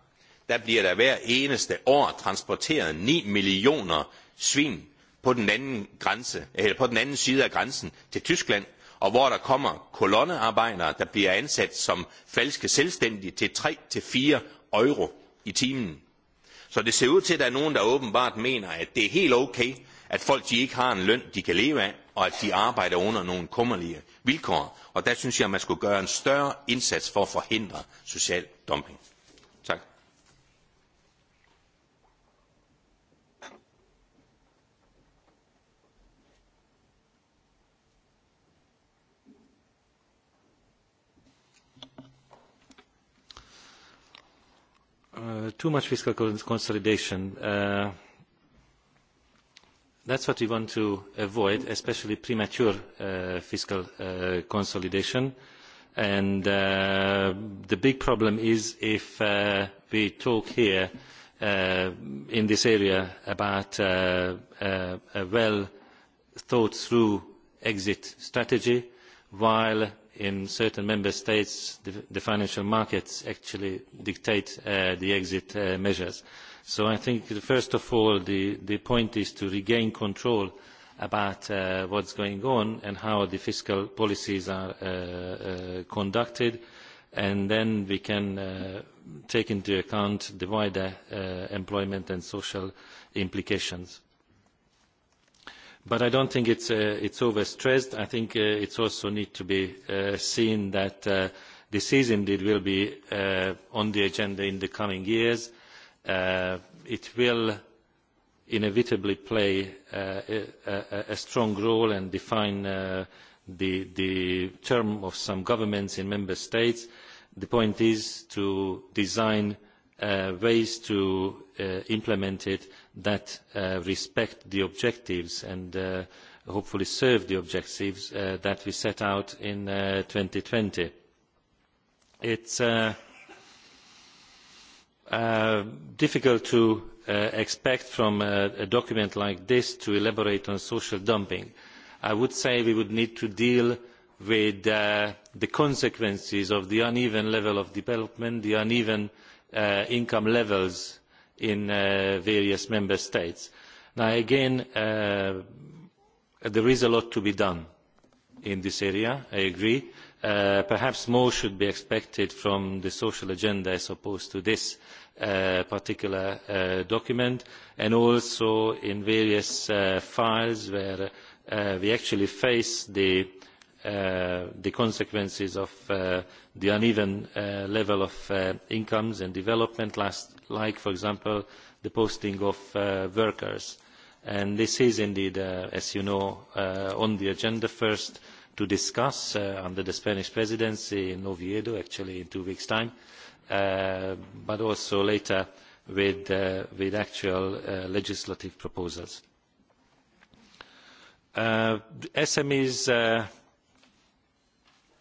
S8: der bliver der hvert eneste år transporteret ni millioner svin på den, anden grænse, eller på den anden side af grænsen til Tyskland, og hvor der kommer kolonnearbejdere, der bliver ansat som falske selvstændige til tre til fire euro i timen. Så det ser ud til, at der er nogen, der åbenbart mener, at det er helt okay, at folk ikke har en løn, de kan leve af, og at de arbejder under nogle kummerlige vilkår. Og der synes jeg, at man skulle gøre en større indsats for at forhindre social dumping.
S12: Uh, too much fiscal consolidation. Uh, that is what we want to avoid especially premature uh, fiscal uh, consolidation and uh, the big problem is if uh, we talk here uh, in this area about a well thought through exit strategy while in certain member states the, financial markets actually dictate uh, the exit uh, measures. so i think first of all the, point is to regain control about uh, what is going on and how the fiscal policies are conducted and then we can take into account the wider employment and social implications but i do not think it uh, is overstressed. i think uh, it also needs to be uh, seen that this is indeed will be on the agenda in the coming years. it will inevitably play a strong role and define the, the term of some governments in member states. the point is to design ways to implement it that uh, respect the objectives and uh, hopefully serve the objectives uh, that we set out in. two thousand and twenty it is difficult to expect from a document like this to elaborate on social dumping. i would say we would need to deal with the consequences of the uneven level of development the uneven income levels in uh, various member states. again uh, there is a lot to be done in this area i agree. Uh, perhaps more should be expected from the social agenda as opposed to this particular document and also in various files where we actually face the Uh, the consequences of uh, the uneven uh, level of incomes and development like for example the posting of workers and this is indeed as you know on the agenda first to discuss under the spanish presidency in oviedo actually in two weeks' time but also later with actual legislative proposals. smes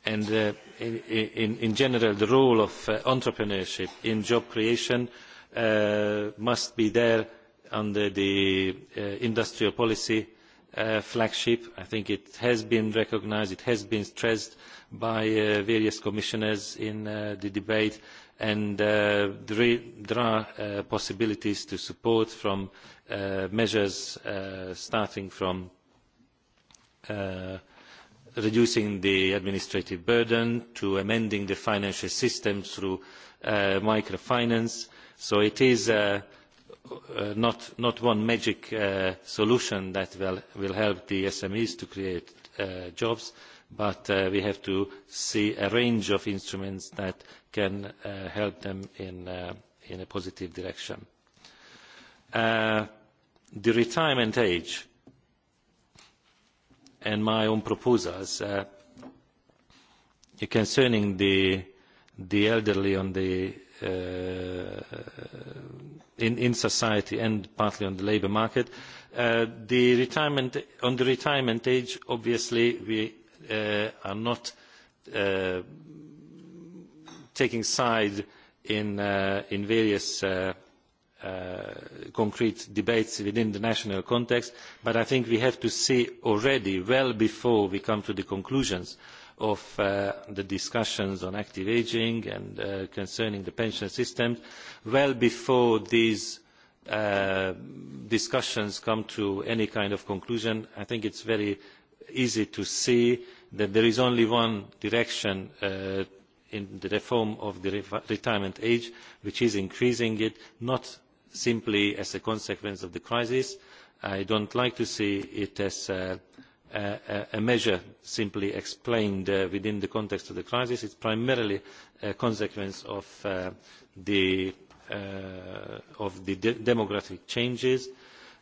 S12: and uh, in, in general the role of uh, entrepreneurship in job creation uh, must be there under the industrial policy flagship. i think it has been recognised it has been stressed by various commissioners in the debate and there are possibilities to support from measures starting from reducing the administrative burden to amending the financial system through uh, microfinance so it is uh, uh, not, one magic solution that will, help the smes to create jobs but we have to see a range of instruments that can help them in a positive direction. the retirement age and my own proposals uh, concerning the, the elderly on the, uh, in, in society and partly on the labour market. Uh, the retirement, on the retirement age, obviously, we are not taking sides in, in various Uh, concrete debates within the national context but i think we have to see already well before we come to the conclusions of uh, the discussions on active ageing and uh, concerning the pension system well before these discussions come to any kind of conclusion i think it is very easy to see that there is only one direction in the reform of the retirement age which is increasing it not simply as a consequence of the crisis. i do not like to see it as a, measure simply explained uh, within the context of the crisis. it is primarily a consequence of uh, the, uh, demographic changes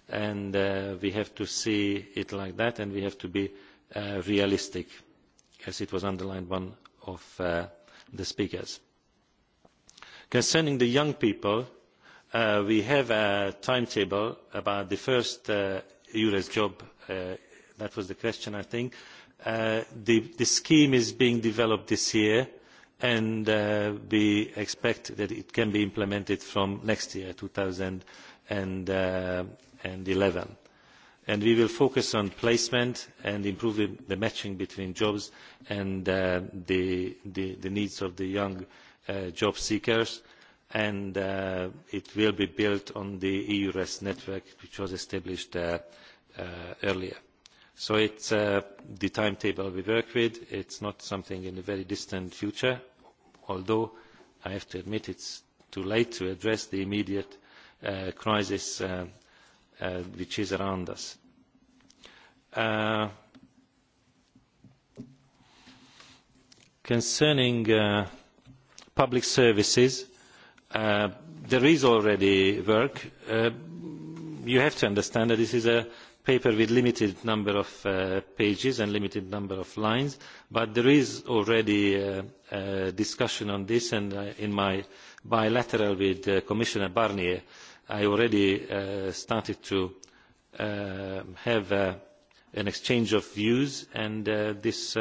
S12: and we have to see it like that and we have to be realistic as was underlined by one of the speakers. concerning the young people Uh, we have a timetable about the first eures uh, job uh, that was the question i think. The, scheme is being developed this year and we expect that it can be implemented from next year two thousand and eleven we will focus on placement and improving the matching between jobs and the, the needs of the young job seekers and uh, it will be built on the EU REST network, which was established uh, uh, earlier. So it's is the timetable we work with. It's not something in the very distant future, although I have to admit it's too late to address the immediate crisis which is around us. concerning public services, Uh, there is already work. Uh, you have to understand that this is a paper with a limited number of uh, pages and a limited number of lines but there is already a discussion on this and in my bilateral with commissioner barnier i already started to have an exchange of views and this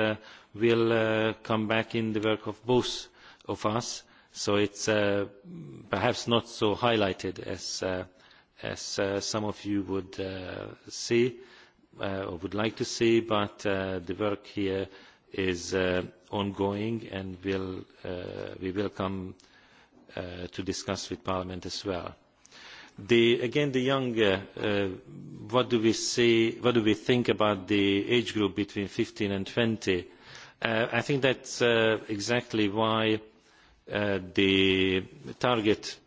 S12: will come back in the work of both of us so it is uh, perhaps not so highlighted as, uh, uh, some of you would see or would like to see but the work here is ongoing and we will come to discuss with parliament as well. The, again the young what do we see what do we think about the age group between fifteen and? twenty i think that is exactly why Uh, the target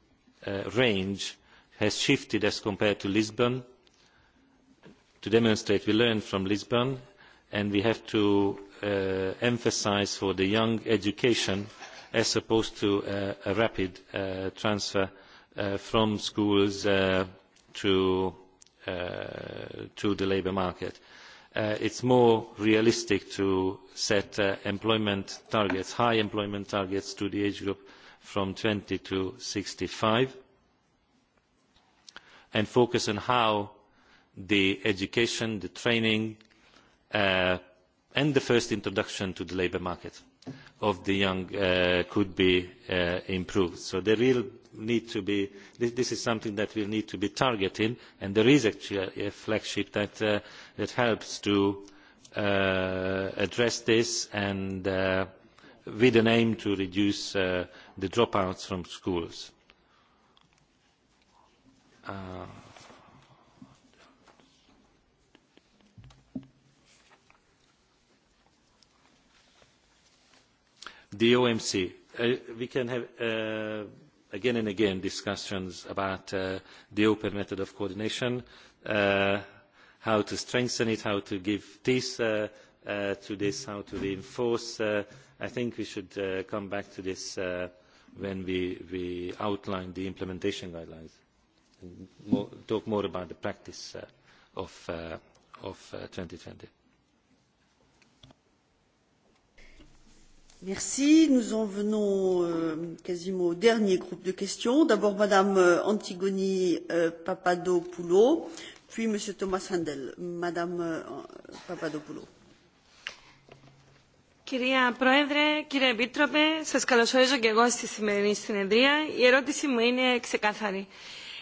S12: uh, range has shifted as compared to lisbon. to demonstrate we learned from lisbon and we have to uh, emphasise for the young education as opposed to a rapid transfer from schools to the labour market. Uh, it is more realistic to set uh, employment targets high employment targets to the age group from twenty to sixty five and focus on how the education the training uh, and the first introduction to the labour market of the young could be improved. so the real need to be this, this is something that will need to be targeted and there is actually a flagship that, uh, that helps to uh, address this and uh, with an aim to reduce uh, the dropouts from schools. Uh, the omc uh, we can have again and again discussions about uh, the open method of coordination uh, how to strengthen it how to give teeth uh, to this how to reinforce i think we should come back to this when we, we outline the implementation guidelines and talk more about the practice of two thousand and twenty
S1: Merci. Nous en venons euh, quasiment au dernier groupe de questions. D'abord Madame euh, Antigoni euh, Papadopoulou, puis Monsieur Thomas Handel. Madame euh, Papadopoulou.
S24: Κυρία Πρόεδρε, κύριε Επίτροπε, σας καλωσορίζω και εγώ στη σημερινή συνεδρία. Η ερώτηση μου είναι ξεκάθαρη.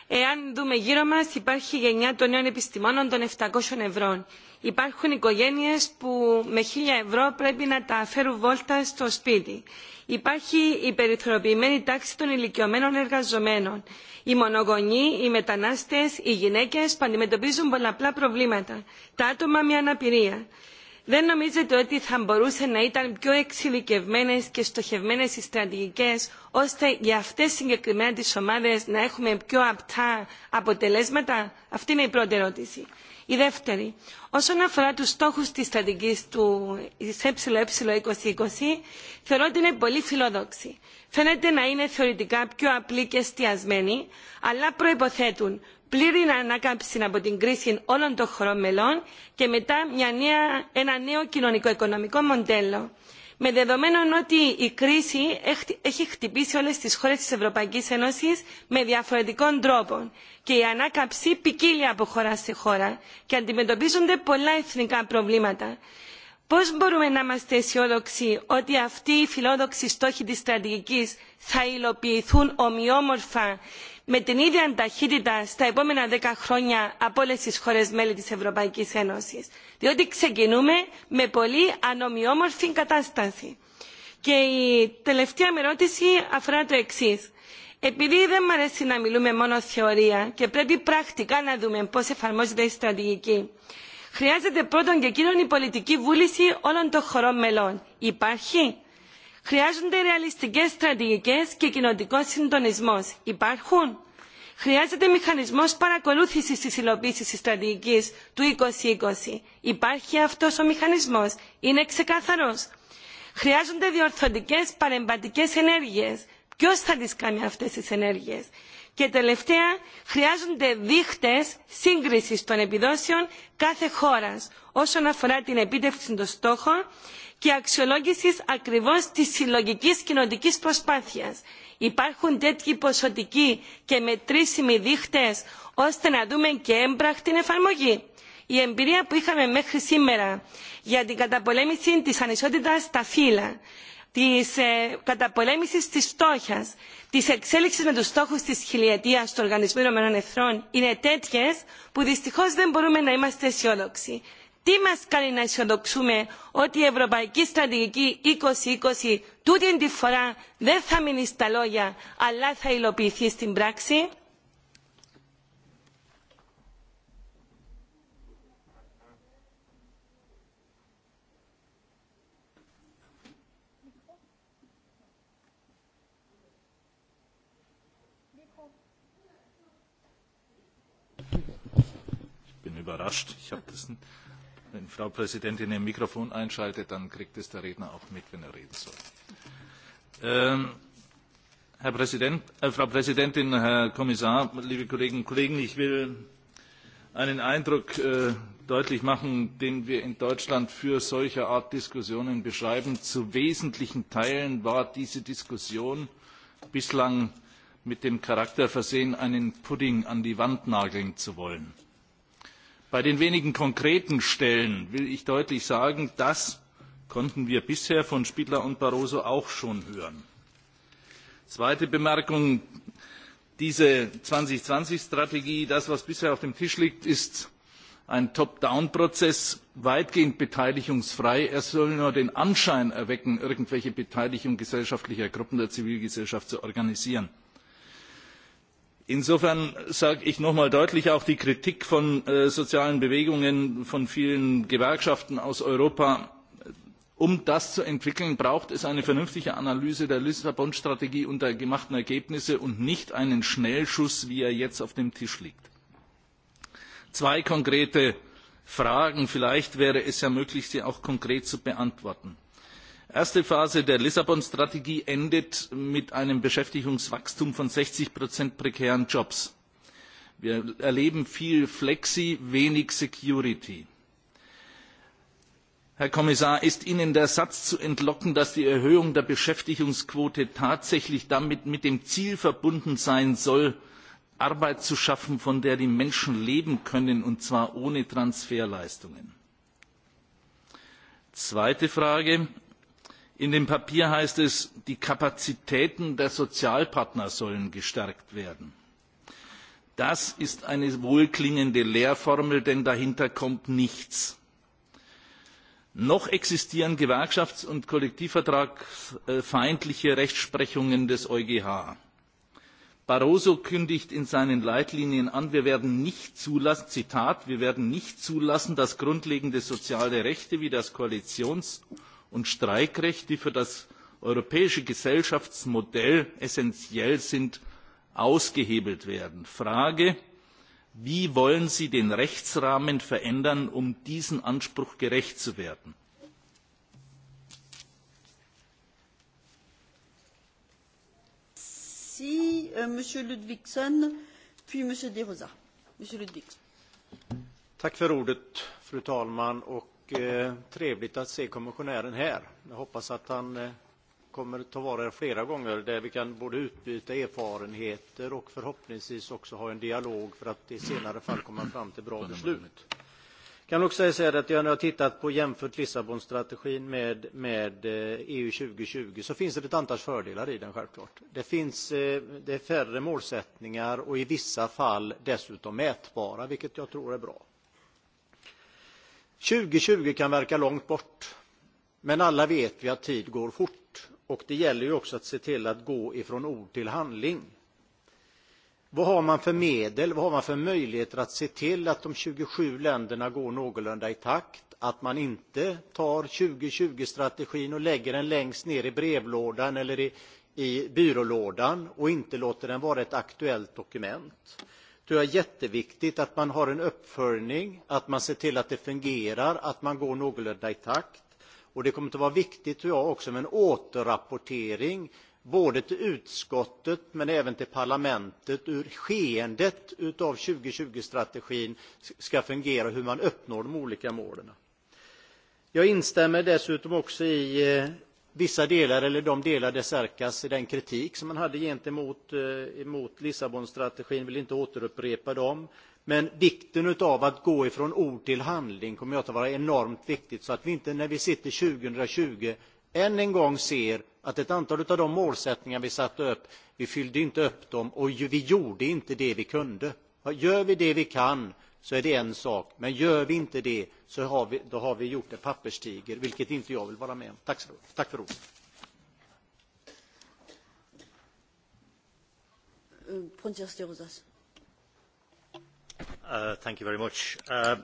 S24: Εάν δούμε γύρω μα, υπάρχει γενιά των νέων επιστημόνων των 700 ευρώ. Υπάρχουν οικογένειε που με 1000 ευρώ πρέπει να τα φέρουν βόλτα στο σπίτι. Υπάρχει η περιθωριοποιημένη τάξη των ηλικιωμένων εργαζομένων. Οι μονογονεί οι μετανάστε, οι γυναίκε που αντιμετωπίζουν πολλαπλά προβλήματα. Τα άτομα με αναπηρία δεν νομίζετε ότι θα μπορούσε να ήταν πιο εξειδικευμένε και στοχευμένε οι στρατηγικέ, ώστε για αυτέ συγκεκριμένα τι ομάδε να έχουμε πιο απτά αποτελέσματα. Αυτή είναι η πρώτη ερώτηση. Η δεύτερη, όσον αφορά τους στόχους της στρατηγικής του ΕΕ 2020, θεωρώ ότι είναι πολύ φιλόδοξη. Φαίνεται να είναι θεωρητικά πιο απλή και εστιασμένη, αλλά προϋποθέτουν πλήρη ανάκαμψη από την κρίση όλων των χωρών μελών και μετά ένα νέο κοινωνικό οικονομικό μοντέλο. Με δεδομένο ότι η κρίση έχει χτυπήσει όλες τις χώρες της Ευρωπαϊκής Ένωσης με διαφορετικών τρόπων και η ανάκαμψη ποικίλει από χώρα σε χώρα και αντιμετωπίζονται πολλά εθνικά προβλήματα. Πώς μπορούμε να είμαστε αισιόδοξοι ότι αυτοί οι φιλόδοξοι στόχοι της στρατηγικής θα υλοποιηθούν ομοιόμορφα με την ίδια ταχύτητα στα επόμενα δέκα χρόνια από όλε τι χώρε μέλη τη Ευρωπαϊκή Ένωση. Διότι ξεκινούμε με πολύ ανομοιόμορφη κατάσταση. Και η τελευταία μου ερώτηση αφορά το εξή. Επειδή δεν μου αρέσει να μιλούμε μόνο θεωρία και πρέπει πρακτικά να δούμε πώ εφαρμόζεται η στρατηγική, χρειάζεται πρώτον και κύριον η πολιτική βούληση όλων των χωρών μελών. Υπάρχει Χρειάζονται ρεαλιστικέ στρατηγικέ και κοινοτικός συντονισμό. Υπάρχουν. Χρειάζεται μηχανισμό παρακολούθηση τη υλοποίηση τη στρατηγική του 2020. Υπάρχει αυτό ο μηχανισμό. Είναι ξεκάθαρο. Χρειάζονται διορθωτικέ παρεμβατικέ ενέργειε. Ποιο θα τι κάνει αυτέ τι ενέργειε. Και τελευταία, χρειάζονται δείχτες σύγκριση των επιδόσεων κάθε χώρα όσον αφορά την επίτευξη των στόχων και αξιολόγηση ακριβώ τη συλλογική κοινωνική προσπάθεια. Υπάρχουν τέτοιοι ποσοτικοί και μετρήσιμοι δείχτες ώστε να δούμε και έμπρακτη εφαρμογή. Η εμπειρία που είχαμε μέχρι σήμερα για την καταπολέμηση τη ανισότητα στα φύλλα, τη ε, τη της τη εξέλιξη με του στόχου τη χιλιετία του Οργανισμού Ηνωμένων Εθνών είναι τέτοιε που δυστυχώ δεν μπορούμε να είμαστε αισιόδοξοι τι μας κάνει να αισιοδοξούμε ότι η Ευρωπαϊκή Στρατηγική 2020 τούτη τη φορά δεν θα μείνει στα λόγια αλλά θα υλοποιηθεί στην πράξη.
S18: Ich bin überrascht. Ich habe
S25: das nicht. Wenn Frau Präsidentin ihr Mikrofon einschaltet, dann kriegt es der Redner auch mit, wenn er reden soll. Ähm, Herr Präsident, äh, Frau Präsidentin, Herr Kommissar, liebe Kolleginnen und Kollegen, ich will einen Eindruck äh, deutlich machen, den wir in Deutschland für solche Art Diskussionen beschreiben. Zu wesentlichen Teilen war diese Diskussion bislang mit dem Charakter versehen, einen Pudding an die Wand nageln zu wollen bei den wenigen konkreten stellen will ich deutlich sagen das konnten wir bisher von Spidler und Barroso auch schon hören. Zweite Bemerkung diese 2020 Strategie, das was bisher auf dem Tisch liegt, ist ein Top-Down-Prozess, weitgehend beteiligungsfrei. Er soll nur den Anschein erwecken, irgendwelche Beteiligung gesellschaftlicher Gruppen der Zivilgesellschaft zu organisieren insofern sage ich noch einmal deutlich auch die kritik von äh, sozialen bewegungen von vielen gewerkschaften aus europa um das zu entwickeln braucht es eine vernünftige analyse der lissabon strategie und der gemachten ergebnisse und nicht einen schnellschuss wie er jetzt auf dem tisch liegt. zwei konkrete fragen vielleicht wäre es ja möglich sie auch konkret zu beantworten erste phase der lissabon strategie endet mit einem beschäftigungswachstum von sechzig prekären jobs. wir erleben viel flexi wenig security. herr kommissar ist ihnen der satz zu entlocken dass die erhöhung der beschäftigungsquote tatsächlich damit mit dem ziel verbunden sein soll arbeit zu schaffen von der die menschen leben können und zwar ohne transferleistungen? zweite frage in dem papier heißt es die kapazitäten der sozialpartner sollen gestärkt werden. das ist eine wohlklingende Lehrformel, denn dahinter kommt nichts. noch existieren gewerkschafts und kollektivvertragsfeindliche rechtsprechungen des eugh. barroso kündigt in seinen leitlinien an wir werden nicht zulassen zitat wir werden nicht zulassen dass grundlegende soziale rechte wie das koalitions und Streikrecht, die für das europäische Gesellschaftsmodell essentiell sind, ausgehebelt werden. Frage, wie wollen Sie den Rechtsrahmen verändern, um diesem Anspruch gerecht zu werden?
S1: Euh, Monsieur Ludwigson, puis Monsieur Monsieur
S15: Tack för ordet, fru talman. Och och eh, trevligt att se kommissionären här. Jag hoppas att han eh, kommer ta vara flera gånger där vi kan både utbyta erfarenheter och förhoppningsvis också ha en dialog för att i senare fall komma fram till bra beslut. Jag kan också säga att jag nu har tittat på jämfört Lissabonstrategin med, med EU eh, e 2020 så finns det ett antal fördelar i den självklart. Det finns det är färre målsättningar och i vissa fall dessutom mätbara vilket jag tror är bra. 2020 kan verka långt bort, men alla vet vi att tid går fort och det gäller ju också att se till att gå ifrån ord till handling. Vad har man för medel, vad har man för möjligheter att se till att de 27 länderna går någorlunda i takt, att man inte tar 2020-strategin och lägger den längst ner i brevlådan eller i, i byrålådan och inte låter den vara ett aktuellt dokument? Det är jätteviktigt att man har en uppföljning, att man ser till att det fungerar, att man går någorlunda i takt. Och det kommer att vara viktigt tror jag också med en återrapportering både till utskottet men även till parlamentet hur skeendet utav 2020-strategin ska fungera och hur man uppnår de olika målen. Jag instämmer dessutom också i eh, vissa delar eller de delar där Serkas i den kritik som man hade gentemot eh, emot Lissabonstrategin vill inte återupprepa dem. Men vikten av att gå från ord till handling kommer att vara enormt viktigt så att vi inte när vi sitter 2020 än en gång ser att ett antal av de målsättningar vi satte upp, vi fyllde inte upp dem och vi gjorde inte det vi kunde. Gör vi det vi kan så är det en sak. Men gör vi inte det så har vi, då har vi gjort en papperstiger, vilket inte jag vill vara med om. Tack, tack för ordet.
S1: Eh, uh,
S26: thank you very much. Uh,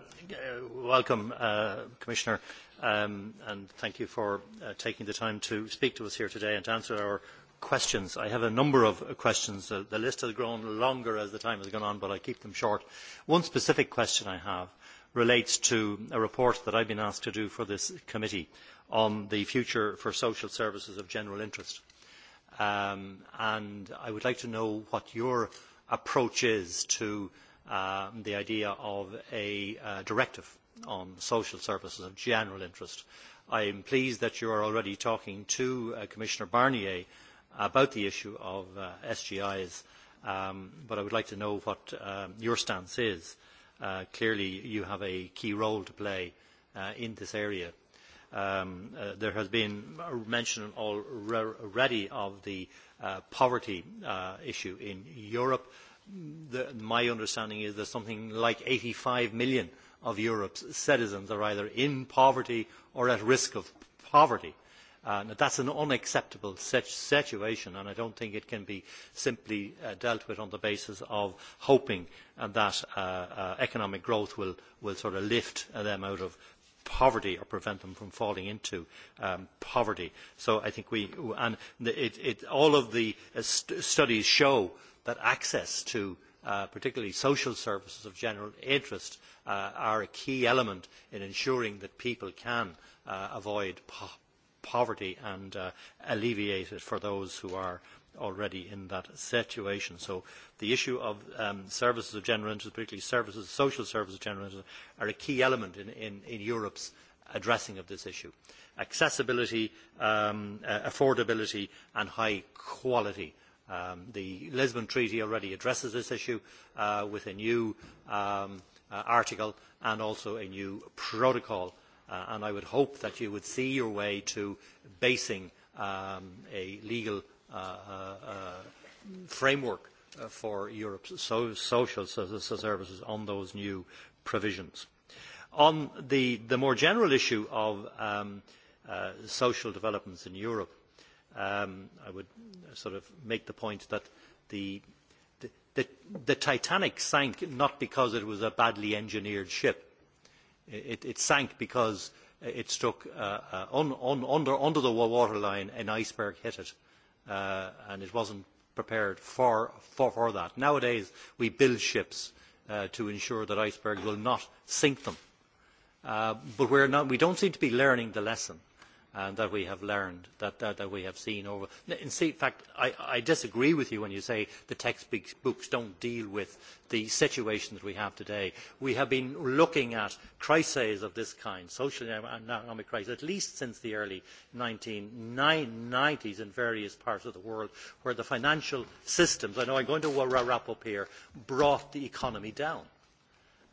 S26: welcome, uh, Commissioner, um, and thank you for uh, taking the time to speak to us here today and to answer our questions. I have a number of questions. The, the list has grown longer as the time has gone on, but I keep them short. One specific question I have relates to a report that I have been asked to do for this committee on the future for social services of general interest. Um, and I would like to know what your approach is to um, the idea of a uh, directive on social services of general interest. I am pleased that you are already talking to uh, Commissioner Barnier about the issue of uh, SGIs, um, but I would like to know what um, your stance is. Uh, clearly, you have a key role to play uh, in this area. Um, uh, there has been mention already of the uh, poverty uh, issue in Europe. The, my understanding is that something like eighty five million of Europe's citizens are either in poverty or at risk of poverty. Uh, Uh, that is an unacceptable situation and i do not think it can be simply uh, dealt with on the basis of hoping that uh, economic growth will, will sort of lift them out of poverty or prevent them from falling into um, poverty. so i think we and it, it, all of the studies show that access to particularly social services of general interest are a key element in ensuring that people can avoid poverty poverty and uh, alleviate it for those who are already in that situation. So the issue of um, services of general interest, particularly services, social services of general interest, are a key element in, in, in Europe's addressing of this issue. Accessibility, um, uh, affordability and high quality. Um, the Lisbon Treaty already addresses this issue uh, with a new um, uh, article and also a new protocol Uh, and I would hope that you would see your way to basing um, a legal uh, uh, uh framework uh, for Europe's so social services on those new provisions. On the, the more general issue of um, social developments in Europe, um, I would sort of make the point that the, the, the Titanic sank not because it was a badly engineered ship it, it sank because it struck uh, uh un, un, under, under the waterline, an iceberg hit it, uh, and it was not prepared for, for, for, that. Nowadays, we build ships uh, to ensure that icebergs will not sink them. Uh, but we do not, we don't seem to be learning the lesson that we have learned that, we have seen over in fact I, I disagree with you when you say the textbooks do not deal with the situation that we have today. we have been looking at crises of this kind social and economic crises at least since the early one thousand nine hundred and ninety s in various parts of the world where the financial systems i know i am going to wrap up here brought the economy down.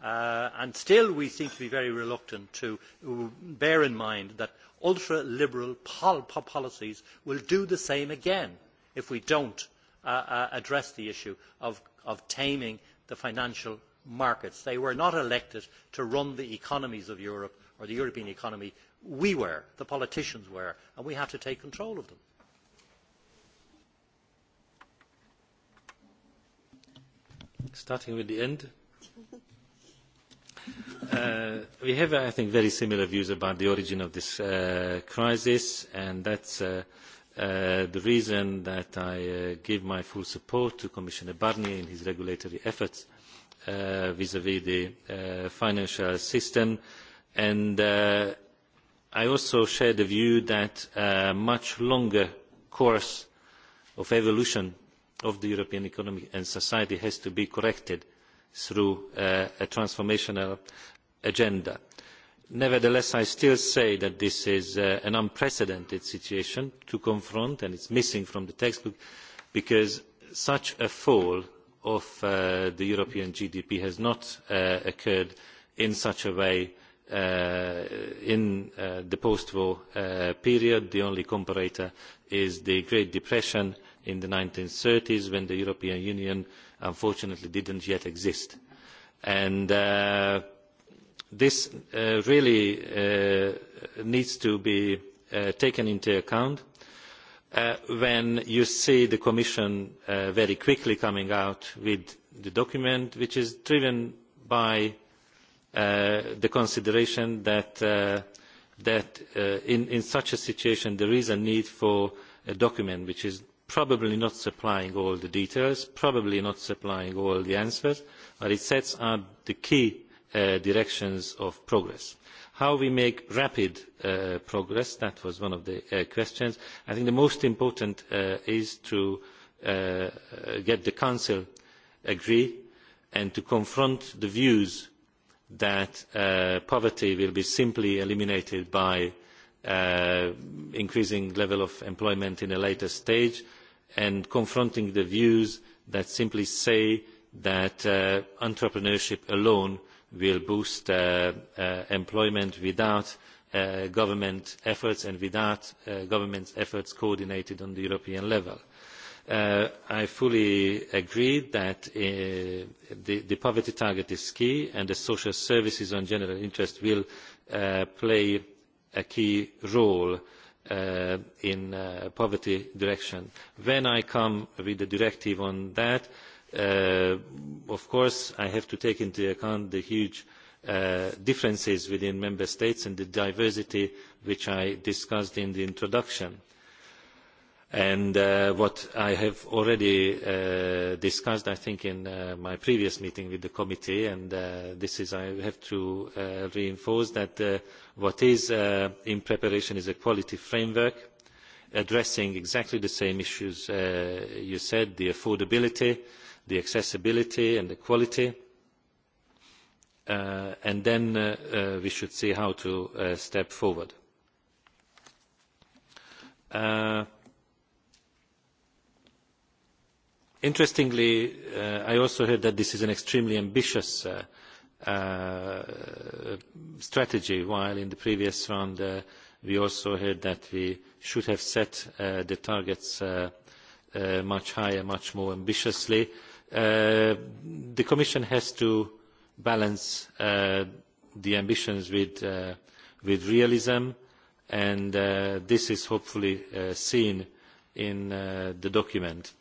S26: Uh, and still we seem to be very reluctant to uh, bear in mind that ultra liberal policies will do the same again if we do not uh, uh, address the issue of, of taming the financial markets. they were not elected to run the economies of europe or the european economy we were the politicians were and we have to take control of them.
S12: starting with the end Uh, we have i think very similar views about the origin of this uh, crisis and that is uh, the reason that i give my full support to commissioner barnier in his regulatory efforts vis vis the financial system and i also share the view that a much longer course of evolution of the european economy and society has to be corrected through a transformational agenda. nevertheless i still say that this is uh, an unprecedented situation to confront and it is missing from the textbook because such a fall of uh, the european gdp has not uh, occurred in such a way in the post war period. the only comparator is the great depression in the one thousand nine hundred and thirty s when the european union unfortunately did not yet exist this uh, really uh, needs to be uh, taken into account when you see the commission very quickly coming out with the document which is driven by the consideration that, in such a situation there is a need for a document which is probably not supplying all the details probably not supplying all the answers but it sets out the key Uh, directions of progress. how we make rapid uh, progress that was one of the uh, questions. i think the most important is to get the council to agree and to confront the views that poverty will be simply eliminated by increasing the level of employment at a later stage and confronting the views that simply say that entrepreneurship alone will boost uh, uh, employment without uh, government efforts and without government efforts coordinated at european level. i fully agree that the, poverty target is key and the social services on general interest will play a key role in poverty direction. when i come with the directive on that Uh, of course i have to take into account the huge uh, differences within member states and the diversity which i discussed in the introduction. And uh, what i have already discussed i think in my previous meeting with the committee and this is i have to reinforce that what is in preparation is a quality framework addressing exactly the same issues you said the affordability the accessibility and the quality uh, and then uh, uh, we should see how to step forward. interestingly i also heard that this is an extremely ambitious strategy while in the previous round we also heard that we should have set the targets much higher much more ambitiously. Uh, the commission has to balance uh, the ambitions with, uh, with realism and this is hopefully seen in the document.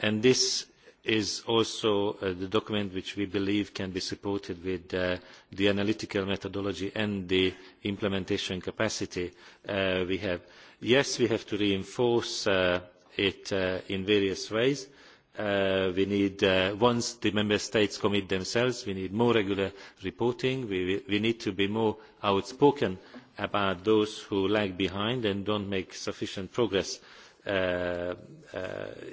S12: And this is also the document which we believe can be supported with the analytical methodology and the implementation capacity we have. yes we have to reinforce it in various ways Uh, we need uh, once the member states commit themselves we need more regular reporting we, we, need to be more outspoken about those who lag behind and do not make sufficient progress uh, uh,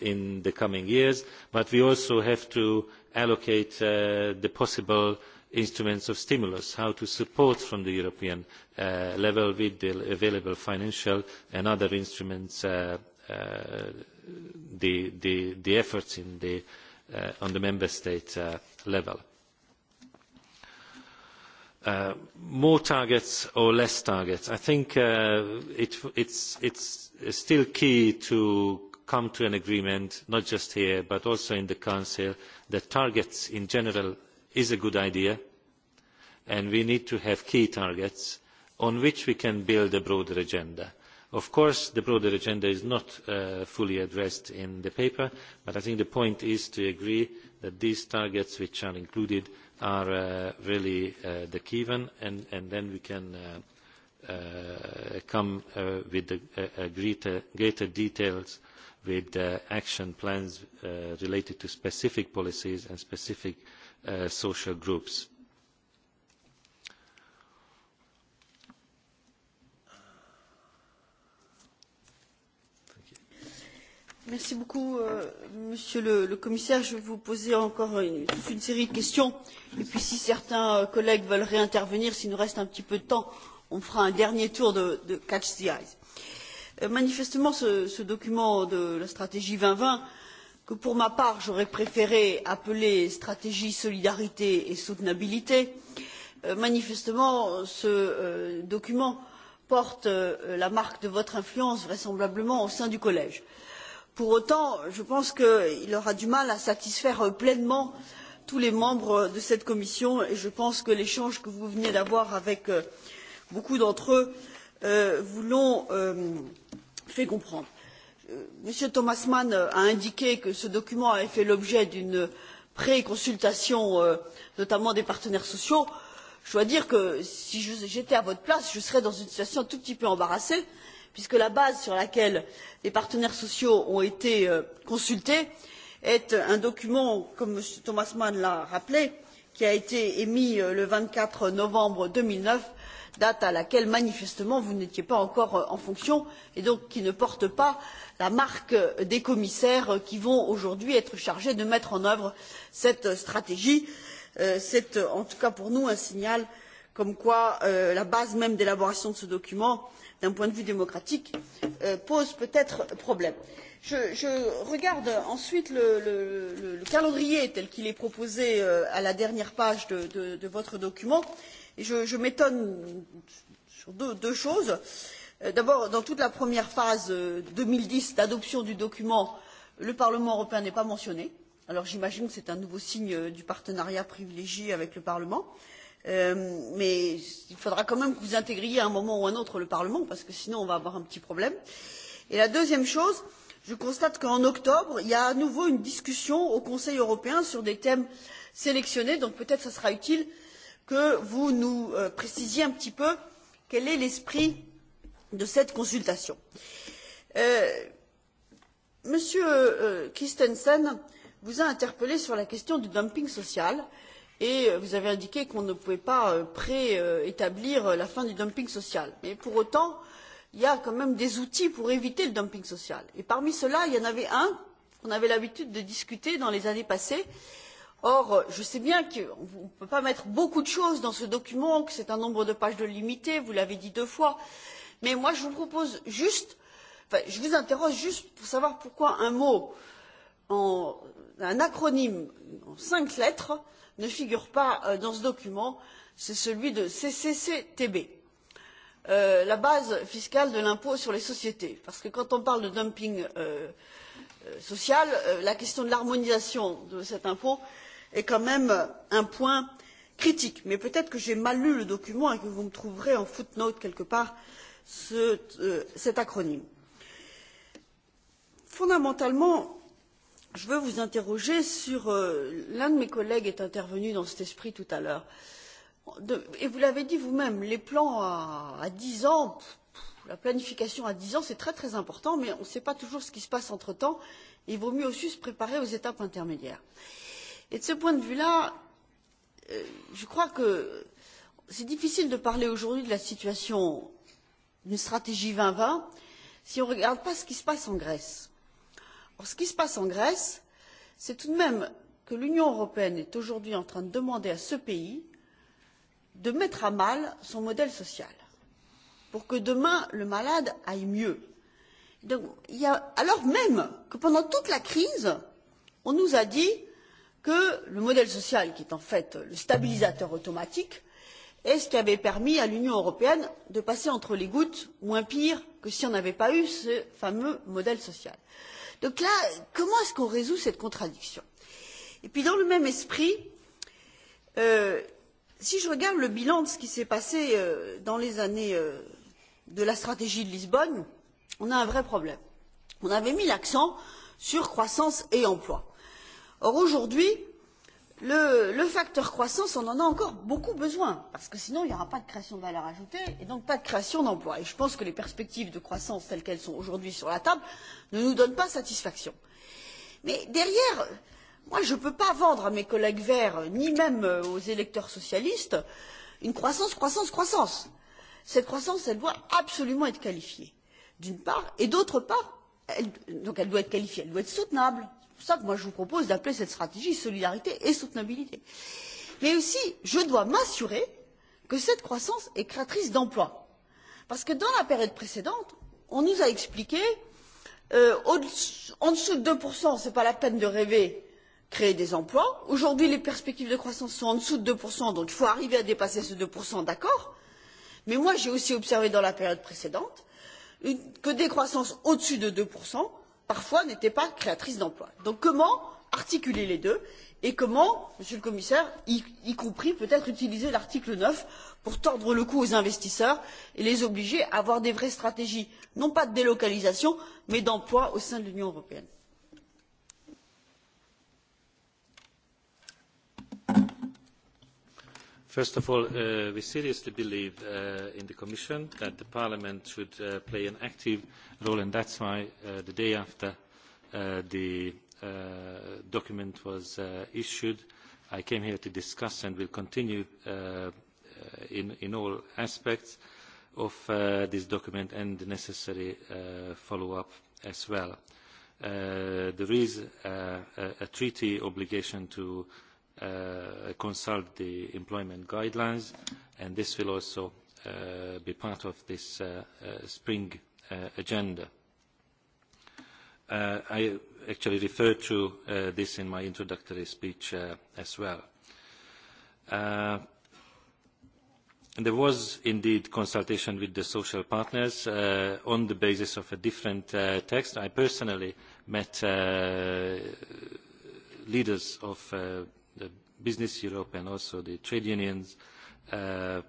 S12: in the coming years but we also have to allocate the possible instruments of stimulus how to support from the european level with the available financial and other instruments the, the, efforts at the, uh, on the member state uh, level. Uh, more targets or less targets i think it is still key to come to an agreement not just here but also in the council that targets in general is a good idea and we need to have key targets on which we can build a broader agenda of course the broader agenda is not uh, fully addressed in the paper but i think the point is to agree that these targets which are included are uh, really uh, the key one and, then we can come with greater, greater details with action plans related to specific policies and specific social groups
S1: Merci beaucoup, euh, Monsieur le, le Commissaire. Je vais vous poser encore une, toute une série de questions. Et puis, si certains euh, collègues veulent réintervenir, s'il nous reste un petit peu de temps, on fera un dernier tour de, de Catch the Eyes. Euh, manifestement, ce, ce document de la stratégie 2020, que pour ma part, j'aurais préféré appeler stratégie solidarité et soutenabilité, euh, manifestement, ce euh, document porte euh, la marque de votre influence vraisemblablement au sein du Collège. Euh, pour autant je pense qu'il aura du mal à satisfaire pleinement tous les membres de cette commission et je pense que l'échange que vous venez d'avoir avec euh, beaucoup d'entre eux euh, vous l'a euh, fait comprendre. m. thomas mann a indiqué que ce document avait fait l'objet d'une préconsultation consultation, notamment des partenaires sociaux. je dois dire que si j'étais à votre place je serais dans une situation un tout petit peu embarrassée car puisque la base sur laquelle les partenaires sociaux ont été euh, consultés est un document comme m. thomas mann l'a rappelé qui a été émis euh, le vingt quatre novembre deux mille neuf date à laquelle manifestement vous n'étiez pas encore euh, en fonction et donc qui ne porte pas la marque des commissaires qui vont aujourd'hui être chargés de mettre en œuvre cette stratégie. c'est en tout cas pour nous un signal comme quoi la base même d'élaboration de ce document d'un point de vue démocratique euh, pose peut être problème. je, regarde ensuite le, calendrier tel qu'il est proposé euh, à la dernière page de, votre document et je, m'étonne sur deux, deux choses euh, d'abord dans toute la première phase deux mille dix d'adoption du document le parlement européen n'est pas mentionné alors j'imagine que c'est un nouveau signe du partenariat privilégié avec le parlement. ensuite Euh, mais il faudra quand même que vous intégriez à un moment ou à un autre le Parlement, parce que sinon on va avoir un petit problème. Et la deuxième chose, je constate qu'en octobre, il y a à nouveau une discussion au Conseil européen sur des thèmes sélectionnés, donc peut-être ce sera utile que vous nous euh, précisiez un petit peu quel est l'esprit de cette consultation. Euh, monsieur euh, christensen vous a interpellé sur la question du dumping social et vous avez indiqué qu'on ne pouvait pas euh, préétablir euh, la fin du dumping social. mais pour autant il y a quand même des outils pour éviter le dumping social et parmi ceux là il y en avait un qu'on avait l'habitude de discuter dans les années passées or je sais bien qu'on ne peut pas mettre beaucoup de choses dans ce document que c'est un nombre de pages de limité vous l'avez dit deux fois mais moi je vous propose juste enfin je vous interroge juste pour savoir pourquoi un mot en, un acronyme en cinq lettres ne figure pas euh, dans ce document c'est celui de ccctb euh, la base fiscale de l'impôt sur les sociétés parce que quand on parle de dumping euh, social la question de l'harmonisation de cet impôt est quand même un point critique mais peut être que j'ai mal lu le document et que vous me trouverez en footnote quelque part cet acronyme. fondamentalement je veux vous interroger sur euh, l'un de mes collègues est intervenu dans cet esprit tout à l'heure et vous l'avez dit vous même les plans à dix ans la planification à dix ans c'est très très important mais on ne sait pas toujours ce qui se passe entre temps et il vaut mieux aussi se préparer aux étapes intermédiaires. Et de ce point de vue là euh, je crois que c'est difficile de parler aujourd'hui de la situation d'une stratégie deux mille vingt si on ne regarde pas ce qui se passe en grèce Or, ce qui se passe en Grèce, c'est tout de même que l'Union européenne est aujourd'hui en train de demander à ce pays de mettre à mal son modèle social pour que demain le malade aille mieux. Donc, il y a, alors même que pendant toute la crise, on nous a dit que le modèle social, qui est en fait le stabilisateur automatique, est ce qui avait permis à l'Union européenne de passer entre les gouttes moins pire que si on n'avait pas eu ce fameux modèle social donc là comment est ce qu'on résout cette contradiction? et puis dans le même esprit euh, si je regarde le bilan de ce qui s'est passé euh, dans les années euh, de la stratégie de lisbonne on a un vrai problème. on avait mis l'accent sur croissance et emploi. or aujourd'hui le, le facteur croissance, on en a encore beaucoup besoin, parce que sinon il n'y aura pas de création de valeur ajoutée et donc pas de création d'emplois. Et je pense que les perspectives de croissance telles qu'elles sont aujourd'hui sur la table ne nous donnent pas satisfaction. Mais derrière, moi je ne peux pas vendre à mes collègues verts, ni même euh, aux électeurs socialistes, une croissance, croissance, croissance. Cette croissance, elle doit absolument être qualifiée, d'une part, et d'autre part, elle, donc elle doit être qualifiée, elle doit être soutenable, pour cela que moi, je vous propose d'appeler cette stratégie solidarité et soutenabilité. Mais aussi, je dois m'assurer que cette croissance est créatrice d'emplois. Parce que dans la période précédente, on nous a expliqué euh, en dessous de deux, ce n'est pas la peine de rêver créer des emplois. Aujourd'hui, les perspectives de croissance sont en dessous de 2%, donc il faut arriver à dépasser ce 2%, d'accord Mais moi, j'ai aussi observé dans la période précédente une, que des croissances au-dessus de deux parfois n'étaient pas créatrices d'emplois. donc comment articuler les deux et comment monsieur le commissaire y, compris peut être utiliser l'article neuf pour tordre le cou aux investisseurs et les obliger à avoir de vraies stratégies non pas de délocalisation mais d'emploi au sein de l'union européenne?
S12: first of all uh, we seriously believe uh, in the commission that the parliament should uh, play an active role and that is why the day after the document was issued i came here to discuss and will continue in, in all aspects of this document and the necessary follow up as well. there is a, a treaty obligation to Uh, consult the employment guidelines and this will also uh, be part of this uh, spring agenda. i actually referred to this in my introductory speech as well. there was indeed consultation with the social partners on the basis of a different text. i personally met leaders of the business Europe and also the trade unions uh,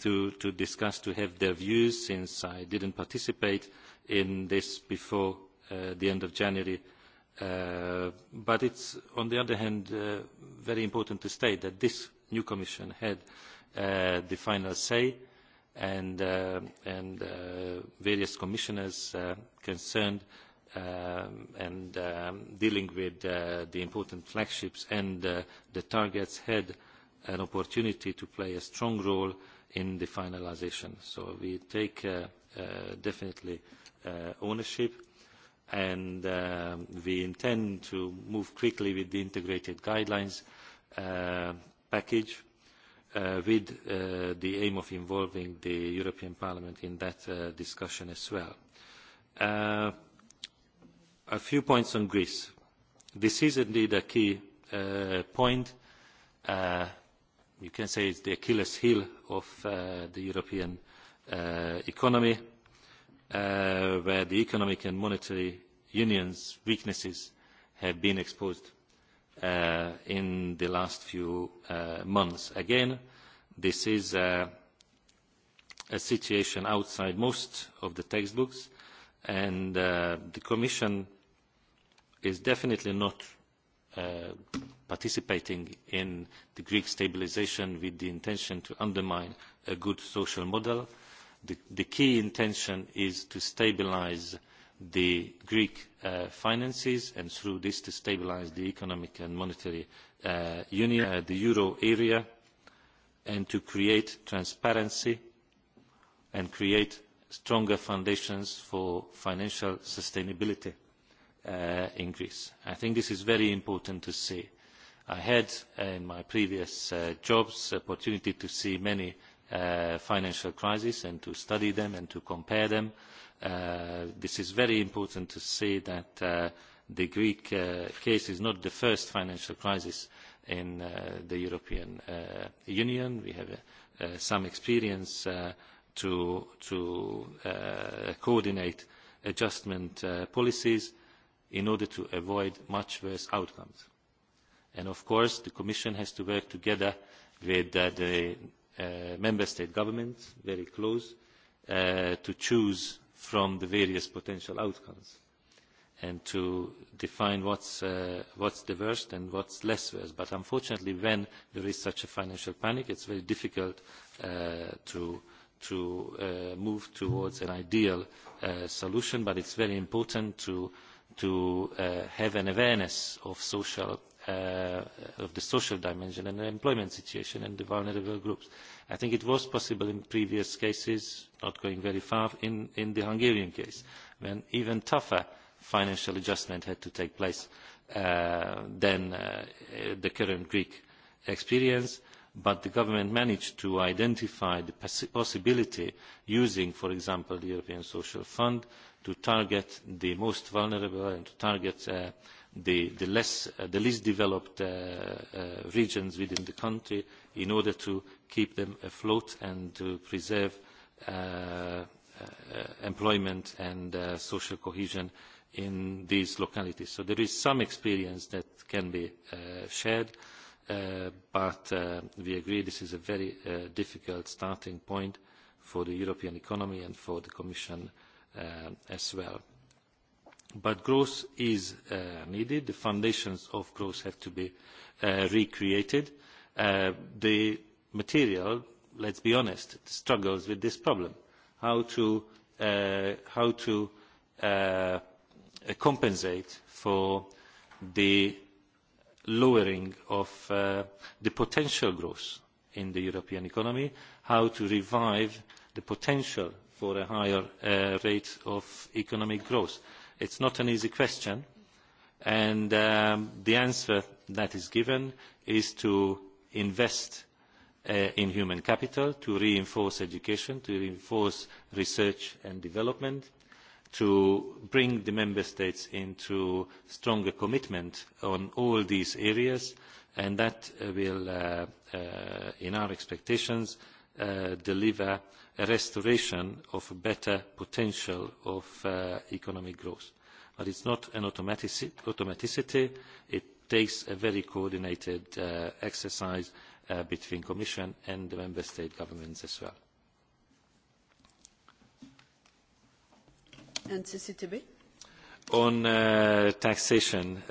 S12: to, to discuss, to have their views, since I didn't participate in this before uh, the end of January. but uh, but it's, on the other hand, very important to state that this new Commission had the final say and, various commissioners concerned Um, and um, dealing with uh, the important flagships and uh, the targets had an opportunity to play a strong role in the finalisation. So we take uh, uh definitely uh, ownership and um, we intend to move quickly with the integrated guidelines uh, package with the aim of involving the European Parliament in that discussion as well a few points on greece. this is indeed a key uh, point. Uh, you can say it is the achilles heel of uh, the european economy where the economic and monetary union's weaknesses have been exposed in the last few months. again this is a situation outside most of the textbooks and the commission is definitely not uh, participating in the Greek stabilisation with the intention to undermine a good social model. The, key intention is to stabilise the Greek uh, finances and through this to stabilise the economic and monetary uh, union, the euro area, and to create transparency and create stronger foundations for financial sustainability Uh, in Greece. i think this is very important to see. i had uh, in my previous uh, jobs the opportunity to see many financial crises and to study them and to compare them. this is very important to see that the greek case is not the first financial crisis in the european union. we have some experience to coordinate adjustment policies in order to avoid much worse outcomes. And of course the commission has to work together with uh, the uh, member state governments very close uh, to choose from the various potential outcomes and to define what's, is the worst and what is less worse. But unfortunately, when there is such a financial panic, it's very difficult to, move towards an ideal solution, but it is very important to to uh, have an awareness uh, of, the social dimension and the employment situation and the vulnerable groups. I think it was possible in previous cases, not going very far, in, in the Hungarian case, when even tougher financial adjustment had to take place uh, than the current Greek experience, but the government managed to identify the possibility using, for example, the European Social Fund to target the most vulnerable and to target uh, the, uh, the, least developed uh, regions within the country in order to keep them afloat and to preserve employment and social cohesion in these localities. so there is some experience that can be shared but we agree this is a very difficult starting point for the european economy and for the commission Uh, as well. But growth is uh, needed. The foundations of growth have to be uh, recreated. The material, let's be honest, struggles with this problem. How to, how to compensate for the lowering of the potential growth in the european economy how to revive the potential for a higher uh, rate of economic growth? it is not an easy question and um, the answer that is given is to invest uh, in human capital to reinforce education to reinforce research and development to bring the member states into stronger commitment on all these areas and that will uh, in our expectations deliver a restoration of a better potential of uh, economic growth. But it's not an automaticity. It takes a very coordinated uh, exercise uh, between the Commission and the Member State governments as well. On taxation.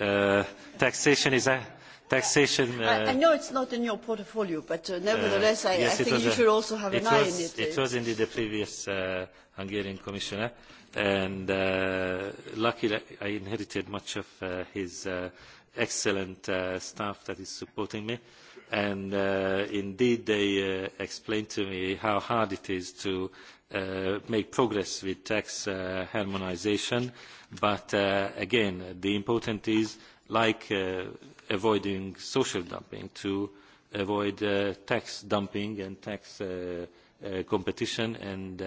S12: taxation is taxation. Uh, I, I uh, know
S1: it's not in your portfolio, but uh, nevertheless, uh, I, I think you a, should also have an was, eye on it. It eh?
S12: was indeed the previous uh, Hungarian commissioner, and uh, luckily I inherited much of uh, his uh, excellent uh, staff that is supporting me. And uh, indeed, they uh, explained to me how hard it is to uh, make progress with tax uh, harmonization. But uh, again, the important is, like uh, avoiding social dumping to avoid uh, tax dumping and tax uh, uh, competition and,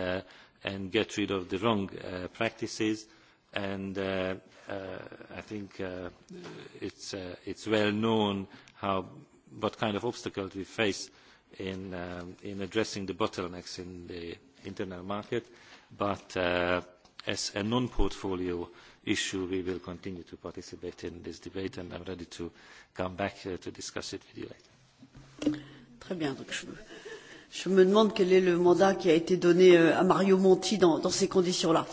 S12: get rid of the wrong practices and i think it is well known how, what kind of obstacles we face in, in addressing the bottlenecks in the internal market but as a non portfolio issue. We will continue to participate in this debate, and i am ready to come back uh, to discuss it with you later.
S1: Très bien. Donc je, je me demande quel est le mandat qui a été donné euh, à Mario Monti dans, dans ces conditions-là.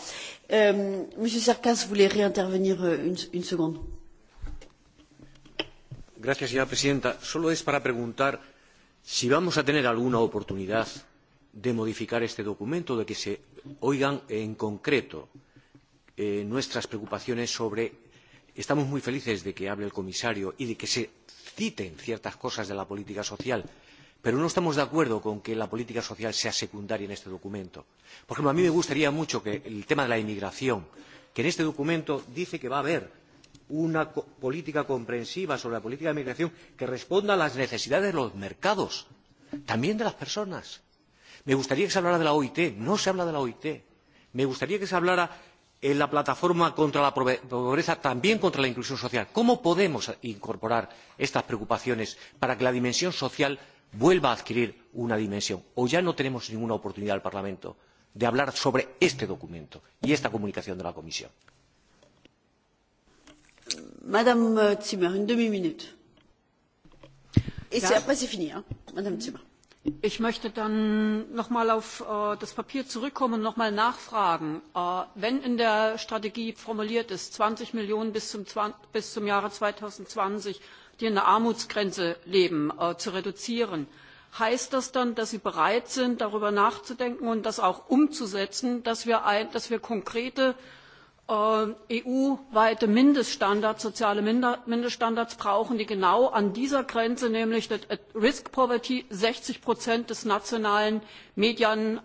S1: Euh, Monsieur vous voulez réintervenir euh, une, une seconde.
S14: Gracias, señora presidenta. Solo es para preguntar si vamos a tener alguna oportunidad de modificar este documento, de que se oigan en concreto eh, Eh, nuestras preocupaciones sobre estamos muy felices de que hable el comisario y de que se citen ciertas cosas de la política social pero no estamos de acuerdo con que la política social sea secundaria en este documento. Por ejemplo, a mí me gustaría mucho que el tema de la inmigración, que en este documento dice que va a haber una co política comprensiva sobre la política de migración que responda a las necesidades de los mercados, también de las personas. Me gustaría que se hablara de la OIT, no se habla de la OIT. Me gustaría que se hablara en la plataforma contra la pobreza también contra la inclusión social cómo podemos incorporar estas preocupaciones para que la dimensión social vuelva a adquirir una dimensión o ya no tenemos ninguna oportunidad el parlamento de hablar sobre este documento y esta comunicación de la comisión?
S22: Zimmer, ich möchte dann noch mal auf äh, das Papier zurückkommen und noch mal nachfragen. Äh, wenn in der Strategie formuliert ist, zwanzig Millionen bis zum, bis zum Jahre zweitausendzwanzig die in der Armutsgrenze leben, äh, zu reduzieren, heißt das dann, dass Sie bereit sind, darüber nachzudenken und das auch umzusetzen, dass wir konkrete Äh, eu weite mindeststandards soziale mindeststandards brauchen die genau an dieser grenze nämlich at äh, risk poverty sechzig des nationalen medianen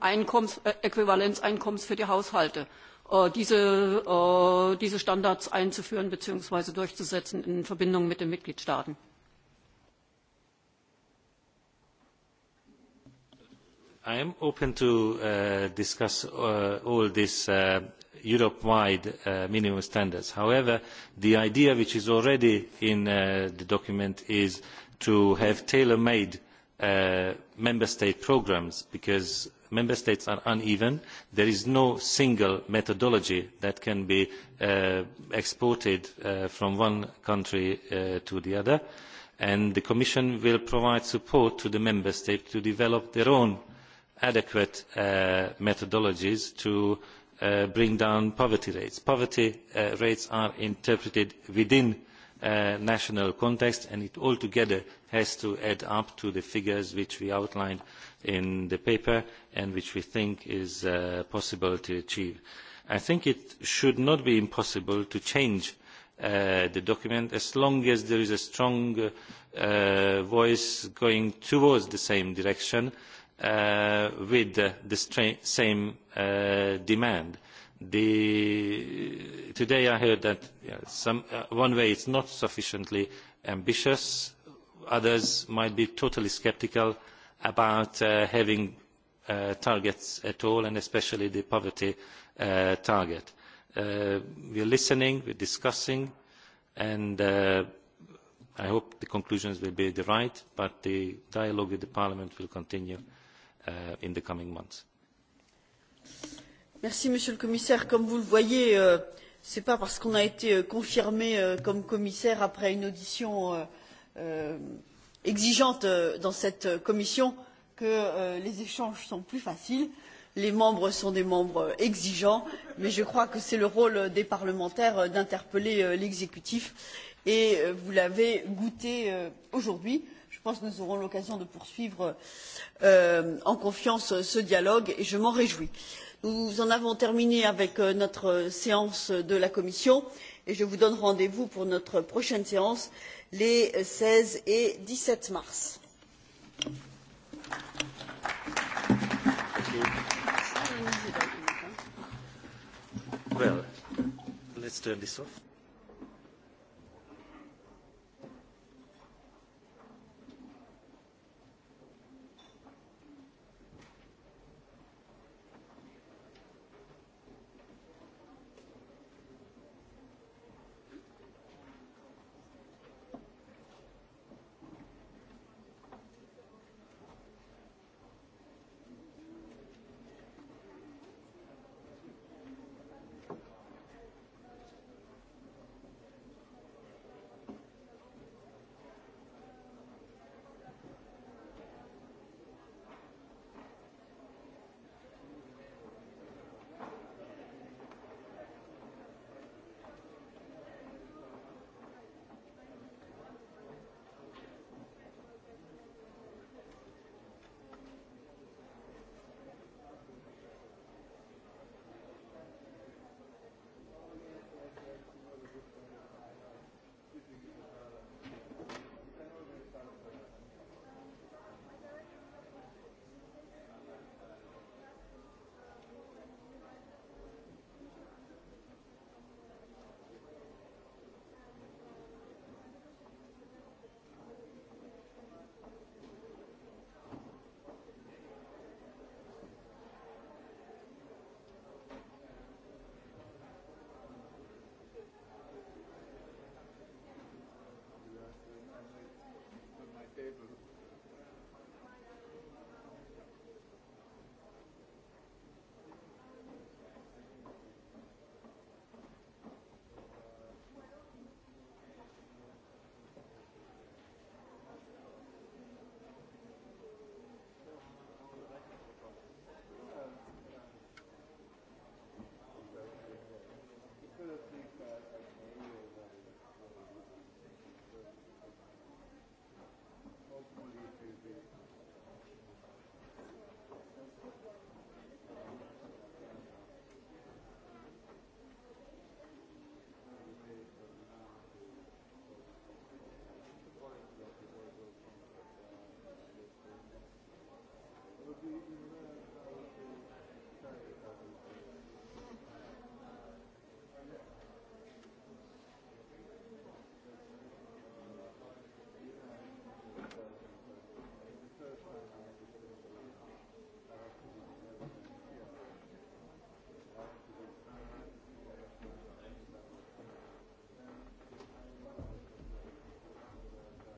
S22: äquivalenzeinkommens für die haushalte äh, diese, standards einzuführen bzw. durchzusetzen in verbindung mit den mitgliedstaaten.
S12: i am open to all these europe wide uh, minimum standards. however the idea which is already in uh, the document is to have tailor made uh, member state programmes because member states are uneven there is no single methodology that can be exported from one country to the other and the commission will provide support to the member states to develop their own adequate methodologies to Uh, bring down poverty rates. poverty uh, rates are interpreted within a uh, national context and it altogether has to add up to the figures which we outlined in the paper and which we think is possible to achieve. i think it should not be impossible to change the document as long as there is a strong voice going towards the same direction and uh, with the same uh, demand. today I heard that some, uh, one way is not sufficiently ambitious, others might be totally sceptical about uh, having uh, targets at all, and especially the poverty target. we are listening, we are discussing, and I hope the conclusions will be the right, but the dialogue with Parliament will continue Uh, in the coming months.
S1: Merci, monsieur le commissaire comme vous le voyez euh, ce n'est pas parce qu'on a été euh, confirmé euh, comme commissaire après une audition euh, euh exigeante euh, dans cette commission que les échanges sont plus faciles. les membres sont des membres exigeants mais je crois que c'est le rôle des parlementaires d'interpeller l'exécutif et vous l'avez goûté aujourd'hui pense que nous aurons l'occasion de poursuivre euh, en confiance ce dialogue et je m'en réjouis. nous en avons terminé avec euh, notre séance de la commission et je vous donne rendez vous pour notre prochaine séance les seize et dix sept mars.
S12: Well, let's turn this off.